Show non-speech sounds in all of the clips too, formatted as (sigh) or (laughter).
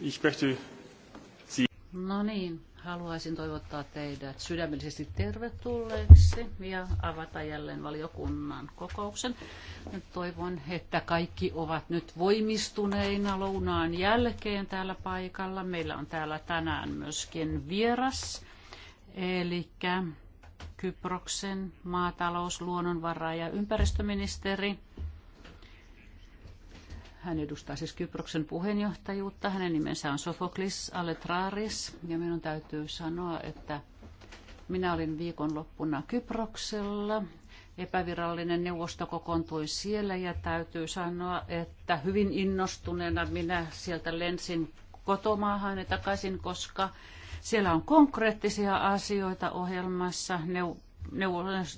ich möchte Sie... No niin, haluaisin toivottaa teidät sydämellisesti tervetulleeksi ja avata jälleen valiokunnan kokouksen. Nyt toivon, että kaikki ovat nyt voimistuneina lounaan jälkeen täällä paikalla. Meillä on täällä tänään myöskin vieras, eli Kyproksen maatalous-, luonnonvara- ja ympäristöministeri hän edustaa siis Kyproksen puheenjohtajuutta. Hänen nimensä on Sofoklis Aletraris. Ja minun täytyy sanoa, että minä olin viikonloppuna Kyproksella. Epävirallinen neuvosto kokoontui siellä ja täytyy sanoa, että hyvin innostuneena minä sieltä lensin kotomaahan ja takaisin, koska siellä on konkreettisia asioita ohjelmassa. Neu-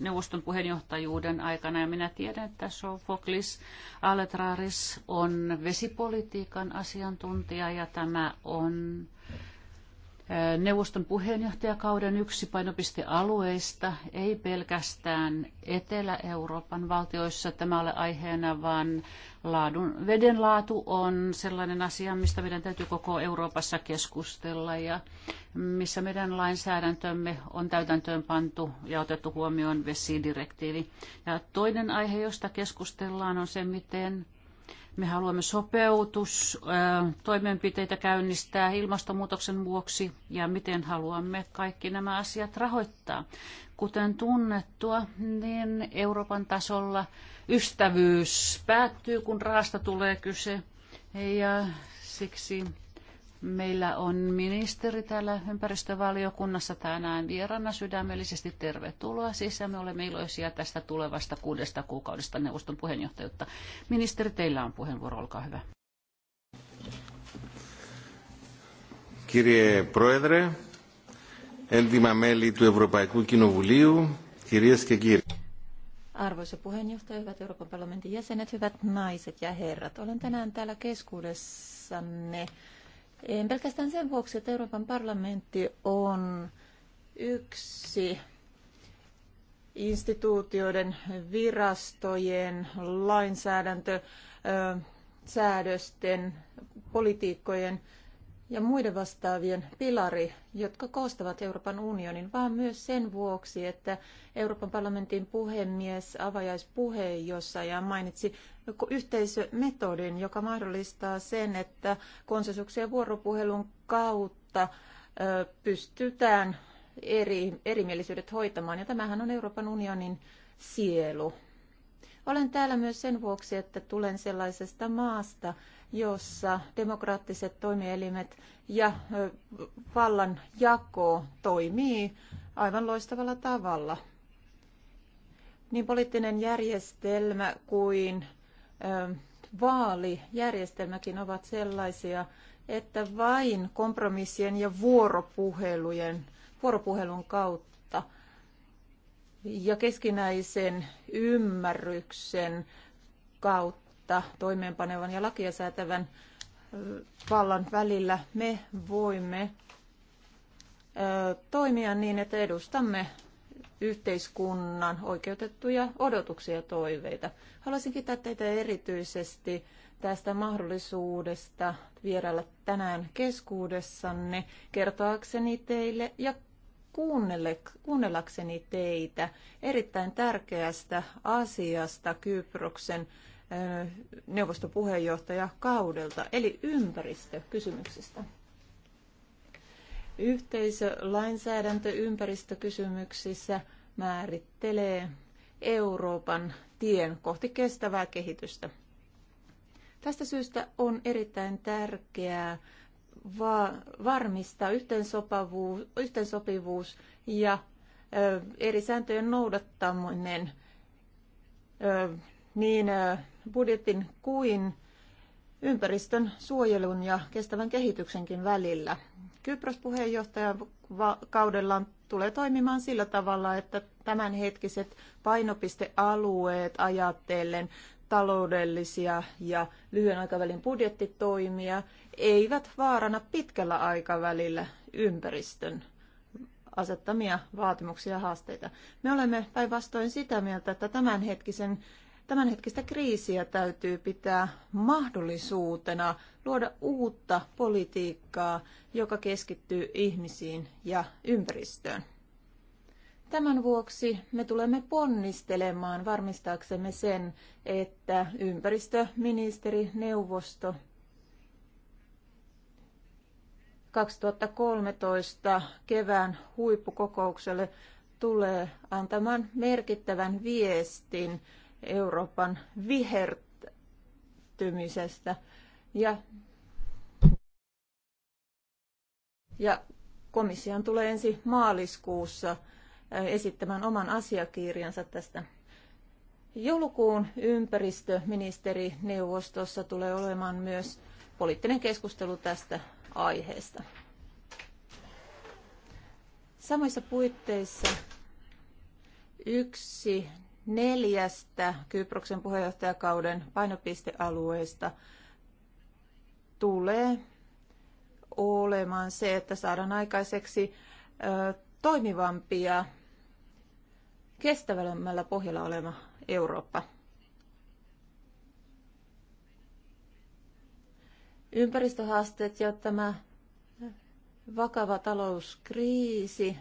neuvoston puheenjohtajuuden aikana ja minä tiedän, että Sofoklis Aletraris on vesipolitiikan asiantuntija ja tämä on neuvoston puheenjohtajakauden yksi painopistealueista, ei pelkästään Etelä-Euroopan valtioissa tämä ole aiheena, vaan laadun, veden laatu on sellainen asia, mistä meidän täytyy koko Euroopassa keskustella ja missä meidän lainsäädäntömme on täytäntöön pantu ja otettu huomioon vesidirektiivi. Ja toinen aihe, josta keskustellaan, on se, miten me haluamme sopeutus, toimenpiteitä käynnistää ilmastonmuutoksen vuoksi ja miten haluamme kaikki nämä asiat rahoittaa. Kuten tunnettua, niin Euroopan tasolla ystävyys päättyy, kun rahasta tulee kyse. Ja siksi Meillä on ministeri täällä ympäristövaliokunnassa tänään vieraana sydämellisesti tervetuloa sisään. Me olemme iloisia tästä tulevasta kuudesta kuukaudesta neuvoston puheenjohtajutta. Ministeri, teillä on puheenvuoro, olkaa hyvä. Κύριε Πρόεδρε, έντιμα μέλη του Ευρωπαϊκού Κοινοβουλίου, κυρίες και κύριοι. Arvoisa puheenjohtaja, hyvät Euroopan parlamentin jäsenet, hyvät naiset ja herrat. Olen tänään täällä keskuudessanne en pelkästään sen vuoksi, että Euroopan parlamentti on yksi instituutioiden, virastojen, lainsäädäntö, säädösten, politiikkojen ja muiden vastaavien pilari, jotka koostavat Euroopan unionin, vaan myös sen vuoksi, että Euroopan parlamentin puhemies avajaispuhe, jossa ja mainitsi yhteisömetodin, joka mahdollistaa sen, että konsensuksen ja vuoropuhelun kautta pystytään eri, erimielisyydet hoitamaan, ja tämähän on Euroopan unionin sielu. Olen täällä myös sen vuoksi, että tulen sellaisesta maasta, jossa demokraattiset toimielimet ja vallan jako toimii aivan loistavalla tavalla. Niin poliittinen järjestelmä kuin vaalijärjestelmäkin ovat sellaisia, että vain kompromissien ja vuoropuhelujen, vuoropuhelun kautta ja keskinäisen ymmärryksen kautta suhdetta toimeenpanevan ja lakia säätävän vallan välillä me voimme toimia niin, että edustamme yhteiskunnan oikeutettuja odotuksia ja toiveita. Haluaisin kiittää teitä erityisesti tästä mahdollisuudesta vierailla tänään keskuudessanne, kertoakseni teille ja kuunnellakseni teitä erittäin tärkeästä asiasta Kyproksen neuvoston kaudelta, eli ympäristökysymyksistä. Yhteisölainsäädäntö ympäristökysymyksissä määrittelee Euroopan tien kohti kestävää kehitystä. Tästä syystä on erittäin tärkeää va- varmistaa yhteensopivuus, yhteensopivuus ja ö, eri sääntöjen noudattaminen ö, niin ö, budjetin kuin ympäristön suojelun ja kestävän kehityksenkin välillä. Kypros puheenjohtajan kaudellaan tulee toimimaan sillä tavalla, että tämänhetkiset painopistealueet ajatellen taloudellisia ja lyhyen aikavälin budjettitoimia eivät vaarana pitkällä aikavälillä ympäristön asettamia vaatimuksia ja haasteita. Me olemme päinvastoin sitä mieltä, että tämänhetkisen Tämänhetkistä kriisiä täytyy pitää mahdollisuutena luoda uutta politiikkaa, joka keskittyy ihmisiin ja ympäristöön. Tämän vuoksi me tulemme ponnistelemaan varmistaaksemme sen, että ympäristöministeri Neuvosto 2013 kevään huippukokoukselle tulee antamaan merkittävän viestin Euroopan vihertymisestä. Ja, ja komission tulee ensi maaliskuussa äh, esittämään oman asiakirjansa tästä. Joulukuun ympäristöministerineuvostossa tulee olemaan myös poliittinen keskustelu tästä aiheesta. Samoissa puitteissa yksi neljästä Kyproksen puheenjohtajakauden painopistealueesta tulee olemaan se, että saadaan aikaiseksi toimivampia, kestävämmällä pohjalla oleva Eurooppa. Ympäristöhaasteet ja tämä vakava talouskriisi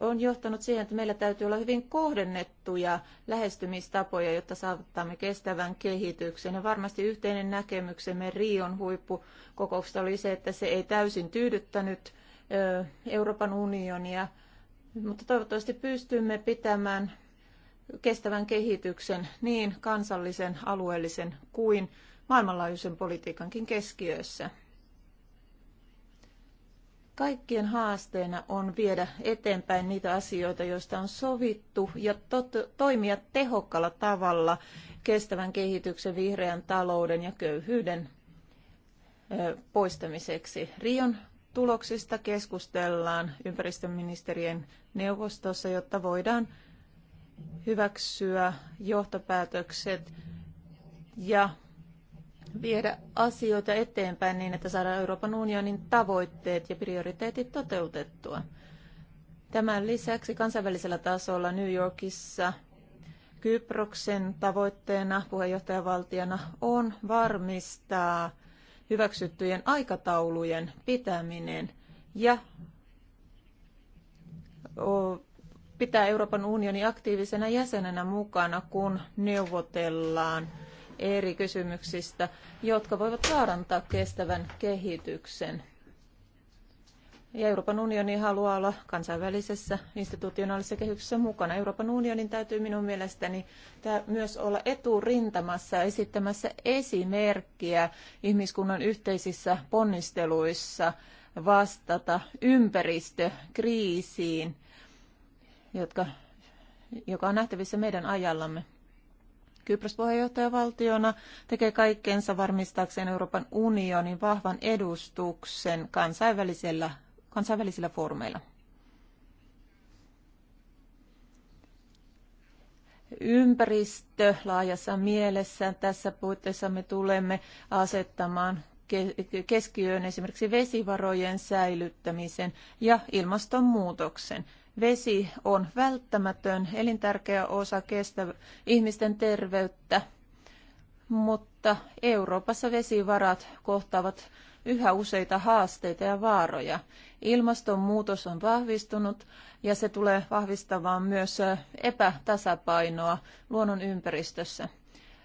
on johtanut siihen, että meillä täytyy olla hyvin kohdennettuja lähestymistapoja, jotta saavutamme kestävän kehityksen. Ja varmasti yhteinen näkemyksemme Rion huippukokouksesta oli se, että se ei täysin tyydyttänyt Euroopan unionia, mutta toivottavasti pystymme pitämään kestävän kehityksen niin kansallisen, alueellisen kuin maailmanlaajuisen politiikankin keskiössä. Kaikkien haasteena on viedä eteenpäin niitä asioita, joista on sovittu ja toimia tehokkaalla tavalla kestävän kehityksen, vihreän talouden ja köyhyyden poistamiseksi. Rion tuloksista keskustellaan ympäristöministerien neuvostossa, jotta voidaan hyväksyä johtopäätökset ja viedä asioita eteenpäin niin, että saadaan Euroopan unionin tavoitteet ja prioriteetit toteutettua. Tämän lisäksi kansainvälisellä tasolla New Yorkissa Kyproksen tavoitteena puheenjohtajavaltiona on varmistaa hyväksyttyjen aikataulujen pitäminen ja pitää Euroopan unioni aktiivisena jäsenenä mukana, kun neuvotellaan eri kysymyksistä, jotka voivat vaarantaa kestävän kehityksen. Ja Euroopan unioni haluaa olla kansainvälisessä institutionaalisessa kehyksessä mukana. Euroopan unionin täytyy minun mielestäni myös olla eturintamassa esittämässä esimerkkiä ihmiskunnan yhteisissä ponnisteluissa vastata ympäristökriisiin, jotka, joka on nähtävissä meidän ajallamme. Kypros puheenjohtajavaltiona tekee kaikkensa varmistaakseen Euroopan unionin vahvan edustuksen kansainvälisillä, kansainvälisillä foorumeilla. Ympäristö laajassa mielessä tässä puitteissa me tulemme asettamaan keskiöön esimerkiksi vesivarojen säilyttämisen ja ilmastonmuutoksen. Vesi on välttämätön, elintärkeä osa kestävä, ihmisten terveyttä, mutta Euroopassa vesivarat kohtaavat yhä useita haasteita ja vaaroja. Ilmastonmuutos on vahvistunut ja se tulee vahvistamaan myös epätasapainoa luonnon ympäristössä.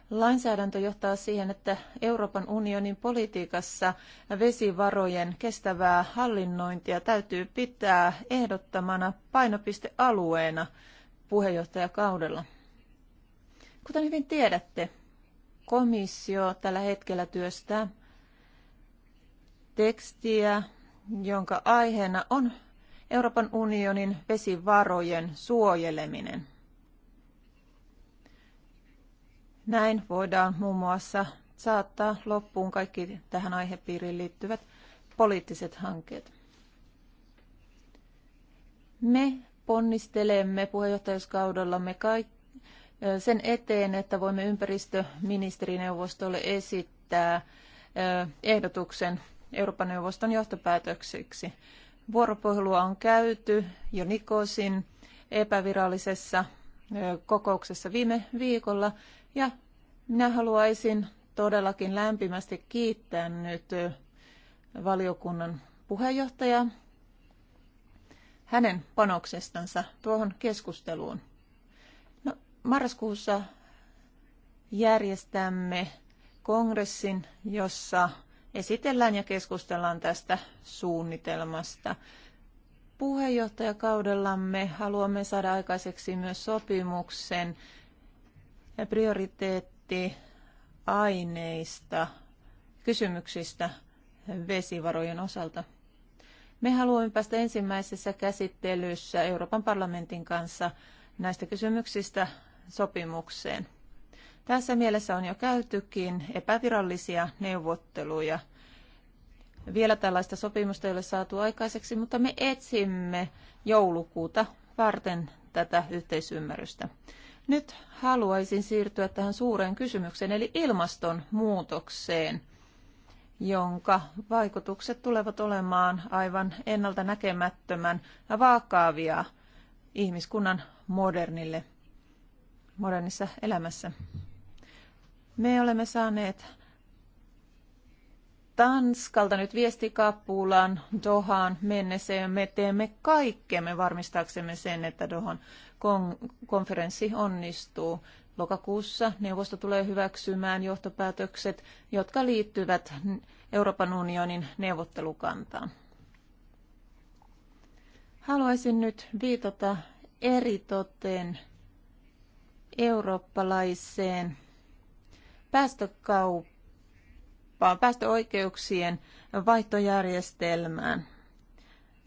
Lainsäädäntö johtaa siihen, että Euroopan unionin politiikassa vesivarojen kestävää hallinnointia täytyy pitää ehdottamana painopistealueena puheenjohtajakaudella. Kuten hyvin tiedätte, komissio tällä hetkellä työstää tekstiä, jonka aiheena on Euroopan unionin vesivarojen suojeleminen – Näin voidaan muun muassa saattaa loppuun kaikki tähän aihepiiriin liittyvät poliittiset hankkeet. Me ponnistelemme puheenjohtajuuskaudellamme kaikki sen eteen, että voimme ympäristöministerineuvostolle esittää ehdotuksen Euroopan neuvoston johtopäätöksiksi. Vuoropuhelua on käyty jo Nikosin epävirallisessa kokouksessa viime viikolla ja minä haluaisin todellakin lämpimästi kiittää nyt valiokunnan puheenjohtajaa hänen panoksestansa tuohon keskusteluun. No, marraskuussa järjestämme kongressin, jossa esitellään ja keskustellaan tästä suunnitelmasta. Puheenjohtajakaudellamme haluamme saada aikaiseksi myös sopimuksen Prioriteetti aineista kysymyksistä vesivarojen osalta. Me haluamme päästä ensimmäisessä käsittelyssä Euroopan parlamentin kanssa näistä kysymyksistä sopimukseen. Tässä mielessä on jo käytykin epävirallisia neuvotteluja. Vielä tällaista sopimusta ei ole saatu aikaiseksi, mutta me etsimme joulukuuta varten tätä yhteisymmärrystä. Nyt haluaisin siirtyä tähän suureen kysymykseen, eli ilmastonmuutokseen, jonka vaikutukset tulevat olemaan aivan ennalta näkemättömän ja vaakaavia ihmiskunnan modernille, modernissa elämässä. Me olemme saaneet Tanskalta nyt viesti Kapulaan Dohaan mennessä ja me teemme kaikkemme varmistaaksemme sen, että Dohan konferenssi onnistuu. Lokakuussa neuvosto tulee hyväksymään johtopäätökset, jotka liittyvät Euroopan unionin neuvottelukantaan. Haluaisin nyt viitata eritoten eurooppalaiseen päästökauppaan Eurooppaan, päästöoikeuksien vaihtojärjestelmään.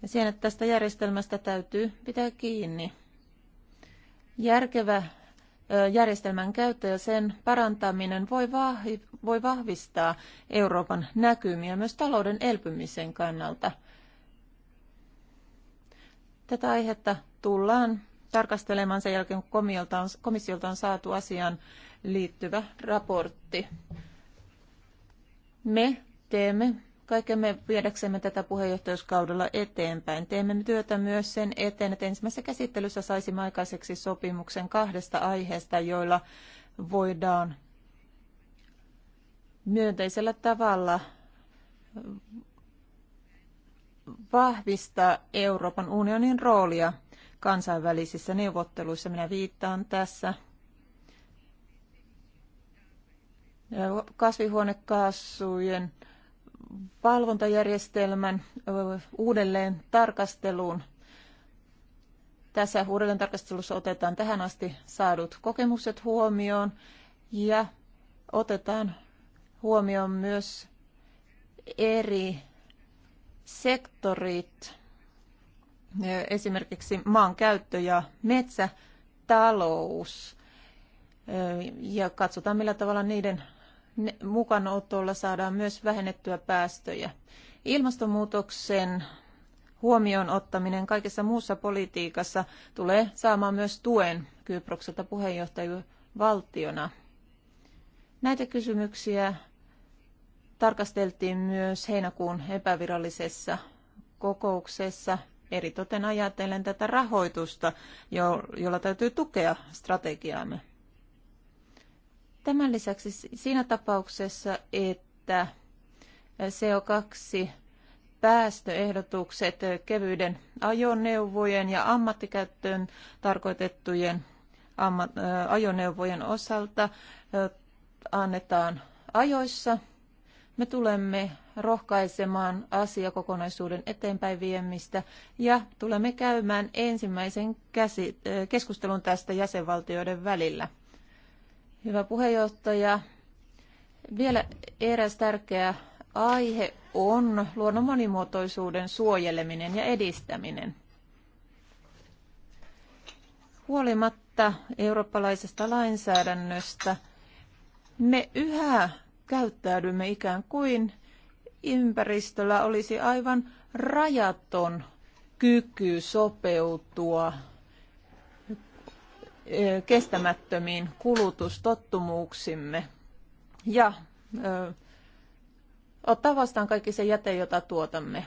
Ja siihen, että tästä järjestelmästä täytyy pitää kiinni. Järkevä järjestelmän käyttö ja sen parantaminen voi, vahvistaa Euroopan näkymiä myös talouden elpymisen kannalta. Tätä aihetta tullaan tarkastelemaan sen jälkeen, kun komissiolta on saatu asiaan liittyvä raportti. Me teemme kaikkemme viedäksemme tätä puheenjohtajuuskaudella eteenpäin. Teemme työtä myös sen eteen, että ensimmäisessä käsittelyssä saisimme aikaiseksi sopimuksen kahdesta aiheesta, joilla voidaan myönteisellä tavalla vahvistaa Euroopan unionin roolia kansainvälisissä neuvotteluissa. Minä viittaan tässä kasvihuonekaasujen valvontajärjestelmän uudelleen tarkasteluun. Tässä uudelleen tarkastelussa otetaan tähän asti saadut kokemukset huomioon ja otetaan huomioon myös eri sektorit, esimerkiksi maankäyttö ja metsätalous. Ja katsotaan, millä tavalla niiden mukanaotolla saadaan myös vähennettyä päästöjä. Ilmastonmuutoksen huomioon ottaminen kaikessa muussa politiikassa tulee saamaan myös tuen Kyprokselta puheenjohtajavaltiona. Näitä kysymyksiä tarkasteltiin myös heinäkuun epävirallisessa kokouksessa, eritoten ajatellen tätä rahoitusta, jolla täytyy tukea strategiaamme. Tämän lisäksi siinä tapauksessa, että CO2 päästöehdotukset kevyiden ajoneuvojen ja ammattikäyttöön tarkoitettujen ajoneuvojen osalta annetaan ajoissa. Me tulemme rohkaisemaan asiakokonaisuuden eteenpäin viemistä ja tulemme käymään ensimmäisen keskustelun tästä jäsenvaltioiden välillä. Hyvä puheenjohtaja. Vielä eräs tärkeä aihe on luonnon monimuotoisuuden suojeleminen ja edistäminen. Huolimatta eurooppalaisesta lainsäädännöstä me yhä käyttäydymme ikään kuin ympäristöllä olisi aivan rajaton kyky sopeutua kestämättömiin kulutustottumuksimme ja ottaa vastaan kaikki se jäte, jota tuotamme.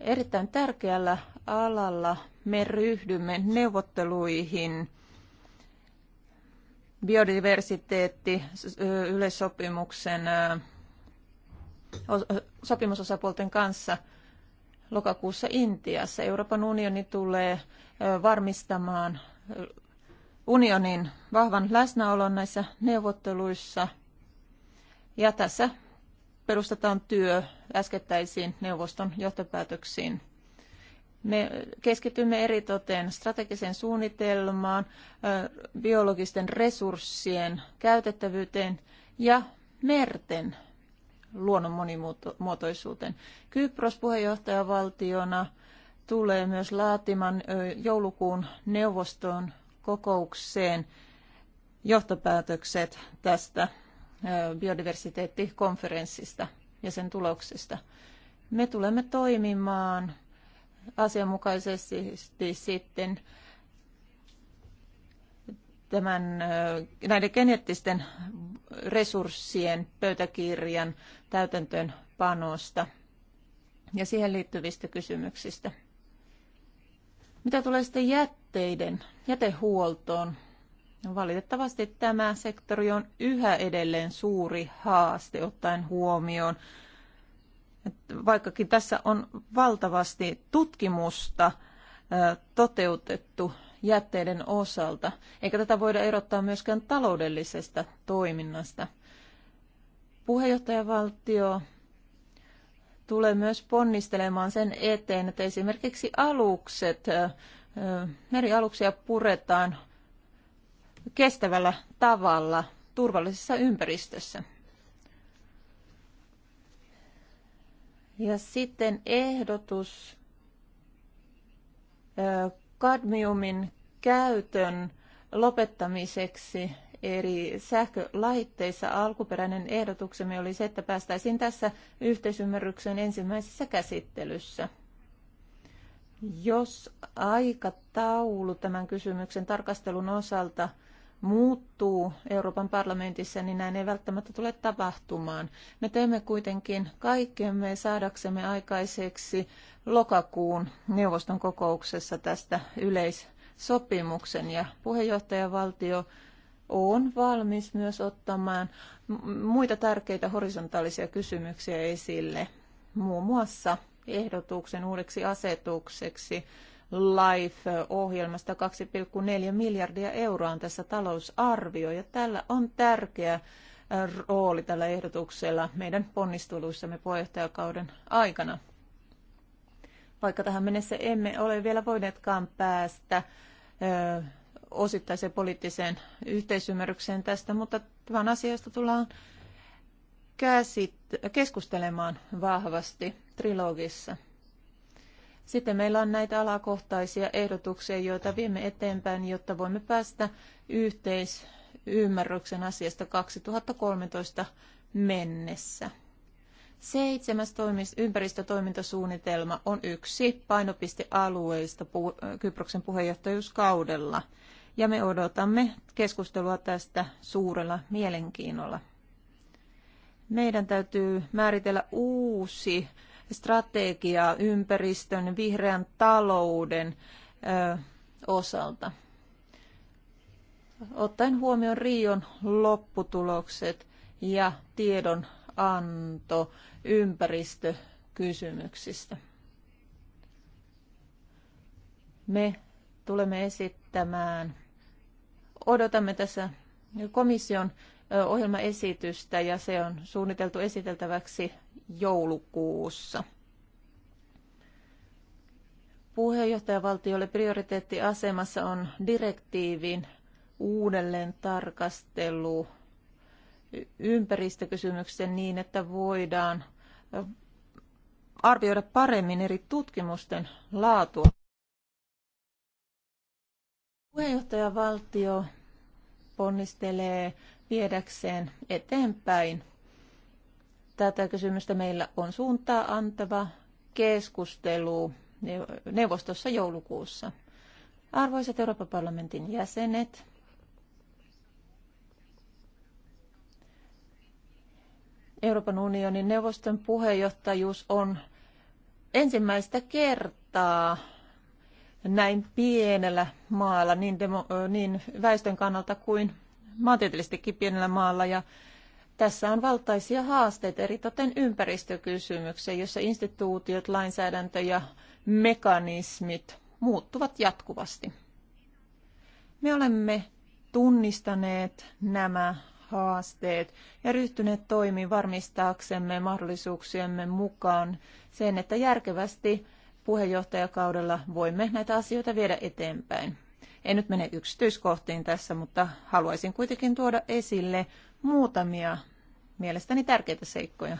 Erittäin tärkeällä alalla me ryhdymme neuvotteluihin biodiversiteetti yleissopimuksen sopimusosapuolten kanssa lokakuussa Intiassa. Euroopan unioni tulee varmistamaan unionin vahvan läsnäolon näissä neuvotteluissa. Ja tässä perustetaan työ äskettäisiin neuvoston johtopäätöksiin. Me keskitymme eritoten strategiseen suunnitelmaan, biologisten resurssien käytettävyyteen ja merten luonnon monimuotoisuuteen. Kypros puheenjohtajavaltiona tulee myös laatimaan joulukuun neuvostoon kokoukseen johtopäätökset tästä biodiversiteettikonferenssista ja sen tuloksista. Me tulemme toimimaan asianmukaisesti sitten tämän, näiden geneettisten resurssien pöytäkirjan täytäntöönpanosta ja siihen liittyvistä kysymyksistä. Mitä tulee sitten jättää? jätteiden jätehuoltoon. Valitettavasti tämä sektori on yhä edelleen suuri haaste ottaen huomioon, että vaikkakin tässä on valtavasti tutkimusta toteutettu jätteiden osalta, eikä tätä voida erottaa myöskään taloudellisesta toiminnasta. Puheenjohtajavaltio tulee myös ponnistelemaan sen eteen, että esimerkiksi alukset merialuksia puretaan kestävällä tavalla turvallisessa ympäristössä. Ja sitten ehdotus kadmiumin käytön lopettamiseksi eri sähkölaitteissa alkuperäinen ehdotuksemme oli se, että päästäisiin tässä yhteisymmärrykseen ensimmäisessä käsittelyssä. Jos aikataulu tämän kysymyksen tarkastelun osalta muuttuu Euroopan parlamentissa, niin näin ei välttämättä tule tapahtumaan. Me teemme kuitenkin kaikkemme saadaksemme aikaiseksi lokakuun neuvoston kokouksessa tästä yleissopimuksen ja puheenjohtajavaltio on valmis myös ottamaan muita tärkeitä horisontaalisia kysymyksiä esille, muun muassa ehdotuksen uudeksi asetukseksi LIFE-ohjelmasta 2,4 miljardia euroa on tässä talousarvio ja tällä on tärkeä rooli tällä ehdotuksella meidän ponnisteluissamme puheenjohtajakauden aikana. Vaikka tähän mennessä emme ole vielä voineetkaan päästä ö, osittaiseen poliittiseen yhteisymmärrykseen tästä, mutta tämän asiasta tullaan käsit- keskustelemaan vahvasti trilogissa. Sitten meillä on näitä alakohtaisia ehdotuksia, joita viemme eteenpäin, jotta voimme päästä yhteisymmärryksen asiasta 2013 mennessä. Seitsemäs toimis, ympäristötoimintasuunnitelma on yksi painopistealueista pu- Kyproksen puheenjohtajuuskaudella, ja me odotamme keskustelua tästä suurella mielenkiinnolla. Meidän täytyy määritellä uusi strategiaa ympäristön, vihreän talouden osalta. Ottaen huomioon Rion lopputulokset ja tiedon anto ympäristökysymyksistä. Me tulemme esittämään, odotamme tässä komission ohjelmaesitystä ja se on suunniteltu esiteltäväksi joulukuussa. Puheenjohtajavaltiolle prioriteettiasemassa on direktiivin uudelleen tarkastelu ympäristökysymyksen niin, että voidaan arvioida paremmin eri tutkimusten laatua. Puheenjohtajavaltio ponnistelee viedäkseen eteenpäin tätä kysymystä meillä on suuntaa antava keskustelu neuvostossa joulukuussa. Arvoisat Euroopan parlamentin jäsenet, Euroopan unionin neuvoston puheenjohtajuus on ensimmäistä kertaa näin pienellä maalla, niin, demo, niin väestön kannalta kuin maantieteellisestikin pienellä maalla. Ja tässä on valtaisia haasteita, eritoten ympäristökysymyksiä, jossa instituutiot, lainsäädäntö ja mekanismit muuttuvat jatkuvasti. Me olemme tunnistaneet nämä haasteet ja ryhtyneet toimiin varmistaaksemme mahdollisuuksiemme mukaan sen, että järkevästi puheenjohtajakaudella voimme näitä asioita viedä eteenpäin. En nyt mene yksityiskohtiin tässä, mutta haluaisin kuitenkin tuoda esille muutamia mielestäni tärkeitä seikkoja.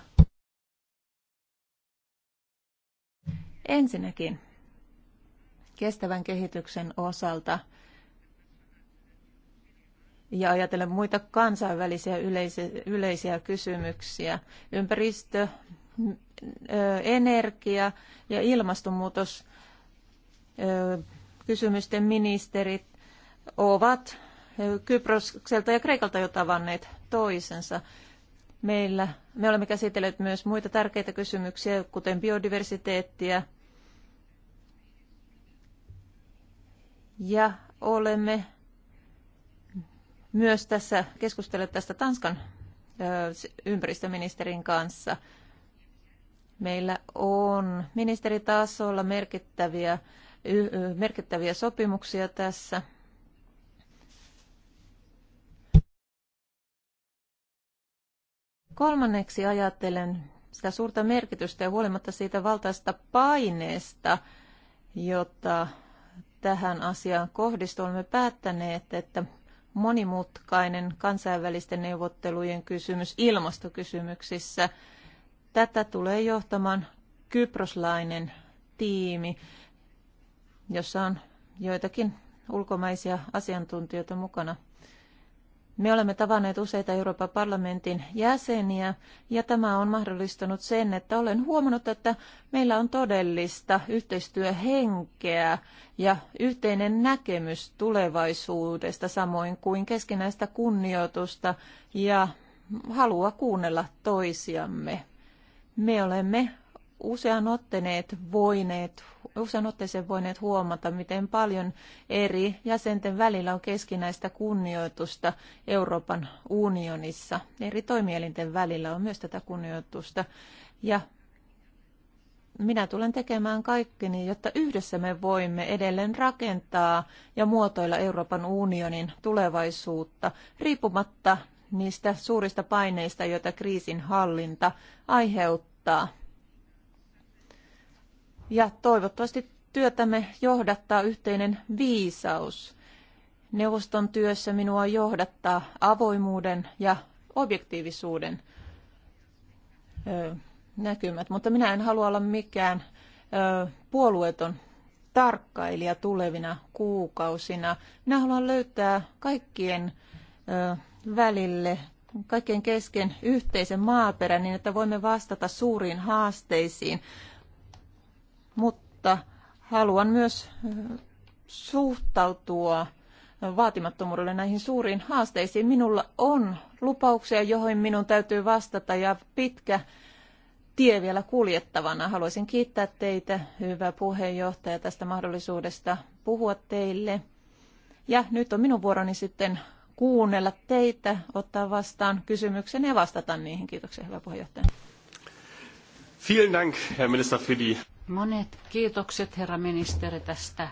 Ensinnäkin kestävän kehityksen osalta ja ajatellen muita kansainvälisiä yleisiä, yleisiä kysymyksiä, ympäristö, energia ja ilmastonmuutos kysymysten ministerit ovat Kyprokselta ja Kreikalta jo tavanneet toisensa. Meillä, me olemme käsitelleet myös muita tärkeitä kysymyksiä, kuten biodiversiteettiä. Ja olemme myös tässä keskustelleet tästä Tanskan ympäristöministerin kanssa. Meillä on ministeritasolla merkittäviä, merkittäviä sopimuksia tässä – Kolmanneksi ajattelen sitä suurta merkitystä ja huolimatta siitä valtaista paineesta, jota tähän asiaan kohdistuu, olemme päättäneet, että monimutkainen kansainvälisten neuvottelujen kysymys ilmastokysymyksissä, tätä tulee johtamaan kyproslainen tiimi, jossa on joitakin ulkomaisia asiantuntijoita mukana – me olemme tavanneet useita Euroopan parlamentin jäseniä ja tämä on mahdollistanut sen, että olen huomannut, että meillä on todellista yhteistyöhenkeä ja yhteinen näkemys tulevaisuudesta samoin kuin keskinäistä kunnioitusta ja halua kuunnella toisiamme. Me olemme usean, otteneet voineet, usean otteeseen voineet huomata, miten paljon eri jäsenten välillä on keskinäistä kunnioitusta Euroopan unionissa. Eri toimielinten välillä on myös tätä kunnioitusta. Ja minä tulen tekemään kaikkeni, jotta yhdessä me voimme edelleen rakentaa ja muotoilla Euroopan unionin tulevaisuutta riippumatta niistä suurista paineista, joita kriisin hallinta aiheuttaa ja toivottavasti työtämme johdattaa yhteinen viisaus. Neuvoston työssä minua johdattaa avoimuuden ja objektiivisuuden näkymät, mutta minä en halua olla mikään puolueeton tarkkailija tulevina kuukausina. Minä haluan löytää kaikkien välille, kaikkien kesken yhteisen maaperän niin, että voimme vastata suuriin haasteisiin, mutta haluan myös suhtautua vaatimattomuudelle näihin suuriin haasteisiin. Minulla on lupauksia, joihin minun täytyy vastata ja pitkä tie vielä kuljettavana. Haluaisin kiittää teitä, hyvä puheenjohtaja, tästä mahdollisuudesta puhua teille. Ja nyt on minun vuoroni sitten kuunnella teitä, ottaa vastaan kysymyksen ja vastata niihin. Kiitoksia, hyvä puheenjohtaja. Vielen Dank, Herr Minister, für die Monet kiitokset herra ministeri tästä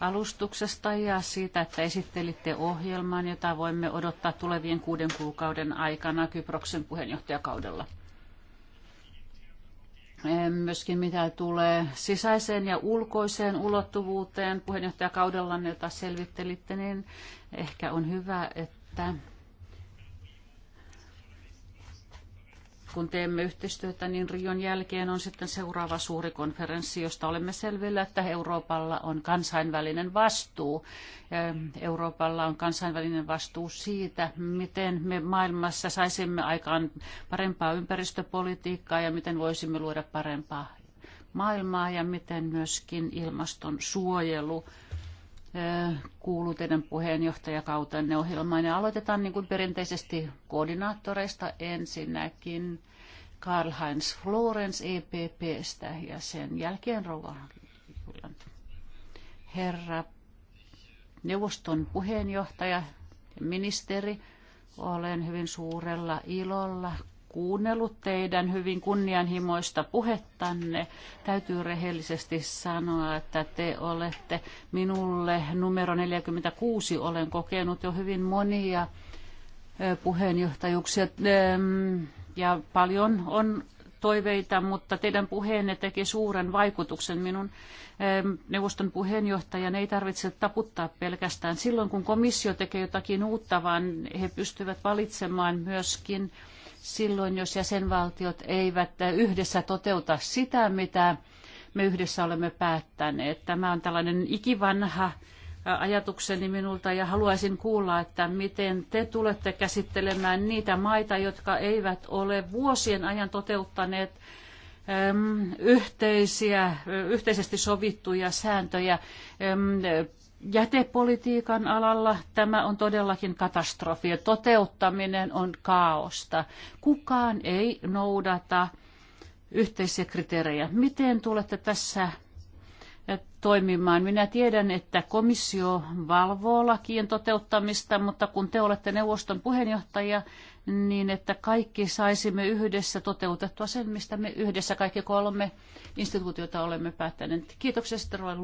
alustuksesta ja siitä, että esittelitte ohjelman, jota voimme odottaa tulevien kuuden kuukauden aikana Kyproksen puheenjohtajakaudella. Myöskin mitä tulee sisäiseen ja ulkoiseen ulottuvuuteen puheenjohtajakaudella, jota selvittelitte, niin ehkä on hyvä, että kun teemme yhteistyötä, niin Rion jälkeen on sitten seuraava suuri konferenssi, josta olemme selvillä, että Euroopalla on kansainvälinen vastuu. Euroopalla on kansainvälinen vastuu siitä, miten me maailmassa saisimme aikaan parempaa ympäristöpolitiikkaa ja miten voisimme luoda parempaa maailmaa ja miten myöskin ilmaston suojelu kuuluu teidän puheenjohtajakautenne ohjelmaan. Ja aloitetaan niin kuin perinteisesti koordinaattoreista ensinnäkin Karl-Heinz Florens EPPstä ja sen jälkeen Rova Herra neuvoston puheenjohtaja ja ministeri, olen hyvin suurella ilolla kuunnellut teidän hyvin kunnianhimoista puhettanne. Täytyy rehellisesti sanoa, että te olette minulle numero 46. Olen kokenut jo hyvin monia puheenjohtajuuksia ja paljon on toiveita, mutta teidän puheenne teki suuren vaikutuksen. Minun neuvoston puheenjohtajan ei tarvitse taputtaa pelkästään silloin, kun komissio tekee jotakin uutta, vaan he pystyvät valitsemaan myöskin – silloin, jos jäsenvaltiot eivät yhdessä toteuta sitä, mitä me yhdessä olemme päättäneet. Tämä on tällainen ikivanha ajatukseni minulta ja haluaisin kuulla, että miten te tulette käsittelemään niitä maita, jotka eivät ole vuosien ajan toteuttaneet yhteisiä, yhteisesti sovittuja sääntöjä jätepolitiikan alalla tämä on todellakin katastrofi ja toteuttaminen on kaaosta. Kukaan ei noudata yhteisiä kriteerejä. Miten tulette tässä eh, toimimaan? Minä tiedän, että komissio valvoo lakien toteuttamista, mutta kun te olette neuvoston puheenjohtaja, niin että kaikki saisimme yhdessä toteutettua sen, mistä me yhdessä kaikki kolme instituutiota olemme päättäneet. Kiitoksia, Roy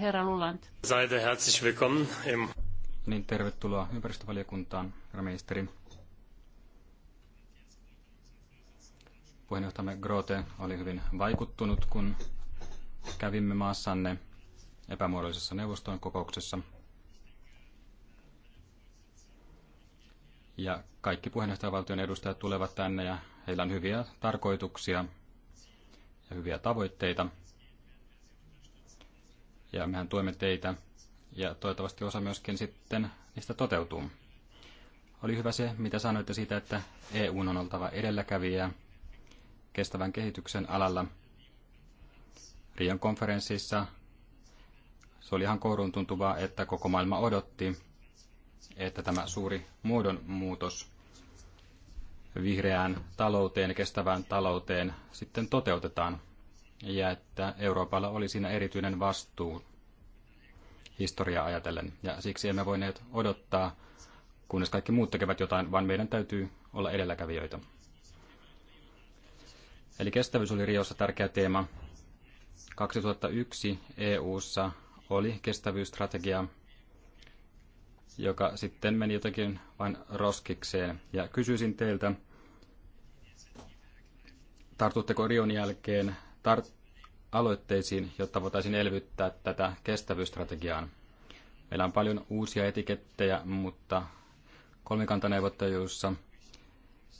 herra Luland. Seite herzlich willkommen. Niin, tervetuloa ympäristövaliokuntaan, herra ministeri. Puheenjohtajamme Grote oli hyvin vaikuttunut, kun kävimme maassanne epämuodollisessa neuvoston kokouksessa. Ja kaikki puheenjohtajavaltion edustajat tulevat tänne ja heillä on hyviä tarkoituksia ja hyviä tavoitteita – ja mehän tuemme teitä ja toivottavasti osa myöskin sitten niistä toteutuu. Oli hyvä se, mitä sanoitte siitä, että EU on oltava edelläkävijä kestävän kehityksen alalla. Rion konferenssissa se oli ihan kouruun tuntuvaa, että koko maailma odotti, että tämä suuri muodonmuutos vihreään talouteen kestävään talouteen sitten toteutetaan – ja että Euroopalla oli siinä erityinen vastuu historiaa ajatellen. Ja siksi emme voineet odottaa, kunnes kaikki muut tekevät jotain, vaan meidän täytyy olla edelläkävijöitä. Eli kestävyys oli Riossa tärkeä teema. 2001 EU:ssa oli kestävyysstrategia, joka sitten meni jotenkin vain roskikseen. Ja kysyisin teiltä, tartutteko Rion jälkeen aloitteisiin, jotta voitaisiin elvyttää tätä kestävyysstrategiaa. Meillä on paljon uusia etikettejä, mutta kolmikantaneuvotteluissa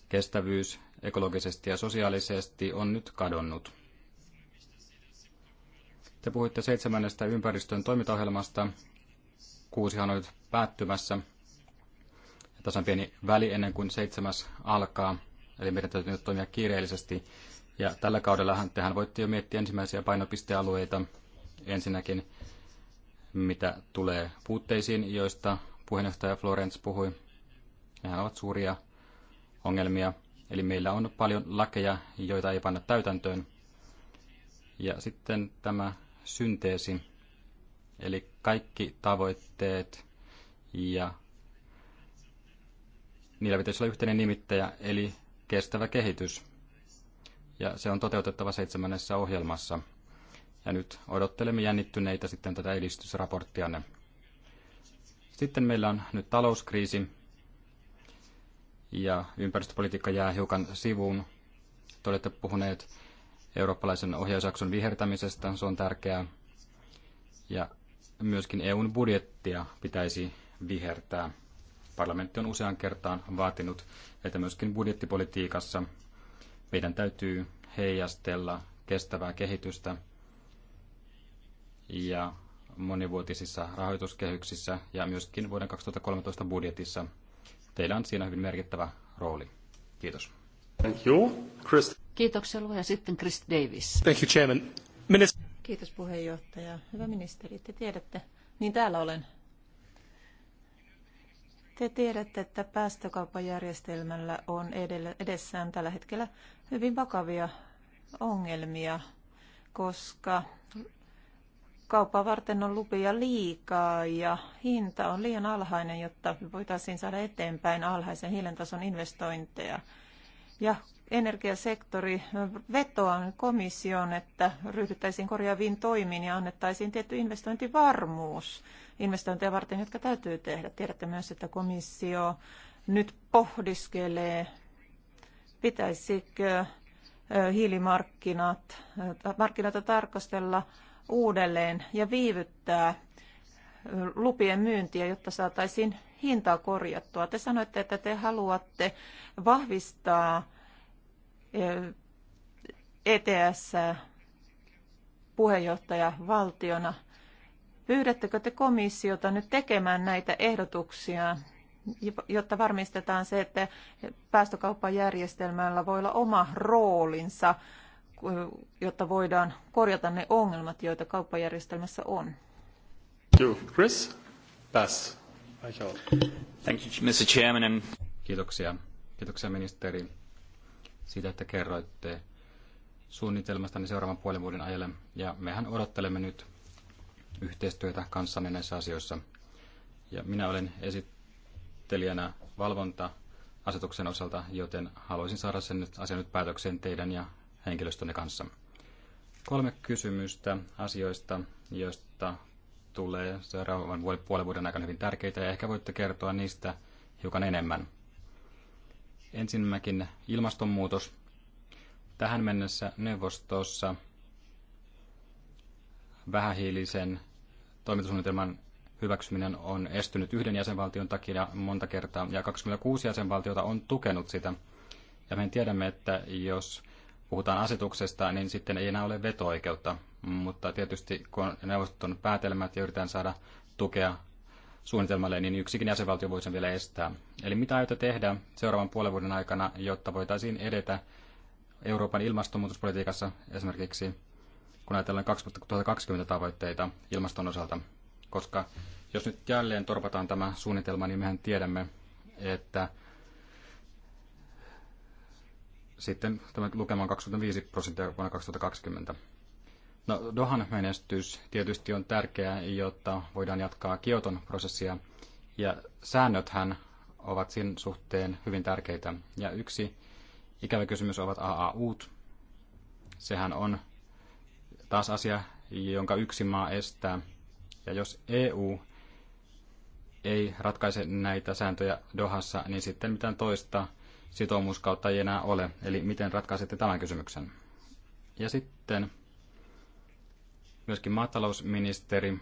kestävyys ekologisesti ja sosiaalisesti on nyt kadonnut. Te puhuitte seitsemännestä ympäristön toimintaohjelmasta. Kuusihan on nyt päättymässä. Ja tässä on pieni väli ennen kuin seitsemäs alkaa. Eli meidän täytyy nyt toimia kiireellisesti, ja tällä kaudella tehän voitte jo miettiä ensimmäisiä painopistealueita. Ensinnäkin, mitä tulee puutteisiin, joista puheenjohtaja Florence puhui. Nehän ovat suuria ongelmia. Eli meillä on paljon lakeja, joita ei panna täytäntöön. Ja sitten tämä synteesi, eli kaikki tavoitteet ja niillä pitäisi olla yhteinen nimittäjä, eli kestävä kehitys ja se on toteutettava seitsemännessä ohjelmassa. Ja nyt odottelemme jännittyneitä sitten tätä edistysraporttianne. Sitten meillä on nyt talouskriisi ja ympäristöpolitiikka jää hiukan sivuun. Te olette puhuneet eurooppalaisen ohjausjakson vihertämisestä, se on tärkeää. Ja myöskin EUn budjettia pitäisi vihertää. Parlamentti on usean kertaan vaatinut, että myöskin budjettipolitiikassa meidän täytyy heijastella kestävää kehitystä ja monivuotisissa rahoituskehyksissä ja myöskin vuoden 2013 budjetissa. Teillä on siinä hyvin merkittävä rooli. Kiitos. Thank you. Chris. Kiitoksia ja sitten Chris Davis. Thank you, Chairman. Minister. Kiitos puheenjohtaja. Hyvä ministeri, te tiedätte. Niin täällä olen. Te tiedätte, että päästökauppajärjestelmällä on edellä, edessään tällä hetkellä hyvin vakavia ongelmia, koska kauppaa varten on lupia liikaa ja hinta on liian alhainen, jotta voitaisiin saada eteenpäin alhaisen hiilentason investointeja. Ja energiasektori vetoaa komission, että ryhdyttäisiin korjaaviin toimiin ja annettaisiin tietty investointivarmuus investointeja varten, jotka täytyy tehdä. Tiedätte myös, että komissio nyt pohdiskelee Pitäisikö hiilimarkkinat, markkinoita tarkastella uudelleen ja viivyttää lupien myyntiä, jotta saataisiin hintaa korjattua. Te sanoitte, että te haluatte vahvistaa ETS valtiona. Pyydättekö te komissiota nyt tekemään näitä ehdotuksia jotta varmistetaan se, että päästökauppajärjestelmällä voi olla oma roolinsa, jotta voidaan korjata ne ongelmat, joita kauppajärjestelmässä on. Chris, Thank you, Mr. Chairman. Kiitoksia. Kiitoksia ministeri siitä, että kerroitte niin seuraavan puolen vuoden ajalle. Ja mehän odottelemme nyt yhteistyötä kanssanne näissä asioissa. Ja minä olen esit- esittelijänä valvonta-asetuksen osalta, joten haluaisin saada sen nyt, asian nyt päätökseen teidän ja henkilöstönne kanssa. Kolme kysymystä asioista, joista tulee seuraavan puolen vuoden aikana hyvin tärkeitä ja ehkä voitte kertoa niistä hiukan enemmän. Ensinnäkin ilmastonmuutos. Tähän mennessä neuvostossa vähähiilisen toimintasuunnitelman hyväksyminen on estynyt yhden jäsenvaltion takia monta kertaa, ja 26 jäsenvaltiota on tukenut sitä. Ja me tiedämme, että jos puhutaan asetuksesta, niin sitten ei enää ole veto-oikeutta. Mutta tietysti kun neuvoston päätelmät ja yritetään saada tukea suunnitelmalle, niin yksikin jäsenvaltio voi sen vielä estää. Eli mitä aiotte tehdä seuraavan puolen vuoden aikana, jotta voitaisiin edetä Euroopan ilmastonmuutospolitiikassa esimerkiksi, kun ajatellaan 2020 tavoitteita ilmaston osalta? koska jos nyt jälleen torpataan tämä suunnitelma, niin mehän tiedämme, että sitten tämä lukema on 25 prosenttia vuonna 2020. No, Dohan menestys tietysti on tärkeää, jotta voidaan jatkaa Kioton prosessia, ja säännöthän ovat sen suhteen hyvin tärkeitä. Ja yksi ikävä kysymys ovat AAUt. Sehän on taas asia, jonka yksi maa estää, ja jos EU ei ratkaise näitä sääntöjä Dohassa, niin sitten mitään toista sitoumuskautta ei enää ole. Eli miten ratkaisette tämän kysymyksen? Ja sitten myöskin maatalousministeri,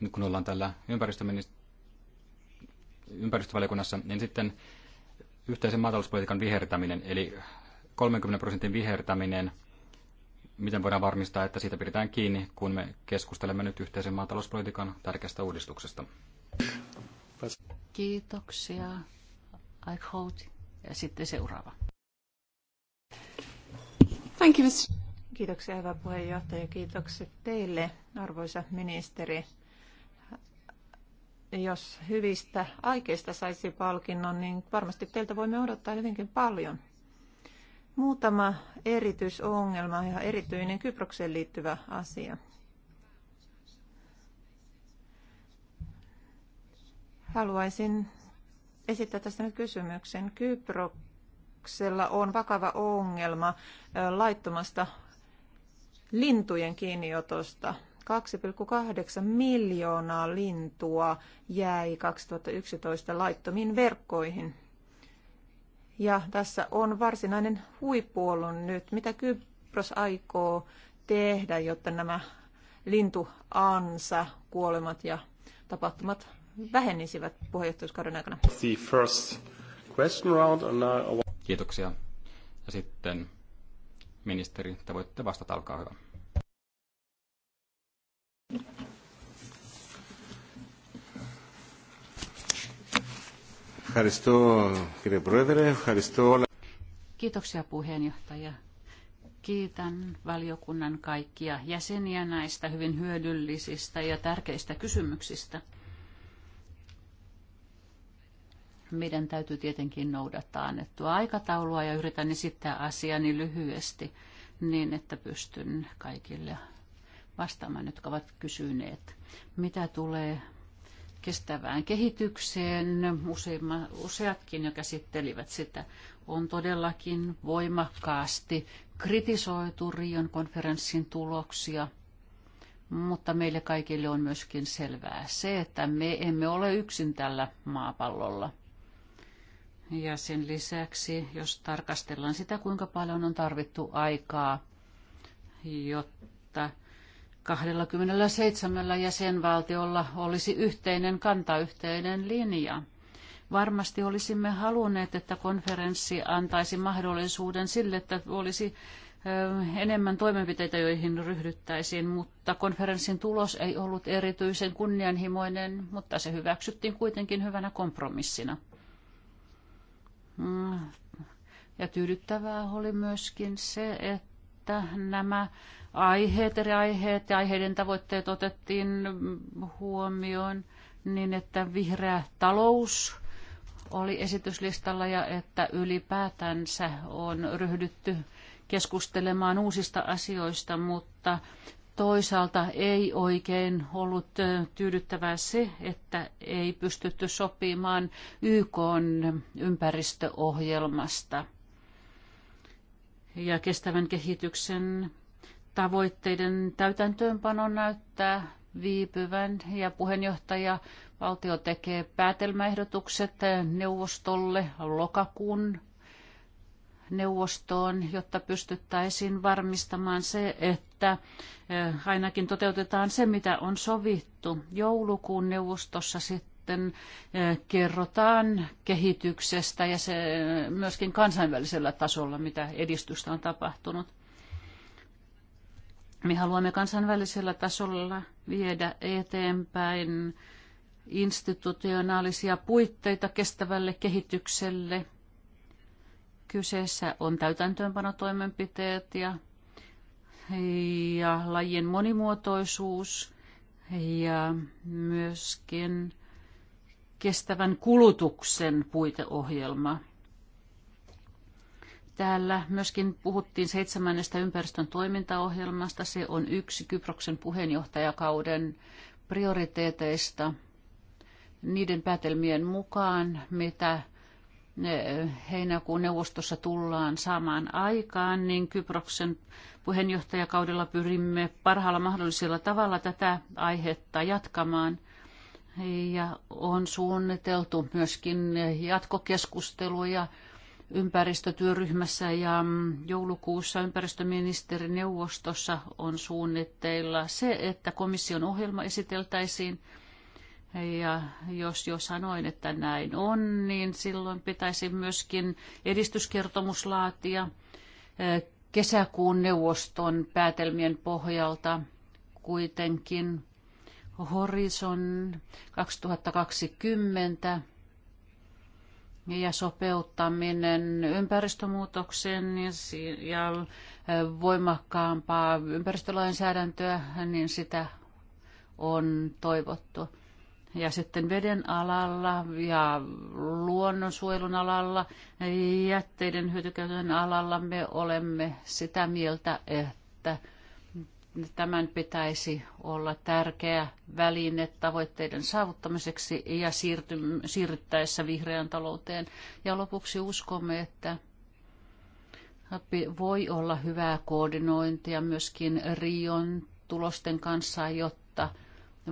nyt kun ollaan tällä ympäristövaliokunnassa, niin sitten yhteisen maatalouspolitiikan vihertäminen, eli 30 prosentin vihertäminen – miten voidaan varmistaa, että siitä pidetään kiinni, kun me keskustelemme nyt yhteisen maatalouspolitiikan tärkeästä uudistuksesta. Kiitoksia. I hold. Ja sitten seuraava. Thank you, Mr. Kiitoksia, hyvä puheenjohtaja. Kiitokset teille, arvoisa ministeri. Jos hyvistä aikeista saisi palkinnon, niin varmasti teiltä voimme odottaa hyvinkin paljon. Muutama erityisongelma ja erityinen Kyprokseen liittyvä asia. Haluaisin esittää tästä nyt kysymyksen. Kyproksella on vakava ongelma laittomasta lintujen kiinniotosta. 2,8 miljoonaa lintua jäi 2011 laittomiin verkkoihin. Ja tässä on varsinainen huipuolun nyt. Mitä Kypros aikoo tehdä, jotta nämä lintuansa, kuolemat ja tapahtumat vähenisivät puheenjohtajuuskauden aikana? The first question round and now... Kiitoksia. Ja sitten ministeri, te voitte vastata, alkaa hyvä. Ευχαριστώ κύριε Πρόεδρε, ευχαριστώ όλα. Kiitoksia puheenjohtaja. Kiitän valiokunnan kaikkia jäseniä näistä hyvin hyödyllisistä ja tärkeistä kysymyksistä. Meidän täytyy tietenkin noudattaa annettua aikataulua ja yritän esittää asiani lyhyesti niin, että pystyn kaikille vastaamaan, jotka ovat kysyneet. Mitä tulee kestävään kehitykseen. Useimma, useatkin jo käsittelivät sitä. On todellakin voimakkaasti kritisoitu Rion konferenssin tuloksia, mutta meille kaikille on myöskin selvää se, että me emme ole yksin tällä maapallolla. Ja sen lisäksi, jos tarkastellaan sitä, kuinka paljon on tarvittu aikaa, jotta 27 jäsenvaltiolla olisi yhteinen kanta, yhteinen linja. Varmasti olisimme halunneet, että konferenssi antaisi mahdollisuuden sille, että olisi enemmän toimenpiteitä, joihin ryhdyttäisiin, mutta konferenssin tulos ei ollut erityisen kunnianhimoinen, mutta se hyväksyttiin kuitenkin hyvänä kompromissina. Mm. Ja tyydyttävää oli myöskin se, että nämä aiheet, eri aiheet ja aiheiden tavoitteet otettiin huomioon niin, että vihreä talous oli esityslistalla ja että ylipäätänsä on ryhdytty keskustelemaan uusista asioista, mutta toisaalta ei oikein ollut tyydyttävää se, että ei pystytty sopimaan YK ympäristöohjelmasta ja kestävän kehityksen tavoitteiden täytäntöönpano näyttää viipyvän ja puheenjohtaja valtio tekee päätelmäehdotukset neuvostolle lokakuun neuvostoon, jotta pystyttäisiin varmistamaan se, että eh, ainakin toteutetaan se, mitä on sovittu. Joulukuun neuvostossa sitten eh, kerrotaan kehityksestä ja se eh, myöskin kansainvälisellä tasolla, mitä edistystä on tapahtunut. Me haluamme kansainvälisellä tasolla viedä eteenpäin institutionaalisia puitteita kestävälle kehitykselle. Kyseessä on täytäntöönpanotoimenpiteet ja, ja lajien monimuotoisuus ja myöskin kestävän kulutuksen puiteohjelma – Täällä myöskin puhuttiin seitsemännestä ympäristön toimintaohjelmasta. Se on yksi Kyproksen puheenjohtajakauden prioriteeteista niiden päätelmien mukaan, mitä eh, heinäkuun neuvostossa tullaan saamaan aikaan, niin Kyproksen puheenjohtajakaudella pyrimme parhaalla mahdollisella tavalla tätä aihetta jatkamaan. Ja on suunniteltu myöskin jatkokeskusteluja ympäristötyöryhmässä ja mm, joulukuussa ympäristöministerineuvostossa on suunnitteilla se, että komission ohjelma esiteltäisiin. Ja jos jo sanoin, että näin on, niin silloin pitäisi myöskin edistyskertomus laatia eh, kesäkuun neuvoston päätelmien pohjalta kuitenkin Horizon 2020 ja sopeuttaminen ympäristömuutoksen ja voimakkaampaa ympäristölainsäädäntöä, niin sitä on toivottu. Ja sitten veden alalla ja luonnonsuojelun alalla, jätteiden hyötykäytön alalla me olemme sitä mieltä, että Tämän pitäisi olla tärkeä väline tavoitteiden saavuttamiseksi ja siirryttäessä vihreään talouteen. Ja lopuksi uskomme, että voi olla hyvää koordinointia myöskin Rion tulosten kanssa, jotta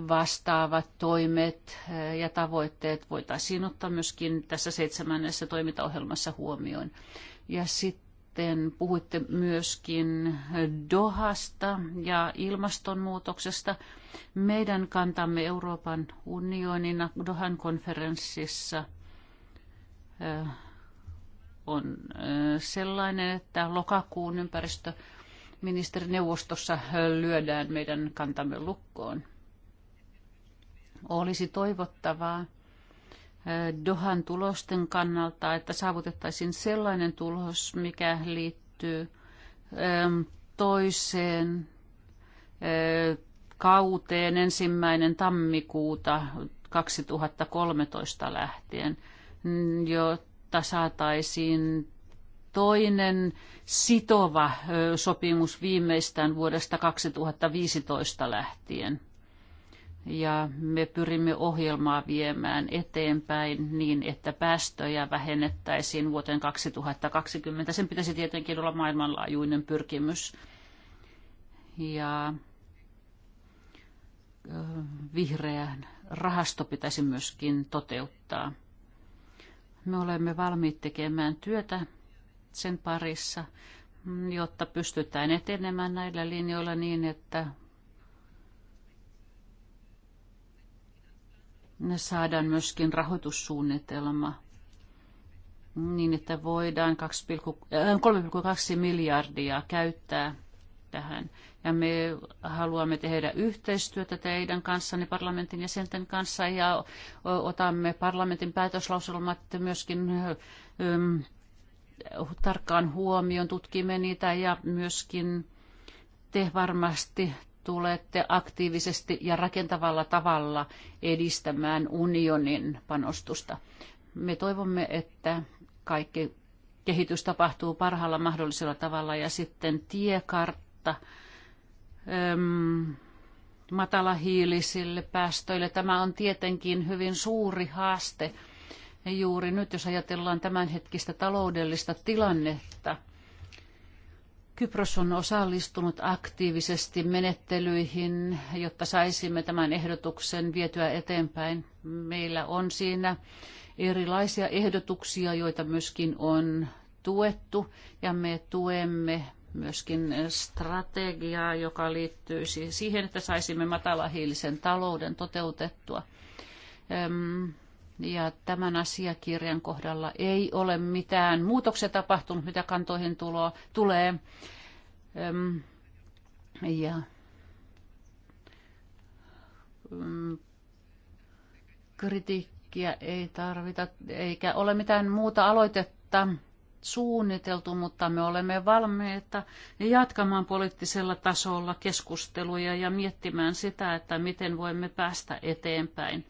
vastaavat toimet eh, ja tavoitteet voitaisiin ottaa myöskin tässä seitsemännessä toimintaohjelmassa huomioon. Ja sitten sitten puhuitte myöskin Dohasta ja ilmastonmuutoksesta. Meidän kantamme Euroopan unionina Dohan konferenssissa on sellainen, että lokakuun ympäristöministerineuvostossa lyödään meidän kantamme lukkoon. Olisi toivottavaa, Dohan tulosten kannalta, että saavutettaisiin sellainen tulos, mikä liittyy toiseen kauteen ensimmäinen tammikuuta 2013 lähtien, jotta saataisiin toinen sitova sopimus viimeistään vuodesta 2015 lähtien ja me pyrimme ohjelmaa viemään eteenpäin niin, että päästöjä vähennettäisiin vuoteen 2020. Sen pitäisi tietenkin olla maailmanlaajuinen pyrkimys. Ja vihreän rahasto pitäisi myöskin toteuttaa. Me olemme valmiit tekemään työtä sen parissa, jotta pystytään etenemään näillä linjoilla niin, että saadaan myöskin rahoitussuunnitelma niin, että voidaan 3,2 äh, miljardia käyttää tähän. Ja me haluamme tehdä yhteistyötä teidän kanssanne, parlamentin jäsenten kanssa, ja otamme parlamentin päätöslauselmat myöskin ähm, tarkkaan huomioon, tutkimme niitä, ja myöskin te varmasti tulette aktiivisesti ja rakentavalla tavalla edistämään unionin panostusta. Me toivomme, että kaikki kehitys tapahtuu parhaalla mahdollisella tavalla ja sitten tiekartta äm, matalahiilisille päästöille. Tämä on tietenkin hyvin suuri haaste. Ja juuri nyt, jos ajatellaan tämänhetkistä taloudellista tilannetta – Kypros on osallistunut aktiivisesti menettelyihin, jotta saisimme tämän ehdotuksen vietyä eteenpäin. Meillä on siinä erilaisia ehdotuksia, joita myöskin on tuettu, ja me tuemme myöskin strategiaa, joka liittyy siihen, että saisimme matalahiilisen talouden toteutettua ja tämän asiakirjan kohdalla ei ole mitään muutoksia tapahtunut, mitä kantoihin tulo, tulee. Öm, ja, öm, kritiikkiä ei tarvita, eikä ole mitään muuta aloitetta suunniteltu, mutta me olemme valmiita jatkamaan poliittisella tasolla keskusteluja ja miettimään sitä, että miten voimme päästä eteenpäin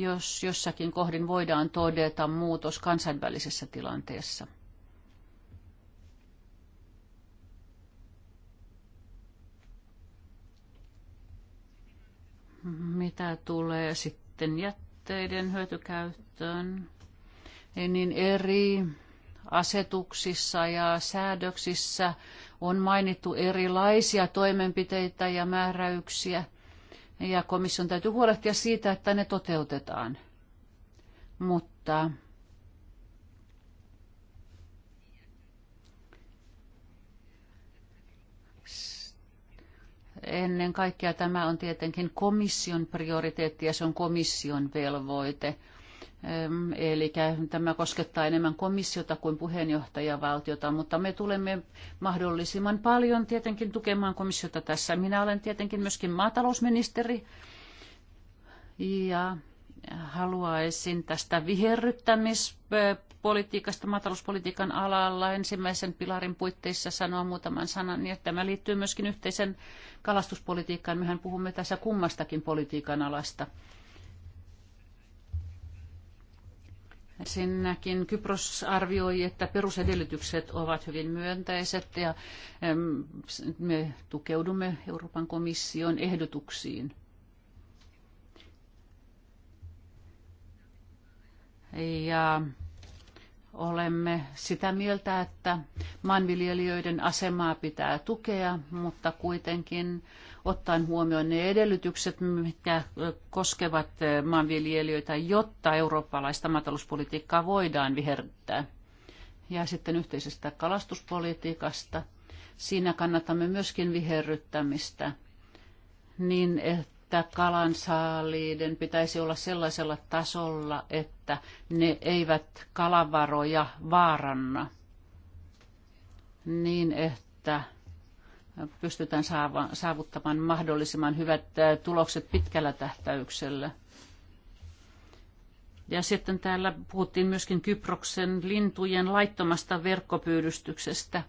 jos jossakin kohdin voidaan todeta muutos kansainvälisessä tilanteessa. Mitä tulee sitten jätteiden hyötykäyttöön, niin eri asetuksissa ja säädöksissä on mainittu erilaisia toimenpiteitä ja määräyksiä – ja komission täytyy huolehtia siitä, että ne toteutetaan. Mutta ennen kaikkea tämä on tietenkin komission prioriteetti ja se on komission velvoite Eli tämä koskettaa enemmän komissiota kuin puheenjohtajavaltiota, mutta me tulemme mahdollisimman paljon tietenkin tukemaan komissiota tässä. Minä olen tietenkin myöskin maatalousministeri ja haluaisin tästä viherryttämispolitiikasta maatalouspolitiikan alalla ensimmäisen pilarin puitteissa sanoa muutaman sanan, Ja niin että tämä liittyy myöskin yhteisen kalastuspolitiikkaan. Mehän puhumme tässä kummastakin politiikan alasta. Ensinnäkin Kypros arvioi, että perusedellytykset ovat hyvin myönteiset ja me tukeudumme Euroopan komission ehdotuksiin. Ja olemme sitä mieltä, että maanviljelijöiden asemaa pitää tukea, mutta kuitenkin ottaen huomioon ne edellytykset, mitkä koskevat maanviljelijöitä, jotta eurooppalaista maatalouspolitiikkaa voidaan viherryttää. Ja sitten yhteisestä kalastuspolitiikasta. Siinä kannatamme myöskin viherryttämistä niin, että kalansaaliiden pitäisi olla sellaisella tasolla, että ne eivät kalavaroja vaaranna. Niin, että pystytään saavuttamaan mahdollisimman hyvät tulokset pitkällä tähtäyksellä. Ja sitten täällä puhuttiin myöskin Kyproksen lintujen laittomasta verkkopyydystyksestä.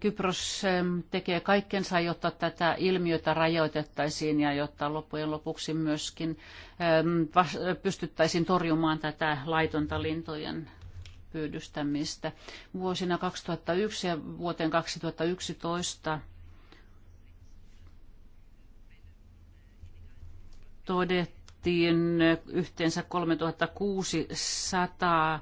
Kypros tekee kaikkensa, jotta tätä ilmiötä rajoitettaisiin ja jotta loppujen lopuksi myöskin pystyttäisiin torjumaan tätä laitonta lintujen pyydystämistä. Vuosina 2001 ja vuoteen 2011 todettiin yhteensä 3600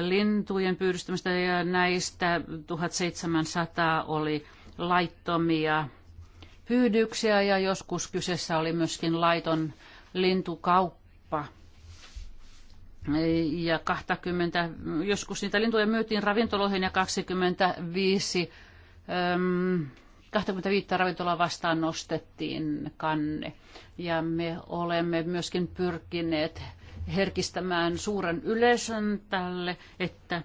lintujen pyydystämistä ja näistä 1700 oli laittomia pyydyksiä ja joskus kyseessä oli myöskin laiton lintukauppa. Ja 20, joskus niitä lintuja myytiin ravintoloihin ja 25 äm, 25 ravintolaa vastaan nostettiin kanne. Ja me olemme myöskin pyrkineet herkistämään suuren yleisön tälle, että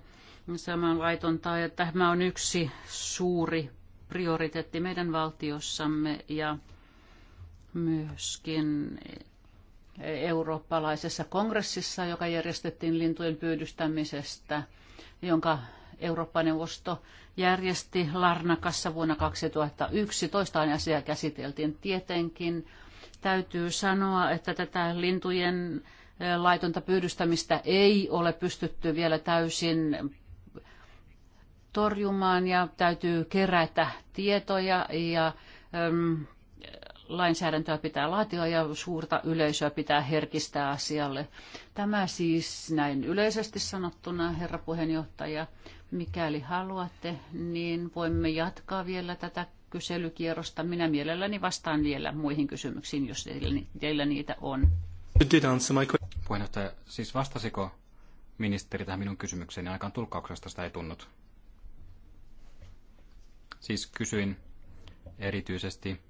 laitonta ja tämä on yksi suuri prioriteetti meidän valtiossamme ja myöskin eurooppalaisessa kongressissa, joka järjestettiin lintujen pyydystämisestä, jonka Eurooppa-neuvosto järjesti Larnakassa vuonna 2011. Toista asiaa käsiteltiin tietenkin. Täytyy sanoa, että tätä lintujen laitonta pyydystämistä ei ole pystytty vielä täysin torjumaan ja täytyy kerätä tietoja ja äm, lainsäädäntöä pitää laatia ja suurta yleisöä pitää herkistää asialle. Tämä siis näin yleisesti sanottuna, herra puheenjohtaja. Mikäli haluatte, niin voimme jatkaa vielä tätä kyselykierrosta. Minä mielelläni vastaan vielä muihin kysymyksiin, jos teillä niitä on. Puheenjohtaja, siis vastasiko ministeri tähän minun kysymykseeni? Niin Aikaan tulkkauksesta sitä ei tunnut. Siis kysyin erityisesti,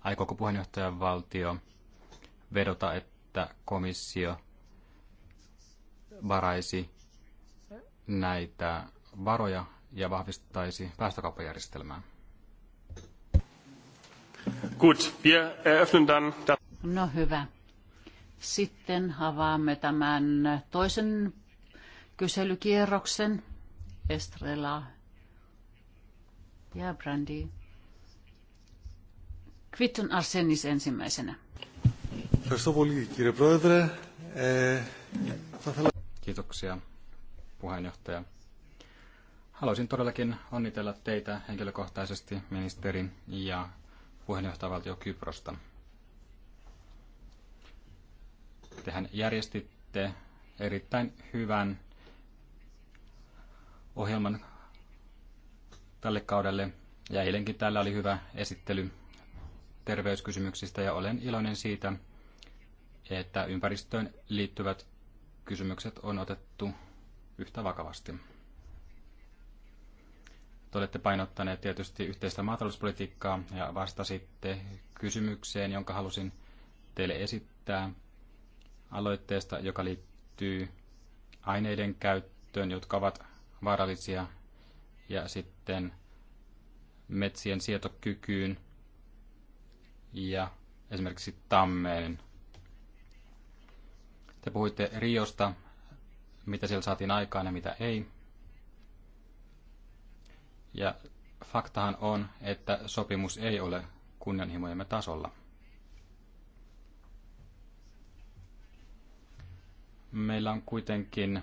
aikooko puheenjohtajan valtio vedota, että komissio varaisi näitä varoja ja vahvistaisi päästökauppajärjestelmää. Gut, wir eröffnen dann No hyvä. Sitten avaamme tämän toisen kyselykierroksen. Estrella ja Brandi. Kvitton Arsenis ensimmäisenä. Kiitoksia, puheenjohtaja. Haluaisin todellakin onnitella teitä henkilökohtaisesti ministerin ja puheenjohtajavaltio Kyprosta. Tehän järjestitte erittäin hyvän ohjelman tälle kaudelle ja eilenkin täällä oli hyvä esittely terveyskysymyksistä ja olen iloinen siitä, että ympäristöön liittyvät kysymykset on otettu yhtä vakavasti. Te olette painottaneet tietysti yhteistä maatalouspolitiikkaa ja vastasitte kysymykseen, jonka halusin teille esittää aloitteesta, joka liittyy aineiden käyttöön, jotka ovat vaarallisia, ja sitten metsien sietokykyyn ja esimerkiksi tammeen. Te puhuitte Riosta mitä siellä saatiin aikaan ja mitä ei. Ja faktahan on, että sopimus ei ole kunnianhimojemme tasolla. Meillä on kuitenkin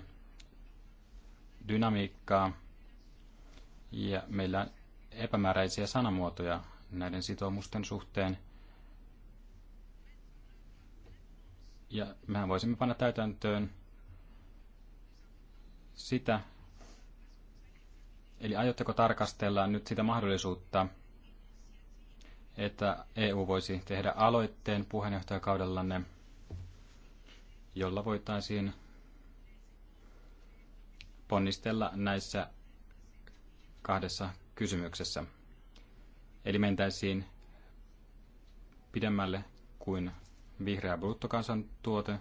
dynamiikkaa ja meillä on epämääräisiä sanamuotoja näiden sitoumusten suhteen. Ja mehän voisimme panna täytäntöön sitä, eli aiotteko tarkastella nyt sitä mahdollisuutta, että EU voisi tehdä aloitteen puheenjohtajakaudellanne, jolla voitaisiin ponnistella näissä kahdessa kysymyksessä. Eli mentäisiin pidemmälle kuin vihreä bruttokansantuote,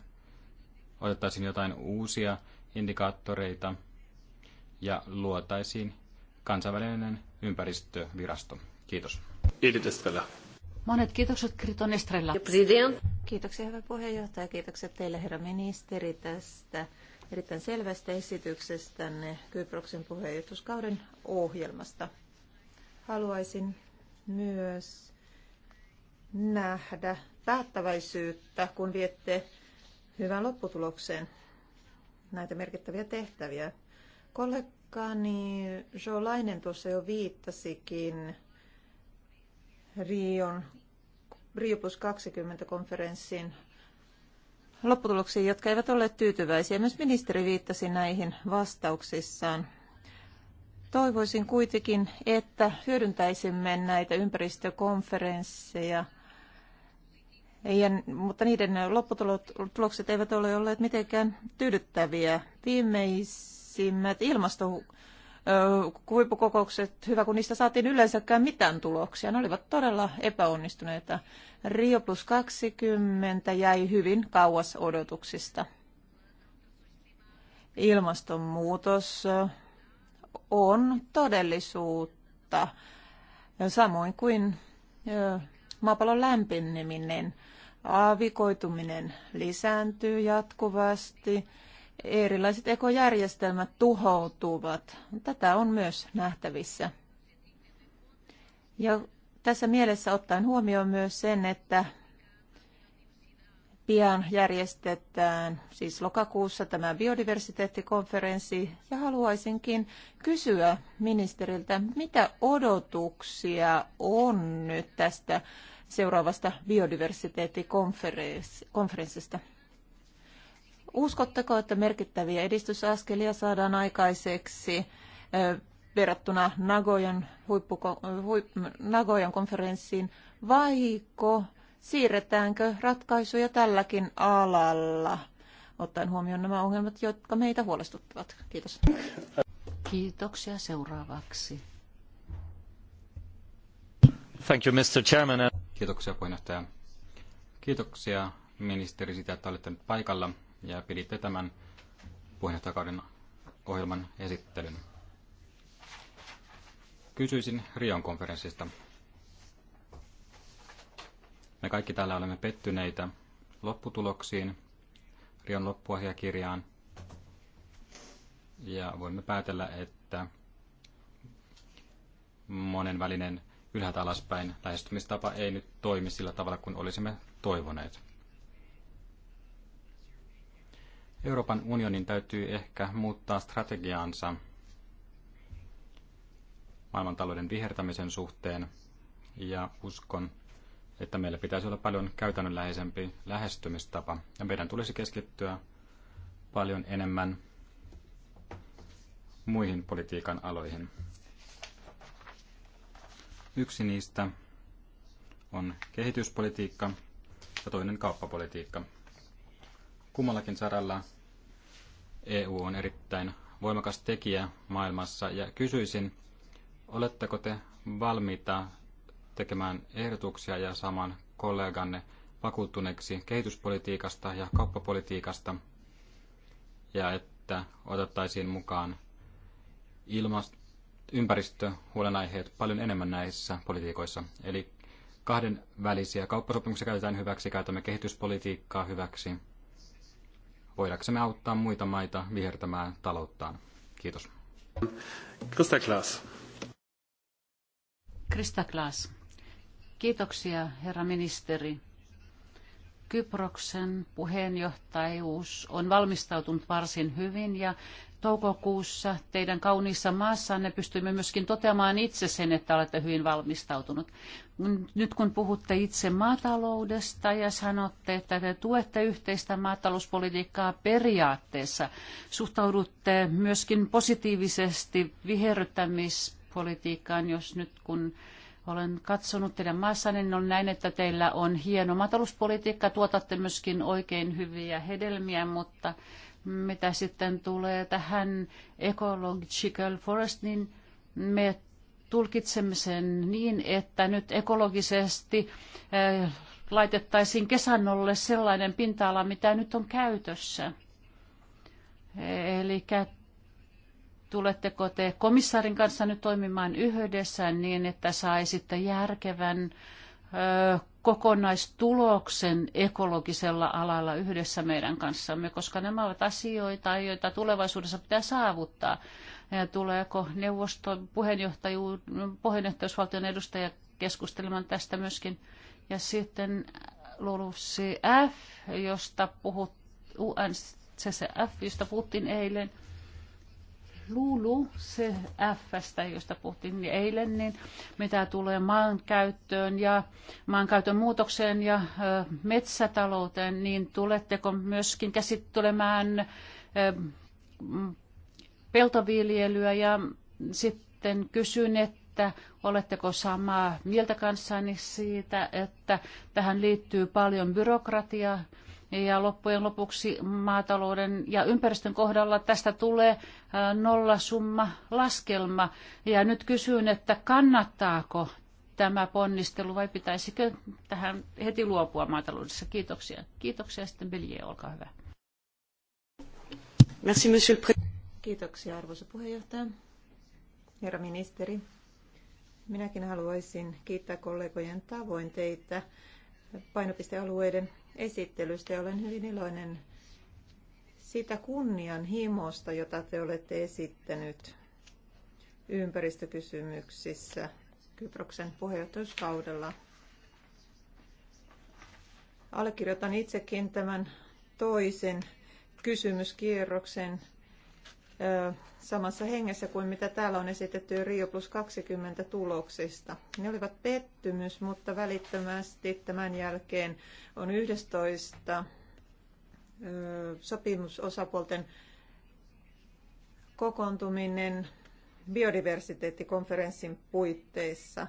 otettaisiin jotain uusia indikaattoreita ja luotaisiin kansainvälinen ympäristövirasto. Kiitos. Monet kiitokset Kriton Estrella. Kiitoksia hyvä puheenjohtaja, kiitokset teille herra ministeri tästä erittäin selvästä esityksestänne Kyproksen puheenjohtuskauden ohjelmasta. Haluaisin myös nähdä päättäväisyyttä, kun viette hyvän lopputulokseen näitä merkittäviä tehtäviä. Kollegani Jo Lainen tuossa jo viittasikin Rion, Rio plus 20 konferenssin lopputuloksiin, jotka eivät ole tyytyväisiä. Myös ministeri viittasi näihin vastauksissaan. Toivoisin kuitenkin, että hyödyntäisimme näitä ympäristökonferensseja ja, mutta niiden lopputulokset eivät ole olleet mitenkään tyydyttäviä. Viimeisimmät ilmasto huippukokoukset, hyvä kun niistä saatiin yleensäkään mitään tuloksia. Ne olivat todella epäonnistuneita. Rio plus 20 jäi hyvin kauas odotuksista. Ilmastonmuutos on todellisuutta, samoin kuin maapallon lämpeneminen. Aavikoituminen lisääntyy jatkuvasti. Erilaiset ekojärjestelmät tuhoutuvat. Tätä on myös nähtävissä. Ja tässä mielessä ottaen huomioon myös sen, että pian järjestetään siis lokakuussa tämä biodiversiteettikonferenssi ja haluaisinkin kysyä ministeriltä, mitä odotuksia on nyt tästä seuraavasta biodiversiteettikonferenssista. Uskotteko, että merkittäviä edistysaskelia saadaan aikaiseksi eh, verrattuna Nagojan, huippuko, huip, Nagojan konferenssiin, vaiko siirretäänkö ratkaisuja tälläkin alalla, ottaen huomioon nämä ongelmat, jotka meitä huolestuttavat? Kiitos. Kiitoksia seuraavaksi. Kiitoksia puheenjohtaja. Kiitoksia ministeri sitä, että olette nyt paikalla ja piditte tämän puheenjohtajakauden ohjelman esittelyn. Kysyisin Rion konferenssista. Me kaikki täällä olemme pettyneitä lopputuloksiin, Rion loppuohjakirjaan. ja voimme päätellä, että monenvälinen ylhäältä alaspäin lähestymistapa ei nyt toimi sillä tavalla kuin olisimme toivoneet. Euroopan unionin täytyy ehkä muuttaa strategiaansa maailmantalouden vihertämisen suhteen ja uskon, että meillä pitäisi olla paljon käytännönläheisempi lähestymistapa ja meidän tulisi keskittyä paljon enemmän muihin politiikan aloihin. Yksi niistä on kehityspolitiikka ja toinen kauppapolitiikka. Kummallakin saralla EU on erittäin voimakas tekijä maailmassa ja kysyisin, oletteko te valmiita tekemään ehdotuksia ja saamaan kolleganne vakuuttuneeksi kehityspolitiikasta ja kauppapolitiikasta ja että otettaisiin mukaan ilmasto ympäristöhuolenaiheet paljon enemmän näissä politiikoissa. Eli kahden välisiä kauppasopimuksia käytetään hyväksi, käytämme kehityspolitiikkaa hyväksi. Voidaksemme auttaa muita maita vihertämään talouttaan. Kiitos. Krista Klaas. Krista Klaas. Kiitoksia, herra ministeri. Kyproksen puheenjohtajuus on valmistautunut varsin hyvin ja toukokuussa teidän kauniissa maassanne pystyimme myöskin toteamaan itse sen, että olette hyvin valmistautunut. Nyt kun puhutte itse maataloudesta ja sanotte, että te tuette yhteistä maatalouspolitiikkaa periaatteessa, suhtaudutte myöskin positiivisesti viherryttämispolitiikkaan, jos nyt kun olen katsonut teidän maassanne, niin on näin, että teillä on hieno maatalouspolitiikka, tuotatte myöskin oikein hyviä hedelmiä, mutta mitä sitten tulee tähän ecological forest, niin me tulkitsemme sen niin, että nyt ekologisesti eh, laitettaisiin kesannolle sellainen pinta-ala, mitä nyt on käytössä. Eli Tuletteko te komissaarin kanssa nyt toimimaan yhdessä niin, että saisitte järkevän ö, kokonaistuloksen ekologisella alalla yhdessä meidän kanssamme, koska nämä ovat asioita, joita tulevaisuudessa pitää saavuttaa. Ja tuleeko neuvoston puheenjohtajuusvaltion edustaja keskustelemaan tästä myöskin? Ja sitten LULUCF, josta puhut, UNCCF, josta puhuttiin eilen – Lulu, se F, josta puhuttiin niin eilen, niin mitä tulee maankäyttöön ja maankäytön muutokseen ja metsätalouteen, niin tuletteko myöskin käsittelemään peltoviljelyä ja sitten kysyn, että oletteko samaa mieltä kanssani siitä, että tähän liittyy paljon byrokratiaa, ja loppujen lopuksi maatalouden ja ympäristön kohdalla tästä tulee äh, nollasumma laskelma. Ja nyt kysyn, että kannattaako tämä ponnistelu vai pitäisikö tähän heti luopua maataloudessa? Kiitoksia. Kiitoksia sitten Belje, olkaa hyvä. Merci, monsieur le Kiitoksia arvoisa puheenjohtaja. Herra ministeri, minäkin haluaisin kiittää kollegojen tavoin teitä painopistealueiden esittelystä ja olen hyvin iloinen siitä kunnianhimosta, jota te olette esittänyt ympäristökysymyksissä Kyproksen puheenjohtajuuskaudella. Allekirjoitan itsekin tämän toisen kysymyskierroksen samassa hengessä kuin mitä täällä on esitetty Rio plus 20 tuloksista. Ne olivat pettymys, mutta välittömästi tämän jälkeen on 11 sopimusosapuolten kokoontuminen biodiversiteettikonferenssin puitteissa.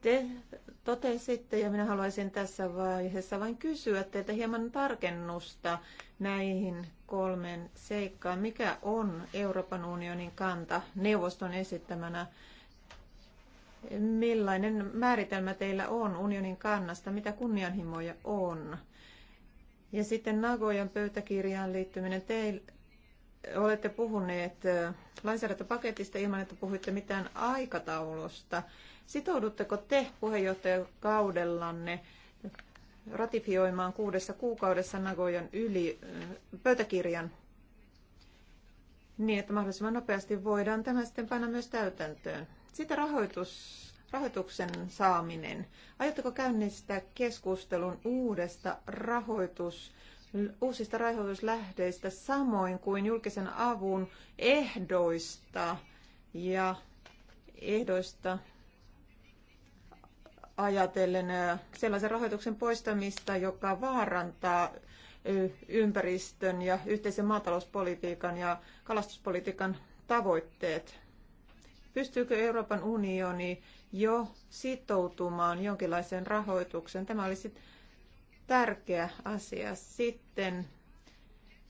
Te totesitte, ja minä haluaisin tässä vaiheessa vain kysyä teiltä hieman tarkennusta näihin kolmen seikkaan. Mikä on Euroopan unionin kanta neuvoston esittämänä? Millainen määritelmä teillä on unionin kannasta? Mitä kunnianhimoja on? Ja sitten Nagojan pöytäkirjaan liittyminen. Te olette puhuneet äh, lainsäädäntöpaketista ilman, että puhuitte mitään aikataulusta. Sitoudutteko te puheenjohtajakaudellanne ratifioimaan kuudessa kuukaudessa Nagojan yli pöytäkirjan niin, että mahdollisimman nopeasti voidaan tämä sitten panna myös täytäntöön. Sitten rahoitus, rahoituksen saaminen. Aiotteko käynnistää keskustelun uudesta rahoitus, uusista rahoituslähteistä samoin kuin julkisen avun ehdoista ja ehdoista ajatellen äh, sellaisen rahoituksen poistamista, joka vaarantaa äh, ympäristön ja yhteisen maatalouspolitiikan ja kalastuspolitiikan tavoitteet. Pystyykö Euroopan unioni jo sitoutumaan jonkinlaiseen rahoitukseen? Tämä olisi tärkeä asia. Sitten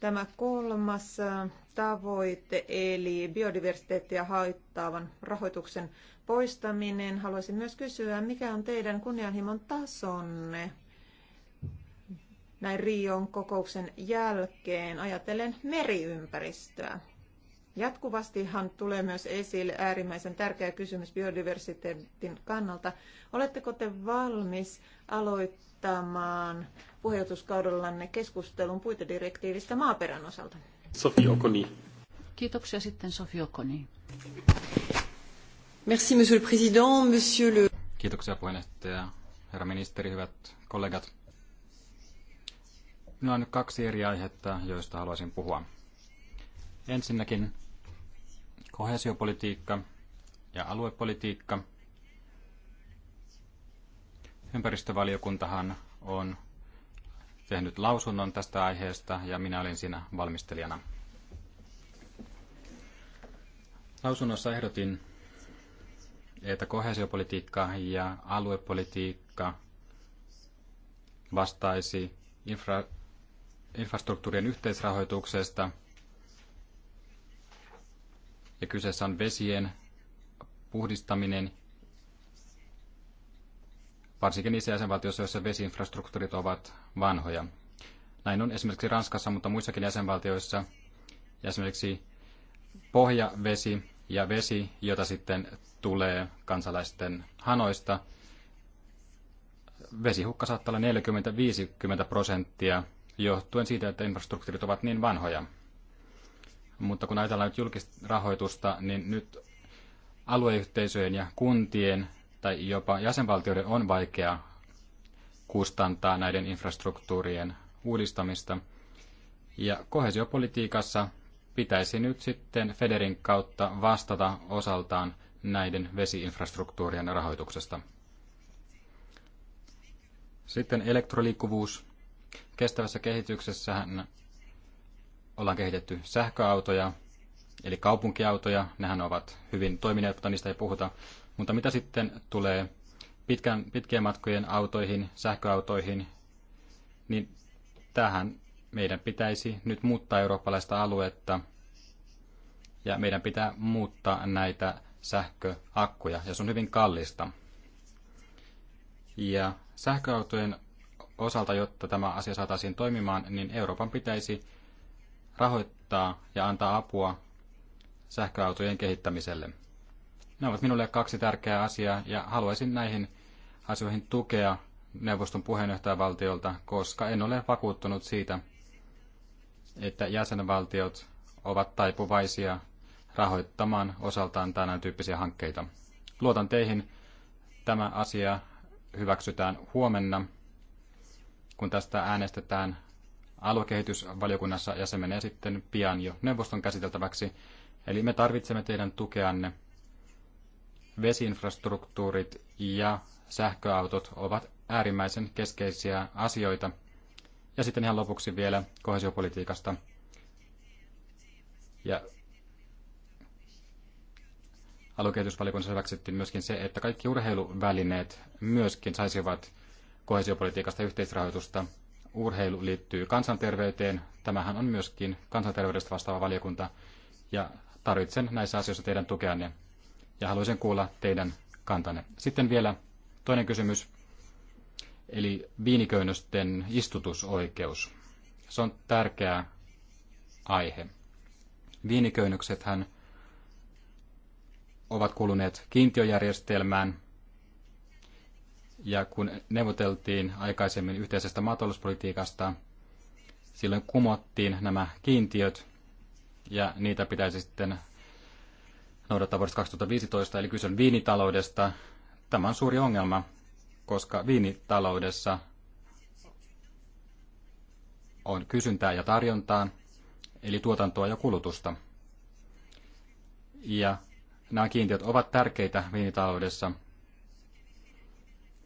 tämä kolmas äh, tavoite, eli biodiversiteettiä haittaavan rahoituksen poistaminen. Haluaisin myös kysyä, mikä on teidän kunnianhimon tasonne näin Rion kokouksen jälkeen ajatellen meriympäristöä? Jatkuvastihan tulee myös esille äärimmäisen tärkeä kysymys biodiversiteetin kannalta. Oletteko te valmis aloittamaan puheenjohtuskaudellanne keskustelun puitedirektiivistä maaperän osalta? Sofi Okoni. Kiitoksia sitten Sofi Okoni. Merci, monsieur le président, monsieur le... Kiitoksia puheenjohtaja, herra ministeri, hyvät kollegat. Minulla on nyt kaksi eri aihetta, joista haluaisin puhua. Ensinnäkin kohesiopolitiikka ja aluepolitiikka. Ympäristövaliokuntahan on tehnyt lausunnon tästä aiheesta ja minä olin siinä valmistelijana. Lausunnossa ehdotin, että kohesiopolitiikka ja aluepolitiikka vastaisi infra, infrastruktuurien yhteisrahoituksesta. Ja kyseessä on vesien puhdistaminen, varsinkin niissä jäsenvaltioissa, joissa vesiinfrastruktuurit ovat vanhoja. Näin on esimerkiksi Ranskassa, mutta muissakin jäsenvaltioissa. Ja esimerkiksi pohjavesi ja vesi, jota sitten tulee kansalaisten hanoista, vesihukka saattaa olla 40-50 prosenttia johtuen siitä, että infrastruktuurit ovat niin vanhoja. Mutta kun ajatellaan nyt julkista rahoitusta, niin nyt alueyhteisöjen ja kuntien tai jopa jäsenvaltioiden on vaikea kustantaa näiden infrastruktuurien uudistamista. Ja kohesiopolitiikassa pitäisi nyt sitten Federin kautta vastata osaltaan näiden vesiinfrastruktuurien rahoituksesta. Sitten elektroliikkuvuus. Kestävässä kehityksessähän ollaan kehitetty sähköautoja, eli kaupunkiautoja. Nehän ovat hyvin toimineet, mutta niistä ei puhuta. Mutta mitä sitten tulee pitkän, pitkien matkojen autoihin, sähköautoihin, niin tähän meidän pitäisi nyt muuttaa eurooppalaista aluetta ja meidän pitää muuttaa näitä sähköakkuja ja se on hyvin kallista. Ja sähköautojen osalta, jotta tämä asia saataisiin toimimaan, niin Euroopan pitäisi rahoittaa ja antaa apua sähköautojen kehittämiselle. Ne ovat minulle kaksi tärkeää asiaa ja haluaisin näihin asioihin tukea neuvoston puheenjohtajavaltiolta, koska en ole vakuuttunut siitä, että jäsenvaltiot ovat taipuvaisia rahoittamaan osaltaan tämän tyyppisiä hankkeita. Luotan teihin. Tämä asia hyväksytään huomenna, kun tästä äänestetään aluekehitysvaliokunnassa ja se menee sitten pian jo neuvoston käsiteltäväksi. Eli me tarvitsemme teidän tukeanne. Vesiinfrastruktuurit ja sähköautot ovat äärimmäisen keskeisiä asioita – ja sitten ihan lopuksi vielä kohesiopolitiikasta. Ja aluekehitysvalikunnassa hyväksyttiin myöskin se, että kaikki urheiluvälineet myöskin saisivat kohesiopolitiikasta yhteisrahoitusta. Urheilu liittyy kansanterveyteen. Tämähän on myöskin kansanterveydestä vastaava valiokunta. Ja tarvitsen näissä asioissa teidän tukeanne ja haluaisin kuulla teidän kantanne. Sitten vielä toinen kysymys eli viiniköynnösten istutusoikeus. Se on tärkeä aihe. Viiniköynnöksethän ovat kuuluneet kiintiöjärjestelmään, ja kun neuvoteltiin aikaisemmin yhteisestä maatalouspolitiikasta, silloin kumottiin nämä kiintiöt, ja niitä pitäisi sitten noudattaa vuodesta 2015, eli kyse on viinitaloudesta. Tämä on suuri ongelma, koska viinitaloudessa on kysyntää ja tarjontaa, eli tuotantoa ja kulutusta. Ja nämä kiintiöt ovat tärkeitä viinitaloudessa.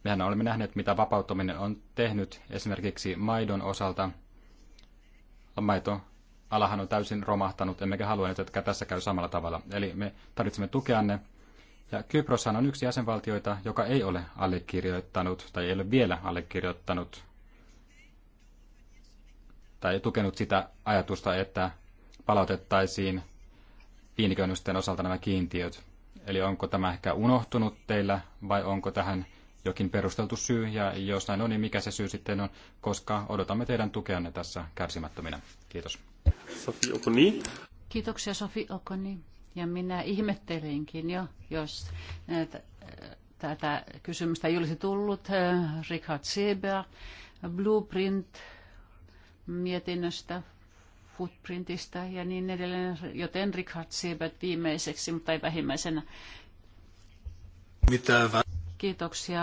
Mehän olemme nähneet, mitä vapauttaminen on tehnyt esimerkiksi maidon osalta. Maito alahan on täysin romahtanut, emmekä halua, että tässä käy samalla tavalla. Eli me tarvitsemme tukeanne ja Kyproshan on yksi jäsenvaltioita, joka ei ole allekirjoittanut tai ei ole vielä allekirjoittanut tai tukenut sitä ajatusta, että palautettaisiin viiniköynnysten osalta nämä kiintiöt. Eli onko tämä ehkä unohtunut teillä vai onko tähän jokin perusteltu syy ja jos näin on, niin mikä se syy sitten on, koska odotamme teidän tukeanne tässä kärsimättöminä. Kiitos. Sofi Okoni. Kiitoksia Sofi Okoni. Ja minä ihmettelinkin jo, jos tätä kysymystä ei olisi tullut. Richard Seber, Blueprint mietinnöstä, Footprintista ja niin edelleen, joten Richard Seber viimeiseksi, mutta ei vähimmäisenä. Mitä Kiitoksia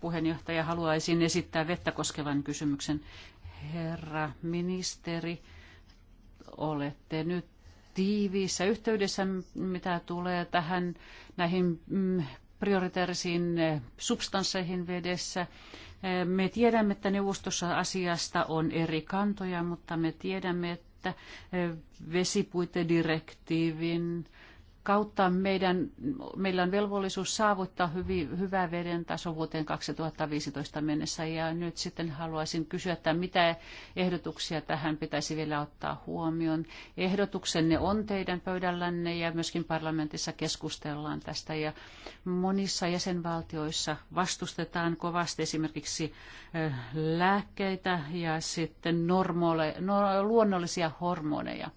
puheenjohtaja. Haluaisin esittää vettä koskevan kysymyksen. Herra ministeri, olette nyt tiiviissä yhteydessä, mitä tulee tähän näihin mm, prioriteerisiin eh, substansseihin vedessä. Eh, me tiedämme, että neuvostossa asiasta on eri kantoja, mutta me tiedämme, että eh, vesipuitedirektiivin kautta meidän, meillä on velvollisuus saavuttaa hyvi, hyvää veden taso vuoteen 2015 mennessä. Ja nyt sitten haluaisin kysyä, että mitä ehdotuksia tähän pitäisi vielä ottaa huomioon. Ehdotuksenne on teidän pöydällänne ja myöskin parlamentissa keskustellaan tästä. Ja monissa jäsenvaltioissa vastustetaan kovasti esimerkiksi lääkkeitä ja sitten normole, no, luonnollisia hormoneja.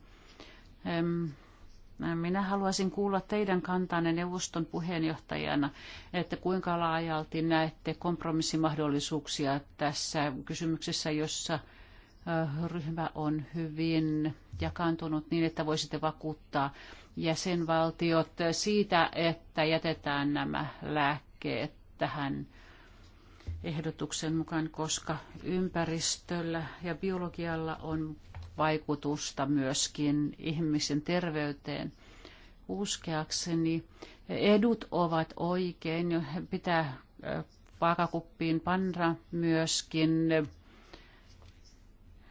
Minä haluaisin kuulla teidän kantanne neuvoston puheenjohtajana, että kuinka laajalti näette kompromissimahdollisuuksia tässä kysymyksessä, jossa ryhmä on hyvin jakaantunut niin, että voisitte vakuuttaa jäsenvaltiot siitä, että jätetään nämä lääkkeet tähän ehdotuksen mukaan, koska ympäristöllä ja biologialla on vaikutusta myöskin ihmisen terveyteen. Uskeakseni edut ovat oikein, pitää vaakakuppiin panna myöskin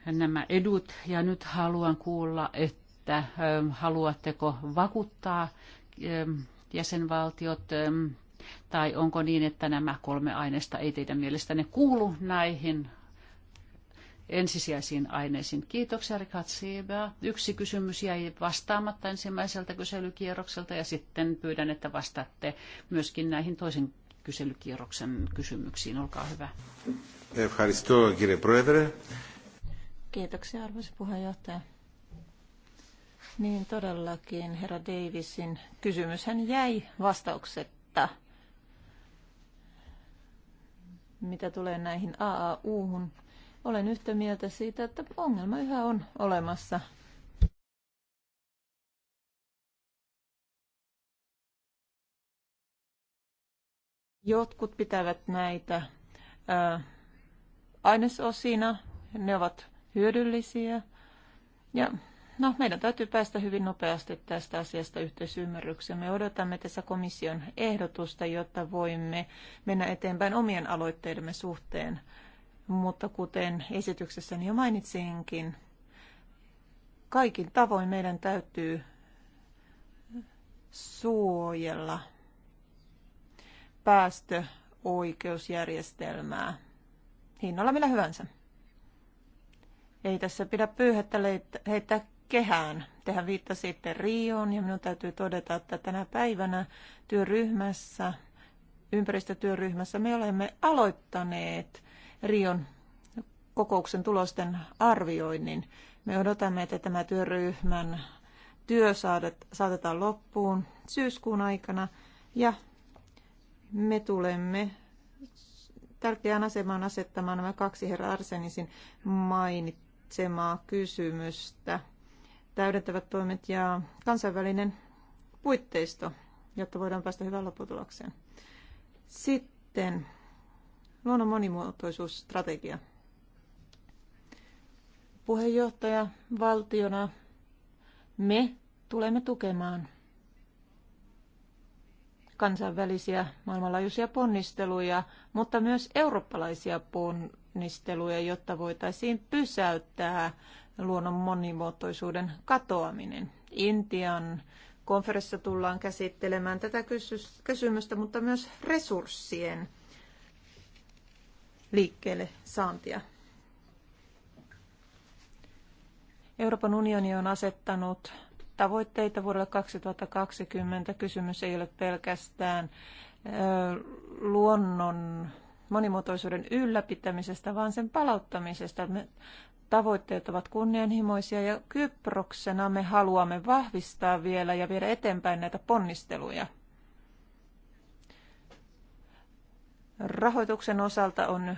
nämä edut. Ja nyt haluan kuulla, että haluatteko vakuuttaa jäsenvaltiot tai onko niin, että nämä kolme aineista ei teidän mielestänne kuulu näihin ensisijaisiin aineisiin. Kiitoksia Rikat Siivää. Yksi kysymys jäi vastaamatta ensimmäiseltä kyselykierrokselta ja sitten pyydän, että vastaatte myöskin näihin toisen kyselykierroksen kysymyksiin. Olkaa hyvä. Kiitoksia arvoisa puheenjohtaja. Niin todellakin herra Davisin kysymys hän jäi vastauksetta. Mitä tulee näihin AAU-hun, olen yhtä mieltä siitä, että ongelma yhä on olemassa. Jotkut pitävät näitä ää, ainesosina, ne ovat hyödyllisiä. Ja no, meidän täytyy päästä hyvin nopeasti tästä asiasta yhteisymmärrykseen. Me odotamme tässä komission ehdotusta, jotta voimme mennä eteenpäin omien aloitteidemme suhteen mutta kuten esityksessäni jo mainitsinkin, kaikin tavoin meidän täytyy suojella päästöoikeusjärjestelmää hinnalla millä hyvänsä. Ei tässä pidä pyyhettä heittää kehään. Tehän viittasitte Rioon ja minun täytyy todeta, että tänä päivänä työryhmässä, ympäristötyöryhmässä me olemme aloittaneet Rion kokouksen tulosten arvioinnin. Me odotamme, että tämä työryhmän työ saatetaan loppuun syyskuun aikana ja me tulemme tärkeään asemaan asettamaan nämä kaksi herra Arsenisin mainitsemaa kysymystä. Täydentävät toimet ja kansainvälinen puitteisto, jotta voidaan päästä hyvään lopputulokseen. Sitten luonnon monimuotoisuusstrategia. Puheenjohtaja valtiona me tulemme tukemaan kansainvälisiä maailmanlaajuisia ponnisteluja, mutta myös eurooppalaisia ponnisteluja, jotta voitaisiin pysäyttää luonnon monimuotoisuuden katoaminen. Intian konferenssissa tullaan käsittelemään tätä kysymystä, mutta myös resurssien liikkeelle saantia. Euroopan unioni on asettanut tavoitteita vuodelle 2020. Kysymys ei ole pelkästään luonnon monimuotoisuuden ylläpitämisestä, vaan sen palauttamisesta. Me tavoitteet ovat kunnianhimoisia ja Kyproksena me haluamme vahvistaa vielä ja viedä eteenpäin näitä ponnisteluja. Rahoituksen osalta on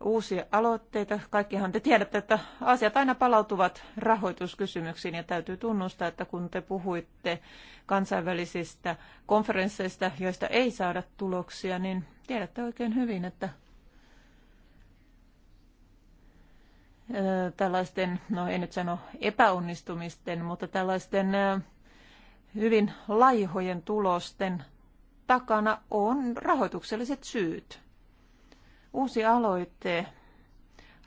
uusia aloitteita. Kaikkihan te tiedätte, että asiat aina palautuvat rahoituskysymyksiin ja täytyy tunnustaa, että kun te puhuitte kansainvälisistä konferensseista, joista ei saada tuloksia, niin tiedätte oikein hyvin, että tällaisten, no en nyt sano epäonnistumisten, mutta tällaisten hyvin laihojen tulosten takana on rahoitukselliset syyt. Uusi aloite